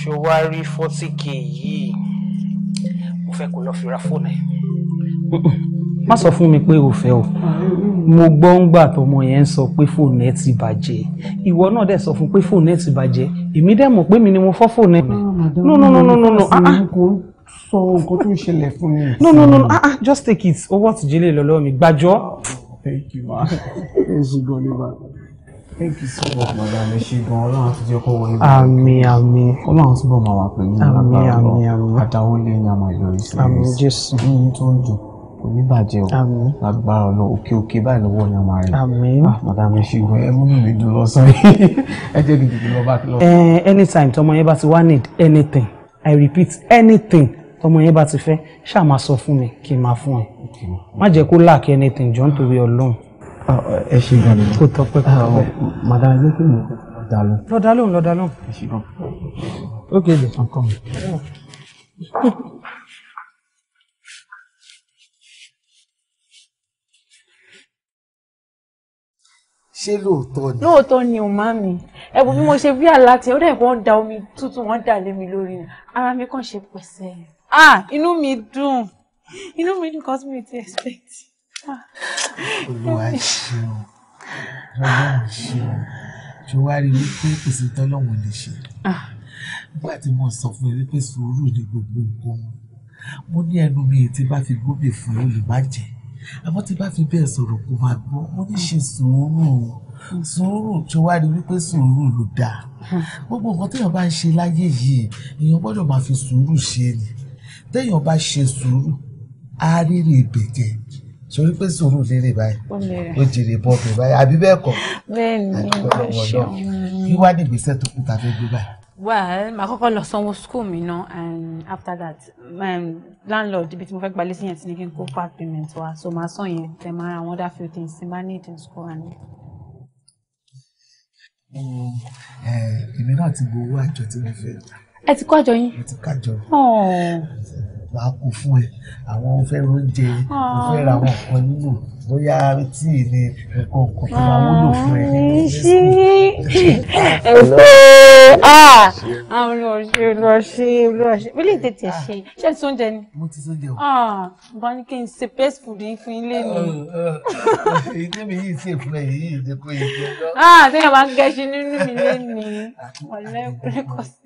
ṣó wá rí forty k yìí mo fẹ́ kó lọ fi ra fóònù ẹ̀. má sọ fún mi pé o fẹ́ o mo gbọ́ ń gbà tọmọ yẹn ń sọ pé fóònù ẹ ti bàjẹ́ ìwọ náà dẹ̀ sọ fún pé fóònù ẹ ti bàjẹ́ èmi dẹ̀ mọ̀ pé mi ni mo fọ́ fóònù ẹ. Ah, no no no no no no ah ah sọ nǹkan tó ń ṣẹlẹ̀ fún mi. no no no ah ah just take it owó àtìjẹ́lẹ̀ lọ́lọ́ mi gbàjọ́. Oh, thank you ma. thank you ọlọ́run túbọ̀ máa wà pẹ̀lú ìlú àmín àdáwọ́ lé ní àmà ìlọrí sí i. jésù. ní tó ń dùn kò ní bàjẹ́ o. àmín. agbára ọlọ òkè òkè báyìí lọ́wọ́ ni àmà rẹ̀. àmín. Ah, madam ẹ ẹ múnú mi dùn lọ́sàn yìí ẹ jẹ́ kí n lọ bá kí lọ. anytime tọmọ yẹn bá ti wá need anything i repeat anything tọmọ yẹn bá ti fẹ́ ṣáà máa sọ fún mi kí n máa fún ẹ má jẹ́ kó lack anything jọ nítorí ọlọ́run Ah, ẹ ṣe gan ni. kò tọpẹ́ kò tọpẹ́ madam ẹgbẹ́ kí ni lọ́dà lóhùn. lọ́dà lóhùn lọ́dà lóhùn. ẹ ṣe gan. ok the sun come. ṣé lóòótọ́ ni. lóòótọ́ ni o máa mi ẹ̀bùn bí mo ṣe bí àláti ó dẹ̀ wọ́n da omi tútù wọ́n dà lé mi lórí ni ara mi kàn ṣe pẹ̀sẹ̀. ah inú mi dùn inú mi dùn cause mi ti expect olúwa ah. nígbà tí mo sọ fún ẹ wípé sùúrù ni gbogbo nǹkan mo ní ẹnu mi tí bá fi gbóbi fún olùbàjẹ́ àmọ́ tí bá fi bẹ́ẹ̀ sọ̀rọ̀ kó máa gbọ́ mo ní ṣe sùúrù sùúrù tí wàá rí wípé sùúrù ló dáa gbogbo nǹkan téèyàn bá ń ṣe láyé yìí èèyàn gbọ́dọ̀ máa fi sùúrù ṣe ni téèyàn bá ṣe sùúrù á rí rè bẹ̀jẹ̀ sori pé sùúrù lérè báyìí ó jèrè bọ́ọ̀bù báyìí àbí bẹ́ẹ̀ kọ́ bẹ́ẹ̀ni ọ̀ṣọ́ kí wá ní ìgbésẹ̀ tó kù tá a fẹ́ gbé báyìí. well màá kọ́kọ́ lọ sanwó school mi ná and after that um, landlord ibi tí mo fẹ́ gbalẹ̀ sí yẹn ti ní kí n kó part payment wa so màá san yẹn tẹ̀ máa ra àwọn other few things tí n bá need in school and èmi náà ti gbowó àjọ tí mo fẹ́. ẹ ti kó àjọ yín. ẹ ti kájọ wàá kó fún ẹ àwọn ó fẹ́ oúnjẹ ó fẹ́ ra àwọn nǹkan nílò bóyá tíì ni nǹkan kò tó máa wúlò fún ẹ. ṣí ẹ pé àwọn olùrànṣẹ́ olùrànṣẹ́ olùrànṣẹ́ wílé tètè ṣe ṣé ti oúnjẹ ni. mo ti sóúnjẹ o. bá ah, ní kí n ṣe best food yín fún ilé mi. Eh, eh, eh, ìdí mi yìí ṣe fún ẹ yìí ìdí kò yẹ kí n lọ. sẹ́yìn ah, bá ń gẹṣin nínú mi lé mi ọ̀lẹ́kùnrin kọ̀ọ̀sì.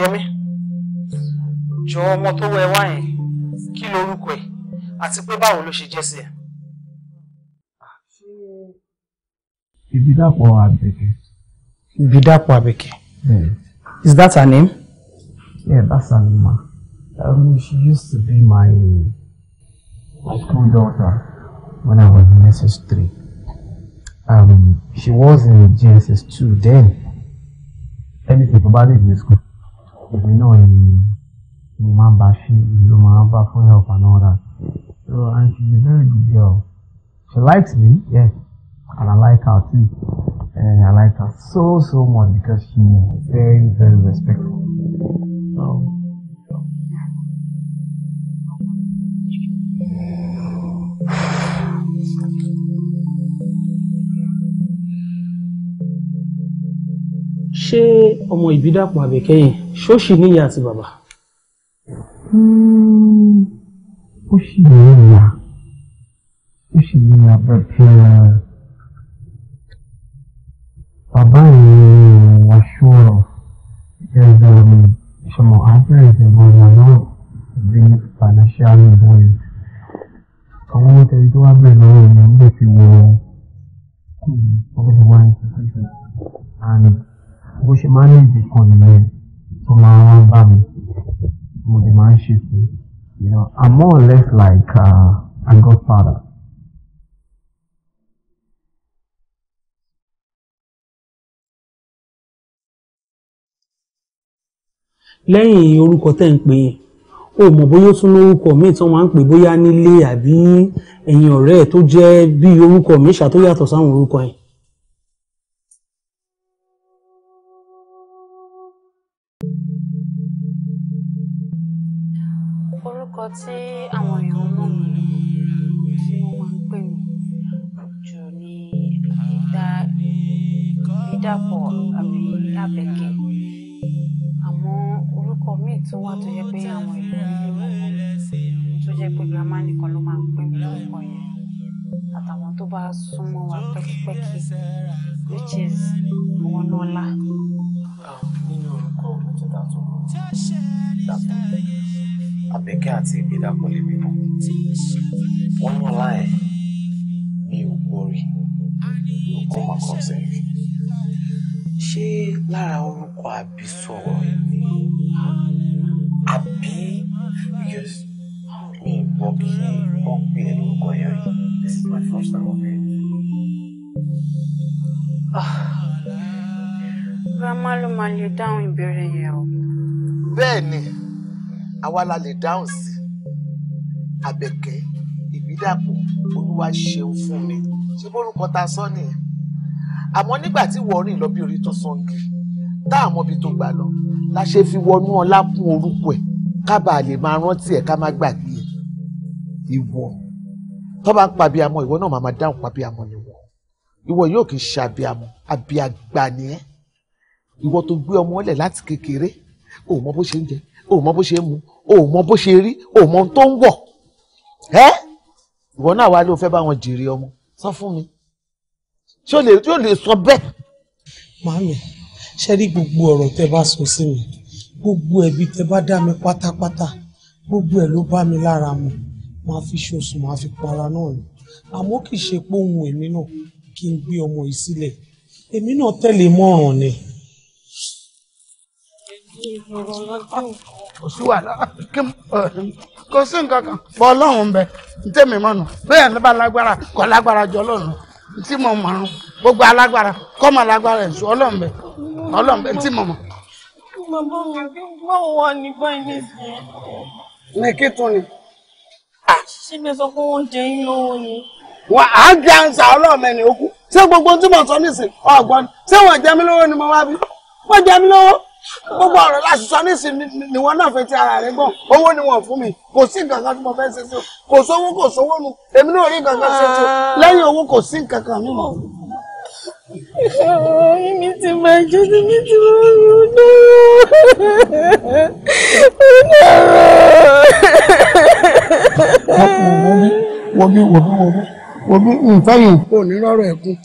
Yẹmí jọ ọmọ tó wẹ wá yẹn kí lorúkọ ẹ̀ àti pé báwo ló ṣe jẹ́ sí ẹ. Ìbídàpọ̀ Àbẹ̀kẹ́. Ìbídàpọ̀ Àbẹ̀kẹ́. Is that her name? Yeah, that's her name ma. Um, she used to be my my school daughter when I was in SS3. Um, she was in GSS2 then. Anything for body in school èmi náà ni mo máa ń bá ṣe ló máa ń bá fún help and all that so and she is a very good girl she likes me yeah and I like her too and eh, I like her so so much because she is very very respectful. Um, so. ṣé ọmọ ìbídàpọ̀ àbẹ̀kẹ́yìn ṣóṣì níyà àti bàbá. Hmm, ó sì níyà ó sì níyà bàtí uh, bàbá yìí wà ṣọ́ọ̀rọ̀ ẹ̀rọ mi ṣọmọ abẹ́rẹ́ ìjọba ọmọ náà bí financial boy àwọn ọmọ tẹ̀lé tó wá bẹ̀rẹ̀ lọ́wọ́ ìyẹn ń bẹ̀ fi wọ ọ́ kó o bá ti wá ní bó ṣe máa ń ní ìdí kan nìyẹn tó máa ń bá mi mo dẹ̀ máa ń ṣe fún you know I'm more or less like uh, a godfather. lẹ́yìn orúkọ tẹ́ ń pè ó mọ̀ bóyá ó tún lórúkọ míì tán máa ń pè bóyá nílé àbí ẹ̀yìn ọ̀rẹ́ tó jẹ́ bí orúkọ mi ṣàtó yàtọ̀ sáwọn orúkọ yẹn. tó wà tó yẹ pé àwọn ìlú orílẹ̀ kọ̀ọ̀kan tó jẹ́ pé girama nìkan ló máa ń pè mí lórúkọ yẹn àtàwọn tó bá súnmọ́ wa pẹ́kípẹ́kí which is wọn lọ́la. nínú orúkọ olójúdà tó mú dàpọ̀ àbẹ̀kẹ́ àti ìgbédàpọ̀ lè mímọ́ wọn lọ́la ẹ̀ mi ò gbórí ló máa kọ́ sẹ́yìn ṣé lára orúkọ àbísọ̀rọ̀ ni àbí because mi gbọ́ kí wọ́n pè é this is my first time of it. Ah. grandma ló máa lè dáhùn ìbéèrè yẹn o. bẹ́ẹ̀ ni àwa la lè dáhùn sí àbẹ̀kẹ́ ìbídàpọ̀ olúwa ṣeun fún mi ṣé bórúkọ ta sọ nìyẹn àmọ́ nígbà tí wọ́n rìn lọ bí orí tó sọ́ngì tá àmọ́ tó gbà lọ la ṣe fi wọnú ọlá kún orúkọ ẹ̀ ká bàa lè máa rántí ẹ ká má gbàgbé ẹ ìwọ tó bá ń pa abiyamọ ìwọ náà máa máa dáhùn pa abiyamọ ni wọ ìwọ yóò kì í ṣe abiyamọ abiyagbà ni ẹ ìwọ tó gbé ọmọ lẹ láti kékeré o mọ bó ṣe ń jẹ o mọ bó ṣe ń mu o mọ bó ṣe rí o mọ ohun tó ń wọ ẹ ìwọ náà wá ló fẹ́ bá wọn jèrè ọmọ sọ fún mi ṣé o lè sọ bẹ́ẹ̀. màámi ṣe rí gbogbo ọ̀rọ̀ tẹ́ bá sọ sí mi gbogbo ẹbí tẹ bá dá mi pátápátá gbogbo ẹ ló bá mi lára mu máa fi ṣoṣù máa fi para náà ni àmọ́ kì í ṣe pé ohun èmi náà kí n gbé ọmọ yìí sílẹ̀ èmi náà tẹ̀lé mọràn ni. kò sí wàhálà kò sí nǹkan kan bọ́ ọlọ́run ń bẹ ntẹ́mi mọ́nu bẹ́ẹ̀ ní bá lágbára kọ́ lágbára jọ lọ́nu ntí mo mọ̀ gbogbo alágbára kọ́ mọ̀ lágbára ẹ̀ sùn ọlọ́run bẹ ọlọ́run bẹ ntí mo mọ̀. bàbá mi bí báwo wà ní báyìí nísìnyí. ní kí tún ni. ṣé mi sọ pé wọ́n jẹ yín lówó ni. wọn à ń jẹ àǹsà ọlọ́ọ̀mẹ ní okú ṣé gbogbo tí mo sọ nísìn ọgbọ́n ṣé wọ́n jẹ mí lówó ni mo wá bí wọ́n jẹ mí lówó gbogbo ọ̀rọ̀ láti sọ nísìn ni wọ́n náà fẹ́ ti ara rẹ̀ gbọ́n owó ni wọ́n fún mi kò sí nǹkan kan tí mo fẹ́ ṣe sí o kò sówó kò sówó nu èmi náà rí nǹkan kan ṣe sí ah. lẹ́yìn owó kò sí nǹkan kan mímọ́. Èmi ti bàjẹ́ níbi tí mo rí olóró. Olóró. Wọ́n mi wọ́n mi wọ́n mi wọ́n mi nǹkan yìí. O ní rọrọ ẹ̀kún,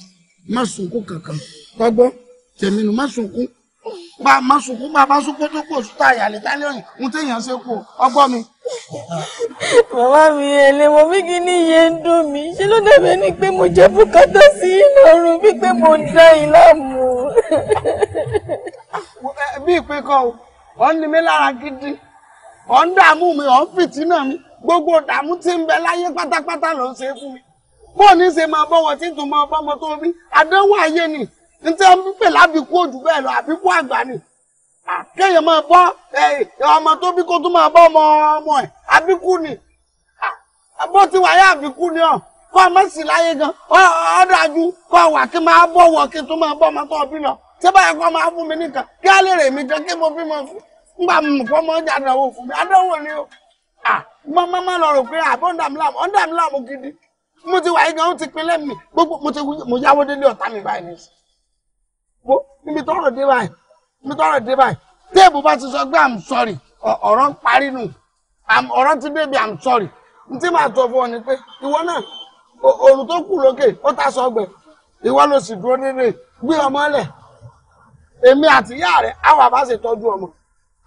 má sunkún kankan. Tọ́gbọ́n, tèmi má sunkún bá a máa sunkún bá a bá sunkún tó pò sùtà àyàlẹ tálẹ òyìn ohun téèyàn ṣe kù ọgbọ́n mi. bàbá mi ẹlẹ́wọ̀n mi kì í ní iye ń dùn mí ṣé ló dàbí ni pé mo jẹ́ bùkátà sí ìlọrun bíi pé mo ń dá yín láàmú. bí ìpè kan o ò ń ni mí lára gidi ò ń dààmú mi ò ń fìtínà mi gbogbo ìdààmú tí ń bẹ láyé pátápátá ló ń ṣe fún mi bóun ní ṣe máa bọ́wọ́ tí tún máa bọ́mọ tó rí ayé ni níta ń pè lábìkú òjò bẹ́ẹ̀ lọ àbíkú àgbà ni kéèyàn máa bọ́ ọmọ tó bí kó tún máa bọ́ ọmọ ọmọ ẹ̀ àbíkú ni bó ti wáyé àbíkú ni ọ kọ́ ọmọ sì láyé gan ọ̀dájú kọ́ wà kí máa bọ́ wọ kí tún máa bọ́ ọmọ tó bí lọ tí báyìí kọ́ máa fún mi nìkan kí á lè rè mí kan kí mo fi mọ fún ngbà mọ̀ fọ́ mọ́ ọjà àdánwò fún mi àdánwò ni o mọ́ mọ́ mọ́ lọ rò pé àbọ̀ ọ̀dàmúlàmù ọ̀dàmúlàmù gidi mo ti wáyé gan ó ti pinlẹ̀ mi gbogbo mo ti mo yáwó délé ọ̀tá mi báyìí nìyí wo níbi tọrọ dé báyìí níbi tọrọ dé báyìí téèbù bá ti sọ pé i'm sorry ọ̀rọ̀ ń parí nù ọ̀rọ̀ ti débi i'm sorry n tí màá tọ́ fún ọ ni pé ìwọ náà òòrùn tó kù lókè ó ta sọgbẹ ìwọ ló sì dúró nílé gbé ọmọ lẹ èmi àti ìyá rẹ àwọn àbá ṣe tọ́jú ọmọ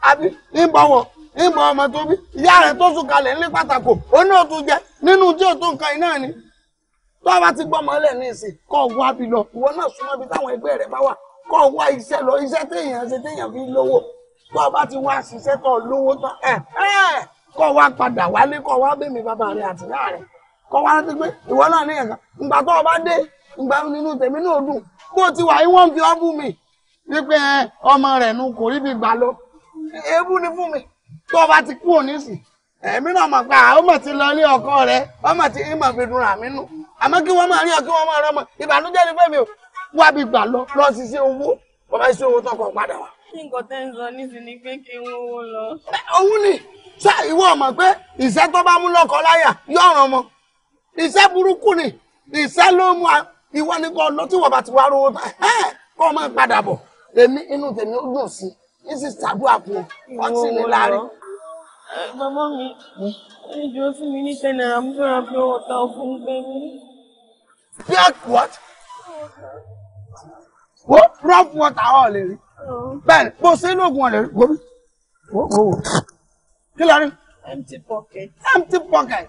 àbí ìbọn wọn ìmọ̀ ọmọ tó bí ìyá rẹ̀ tó sùn kalẹ̀ ní pàtàkó òun náà tún jẹ nínú tí ò nǹkan iná ni tó bá ti gbọ́mọ lẹ̀ ní ìsìn kọ́ ọ̀gùn àbí lọ ìwọ náà súnmọ́ ibi táwọn ẹgbẹ́ rẹ̀ bá wà kọ́ wá iṣẹ́ lọ iṣẹ́ téèyàn ṣe fi lówó tó o bá ti wá ṣiṣẹ́ tó o lówó tán ẹ ẹ kọ́ wá padà wálé kọ́ wá bẹ́ẹ̀ mi rẹ àti rẹ kọ́ pé ìwọ náà ní ẹ̀ka ìgbà dé ìgbà nínú tèmi náà dùn bó ti wà yín wọ́n fi ọ́ bú mi wípé ọmọ rẹ̀ nu kò rí bí gbà lọ fún mi tó o bá ti kú òní sí ẹ̀mí náà lọ ilé ọkọ rẹ ọ wá bí gbà lọ lọ ṣiṣẹ́ owó bàbá ṣiṣẹ́ owó tọkàn padà wá. nǹkan tẹ́ ń sọ nísìnyí pé kí n wọ́wọ́ lọ. òun ni ṣá ìwọ mọ̀ pé ìṣẹ́ tó bá mú lọ́kọ láyà yóò ràn mọ́ ìṣẹ́ burúkú ni ìṣẹ́ ló mú ìwọ ní kọ́ lọ tí wọ́n bá ti wá rówó kọ́ ọmọ padà bọ̀ èmi inú tèmi ó dùn sí i ní sì tàbí àpò ọtí ni láàrin. bàbá mi ìjọ fún mi ní ten naira mo fẹ́ràn pé ọ̀tá ọ̀fun gbẹ mi. pure what? wo rough water ọ̀ lè rí oh. bẹ́ẹ̀ bó ṣe inú oògùn ọ̀ lè rí gomi kí lọ rí. empty pocket. empty pocket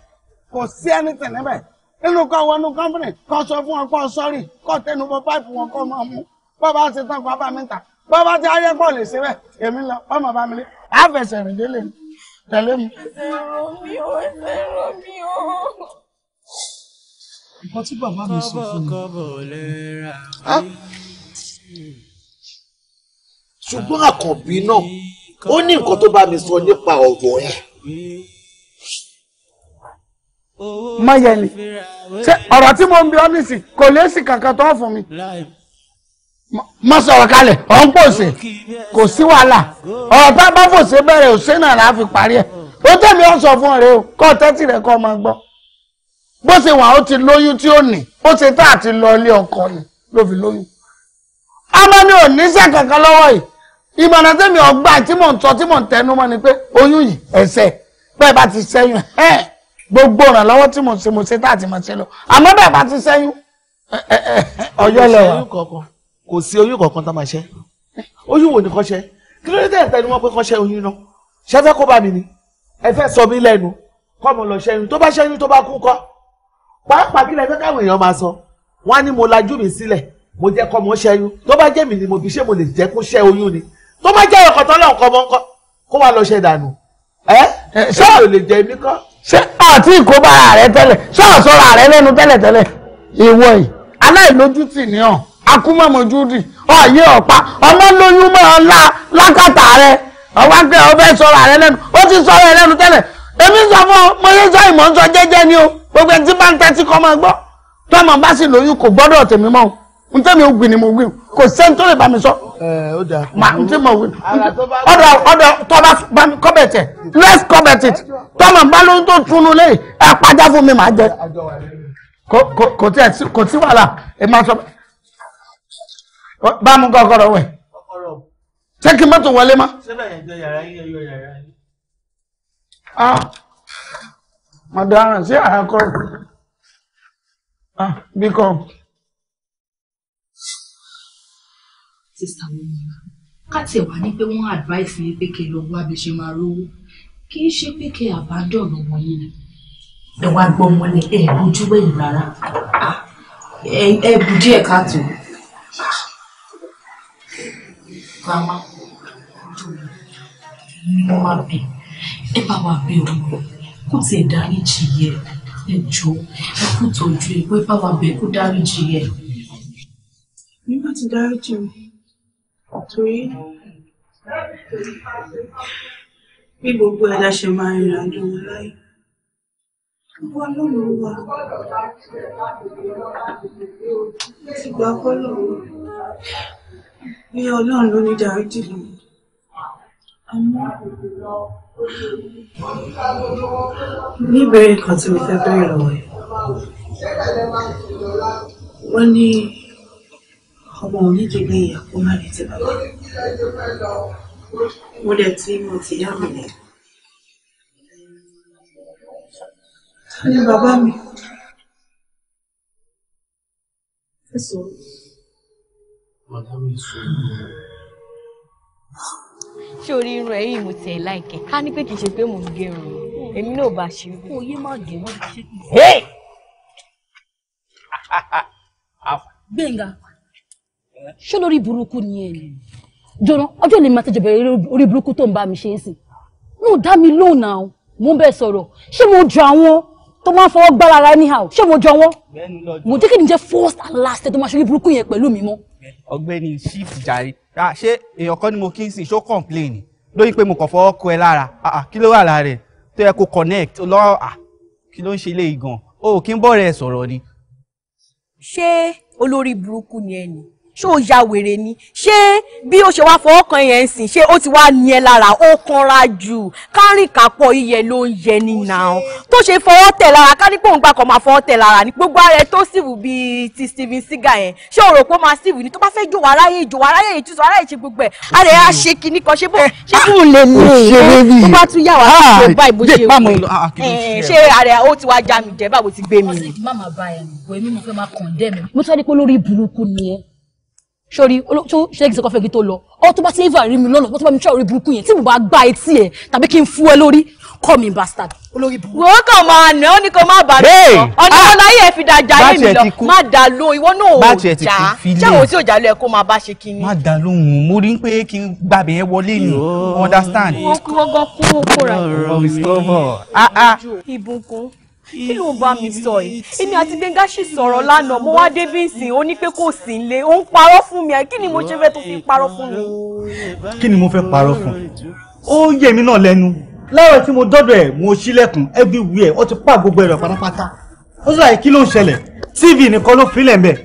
kò sí anything níbẹ̀ nínú kọ́ wọnú company kọ́ sọ fún wọn kọ́ sọ́ọ̀rì kọ́ tẹnubọ pipe wọn kọ́ máa mú bọ́ba ṣe tán kọ́ bá mi ta bọ́ba ti ayé pọ̀ lè ṣe bẹ́ẹ̀ èmi lọ ọmọ bá mi lé àfẹsẹ̀ rìn délé mi tẹ̀lé mi. ẹsẹ̀ rọ mi o ẹsẹ̀ rọ mi o. nǹkan tí bàbá mi sọ fún mi. kọ́bọ̀ kọ́bọ̀ lè ra mi ṣùgbọ́n àkànbí náà ó ní nǹkan tó bá mi sọ nípa ọ̀rọ̀ ẹ̀. mayẹni ṣé ọ̀rọ̀ tí mo ń bi ọ́mísì kò lésì kankan tó fún mi mo sọ̀rọ̀ kalẹ̀ ọ̀ ń pòsè kò sí wàhálà ọ̀rọ̀ tá a bá fòsè bẹ̀rẹ̀ òsè náà la fi parí ẹ̀ ó tẹ̀mí ọ̀ sọ fún rẹ o kọ́ tẹ́tì rẹ kọ́ ọmọ gbọ́ bó ṣe wà ó ti lóyún tí ó nì bó ṣe tá àti lọ ilé ọkọ ni ló fi lóyún amani ò níṣẹ́ kankan lọ́wọ́ yìí ìmọ̀nà tẹ́mi ọgbà tí mò ń sọ tí mò ń tẹnu mọ́ ni pé oyún yìí ẹ̀sẹ̀ bẹ́ẹ̀ bá ti ṣẹ́yún ẹ̀ gbogbo ìrànlọ́wọ́ tí mo ṣe mo ṣe táàtì mo ṣe lọ àmọ́ bẹ́ẹ̀ bá ti ṣẹ́yún ọ̀yọ́ lẹ́wà. kò sí oyún kankan tá máa ṣe oyún wo ni kò ṣe kí ló dé tẹ̀ tẹnu mọ́ pé kò ṣe oyún náà ṣe fẹ́ kó bá mi ni ẹ fẹ́ sọ mí lẹ́nu kọ́ mo lọ ṣẹ́yún mo lajú mi mo jẹ́ kọ́ mọ́ ṣẹ́yún tó bá jẹ́ mi ni mo bí ṣé mo lè jẹ́ kó ṣẹ́ oyún ni tó bá jẹ́ ọkọ̀ tán lọ́nkọ́ mọ́ ńkọ́ kó wá lọ ṣe dànù ẹ ṣé o lè jẹ mí kọ́. ṣé àti ìkóbá rẹ tẹ́lẹ̀ ṣé ọ̀sọ́ra rẹ lẹ́nu tẹ́lẹ̀ tẹ́lẹ̀ ìwọ yìí aláìlójútì ni ọ́ akúmọ̀mọ́júdì ọ̀yẹ́ ọ̀pá ọmọ lóyún mọ́ ọ lá lákàtà rẹ ọwọ́ pé ọ fẹ́ sọ̀rọ̀ rẹ lẹ́nu ó ti sọ̀rọ̀ rẹ lẹ́nu tẹ́lẹ̀ èmi sọ fún ọ mo yẹ sọ ìmọ̀ ń sọ jẹ́jẹ́ ni o gbogbo ẹni tí bá ń tẹ́tí kọ́ máa gbọ́ tọ́mọ bá sì lóyún kò gbọ́dọ̀ tèmi mọ́ o n tẹ́ mi ò gbìn ni mo wí kò sẹ́ni tó lè bá mi sọ. ẹ ó da. ma n tẹ́ mo wí. ọ̀dọ̀ ọ̀dọ̀ tọ́ba bá mi comment it let's comment it tọ́mọ̀ bá ló ń tó túnú lé ẹ pàjá fún mi màá jẹ. kò tí ẹ kò tí wàhálà ẹ máa sọ bá mú kọ́kọ́rọ́ wẹ̀ ṣé kí mọ́tò wọlé má. sẹ́lẹ̀ yẹn jẹ yàrá yín yọ yàrá yín. ah mọ̀dọ̀ àrùn sí àrà kọ́ ah, bí kan. sista Wunmilola ká tiẹ̀ wá ní pé wọ́n advice yín pé kí ẹ lọ wá bí ṣe máa rówó kì í ṣe pé kí ẹ abandon ọmọ yín ni. ẹ wá gbọ́ ọmọ ni ẹ bójú wẹ̀yìn rárá ẹ bù díẹ̀ káàtó. grandma mo máa bẹ̀ ẹ bá wa bẹ̀ ọmọ kó tiẹ̀ dáríjì yẹ ẹ jọ ẹ kó tọ́jú ẹ pé bá wa bẹ̀ kó dáríjì yẹ. nígbà tí dáríjì o torí bí gbogbo ẹ̀dá ṣe máa ń rìn àjò wọn láyé wọn lọ́rùn wa ti gbà fọ́lọ̀ ní ọlọ́run ló ní dáríjì lọ àmọ́ níbẹ̀rẹ̀ kan tí mo fẹ́ bẹ̀rẹ̀ lọ́wọ́ ẹ̀ wọ́n ní ọmọ onídìrí ìyàkó má ní ti bàbá mo dẹ̀ tí mo ti yá mi nìyẹn. ní bàbá mi. ẹ ṣé orí irun ẹ yìí mo tẹ̀ láìkẹ́ ká ní pé kì í ṣe pé mò ń gẹrun èmi náà bá ṣe kó o yé má gẹ̀ wọ́n ṣe kí n. gbẹ̀ngà ṣé lórí burúkú ni ẹ ni jọ̀rọ̀ ọjọ́ lè máa tẹ̀jọ̀ bẹ̀rẹ̀ orí burúkú tó ń bá mi ṣe é sìn mo dá mi lóhùn náà mo ń sọ̀rọ̀ ṣé mo jọ àwọn tó máa fọwọ́ gbára ara anyhow ṣé mo jọ wọn mo jẹ́ kí ni jẹ́ first and last ẹ̀ tó máa ṣe orí burúkú yẹn pẹ̀lú mi mọ́. ọ̀gbẹ́ni chief jare ṣé èèyàn kan ni mo kí n sìn ṣó complain lórí pé mo kàn fọwọ́ kọ ẹ lára kí ló wà lára rẹ̀ tó yẹ kó connect lọ kí ló ń ṣe ilé igan o kí n bọ̀rẹ̀ sọ̀rọ̀ ni. ṣé olórí burúkú ni ẹ nìyí ṣé o ya wèrè ni ṣé bí o ṣe wá fọwọ́ kan yẹn ń sìn ṣé o ti wá ní ẹ lára ó kanra jù kárìn kápọ̀ iyẹ̀ ló ń yẹ ní nàá tó ṣe fọwọ́ tẹ̀ lára ká ní pé òun gbà kan máa fọwọ́ tẹ̀ lára ní gbogbo ara ẹ tó sìwù bíi ti Steven Seagal yẹn ṣé o rò pé ó máa sìwù ni tó bá fẹ́ jò wá ráyè jò wá ráyè ìtúsọ ráyè ṣe gbogbo ẹ̀ ara ẹ̀ á ṣe kinní kan ṣé bó eh, ṣé kò ah, lè ní èyí tó bá tún yà wá sí ìgbà ìbò ṣe wù ah, eh, ṣé ara ẹ̀ ó ti wá já mi jẹ́ báwo ti gbé mi. mo sọ sori tó ṣẹ́gi sẹ́kọ̀ fẹ́gi tó lọ ọ tó bá ti eva rí mi lọ́nà tó bá mi tí ọ̀rẹ́ burúkú yẹn tí mo bá gba etí ẹ̀ tàbí kí n fú ẹ lórí call me bastard olórí burúkú. wọ́n kàn máa nà ọ́ ní kò má bàa lọ ọ̀nà wọn láyé ẹ̀ fi da ja yé mi lọ má da lo ìwọ náà ò já já òun tí ò já lọ ẹ kó máa bá ṣe kí ni. má da lóhùn mo rí pé kí n gbàgbé yẹn wọlé ni understand. wọ́n kú ọgọ́ kú ó kóra. ìbùkún kí ló ń bá mi sọ yìí èmi àti Gbẹ́ngà sì sọ̀rọ̀ lánàá mo wá débi ìsìn ó ní pé kò sí nílé ó ń parọ́ fún mi kí ni mo ṣe fẹ́ tó fi parọ́ fún mi. kí ni mo fẹ́ parọ́ fún ó yé mi náà lẹ́nu láwọn tí mo dọ́dọ̀ ẹ̀ mo ṣílẹ̀kùn everywhere ó ti pa gbogbo ẹ̀rọ pátápátá ó sọ àyè kí ló ń ṣẹlẹ̀ tv nìkan ló filẹ̀ mbẹ̀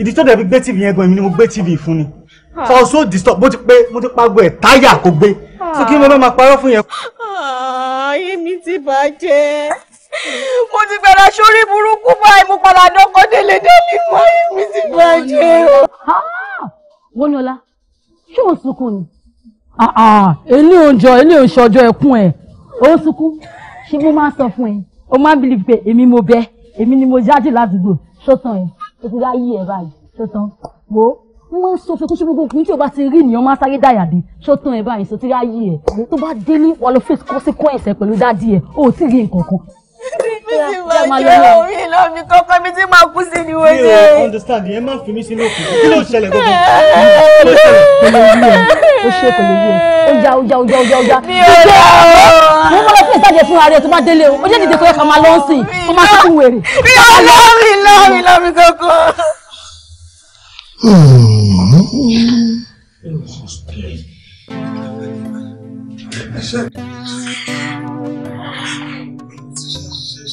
ìdí tó dẹ̀bi gbé tv yẹn gan èmi ni mo gbé tv fún ni sọ ah. so disturb bó ti pé mo ti pagbo ẹ̀ táyà kò gbé so kí mo fẹ́ máa parọ́ fún yẹn. Ah, ayé mi ti bàjẹ́ mo ti gbàdá sórí burúkú báyìí mo padà dọ́kọ́ délé délé mọ́ mi ti bàjẹ́ o. wọnúọlá ṣé o sunkún ni. èlé ah, ah, òǹjọ èlé òǹṣọjọ ẹkún ẹ ó sunkún ṣé mo máa sọ fún ẹ o máa bìlì pé èmi mo bẹ èmi ni mo jáde ládùúgbò ṣótàn ẹ o ti dá yí ẹ báyìí ṣótàn wo máa ń sọ fún kúṣe gbogbo òkùnrin tí o bá ti rí nìyẹn máa sáré dáyà dé ṣótàn ẹ báyìí sotí ráyè ẹ tó bá délé wà lọ face consequence ẹ pẹ̀lú dádì ẹ o ò tí ì rí nǹkan kan jẹ́ máa lọ́wọ́. orí ìlọ mi kọ́kọ́ mi tí máa kú sí ni wọ́n ṣe. mi ò understand yẹn máa fi mí sínú òkú kí ló ṣẹlẹ̀ gbogbo kí ló ṣẹlẹ̀. pẹ̀lú orí ẹ̀ ó ṣe pẹ̀lú orí ẹ̀ ó ya ó ya ó ya ó ya ó ya. mi ò lọ. mo máa lọ sí ìtajà fúnra rẹ tó bá délé o ó jẹ́ dìde kọ́yọ́ kan máa lọ́ sí i ó máa tún wèrè. mi ò lọ mi lọ mi lọ mi kọ́kọ́. Thank you.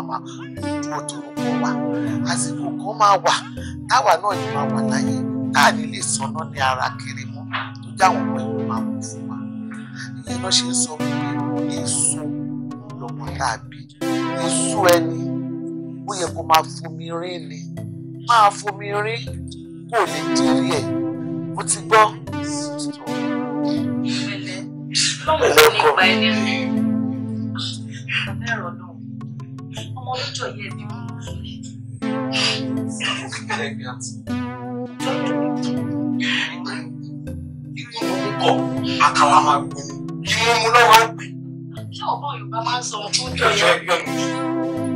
máa dúró tó orúkọ wa àsìkò kan máa wà táwa náà yìí máa wà láyé táà ní lè sọnà ní ara kiri mọ́ tó jáwọn ọmọ ìlú máa wù fún wa ìyẹn náà ṣe sọ pé èso lọmọ tàbí èso ẹni ó yẹ kó máa fomi rín ni máa fomi rín kó lè dérí ẹ mo ti gbọ́. báwo ni nípa ẹni rí ẹ̀rọ náà ọmọ níjọ yẹn bí mo kọ àkàrà máa gbóni ìmú mu lọ́wọ́ pè. kí ọ̀gbọ́n Yorùbá máa ń sọ ọdún jọyọ̀.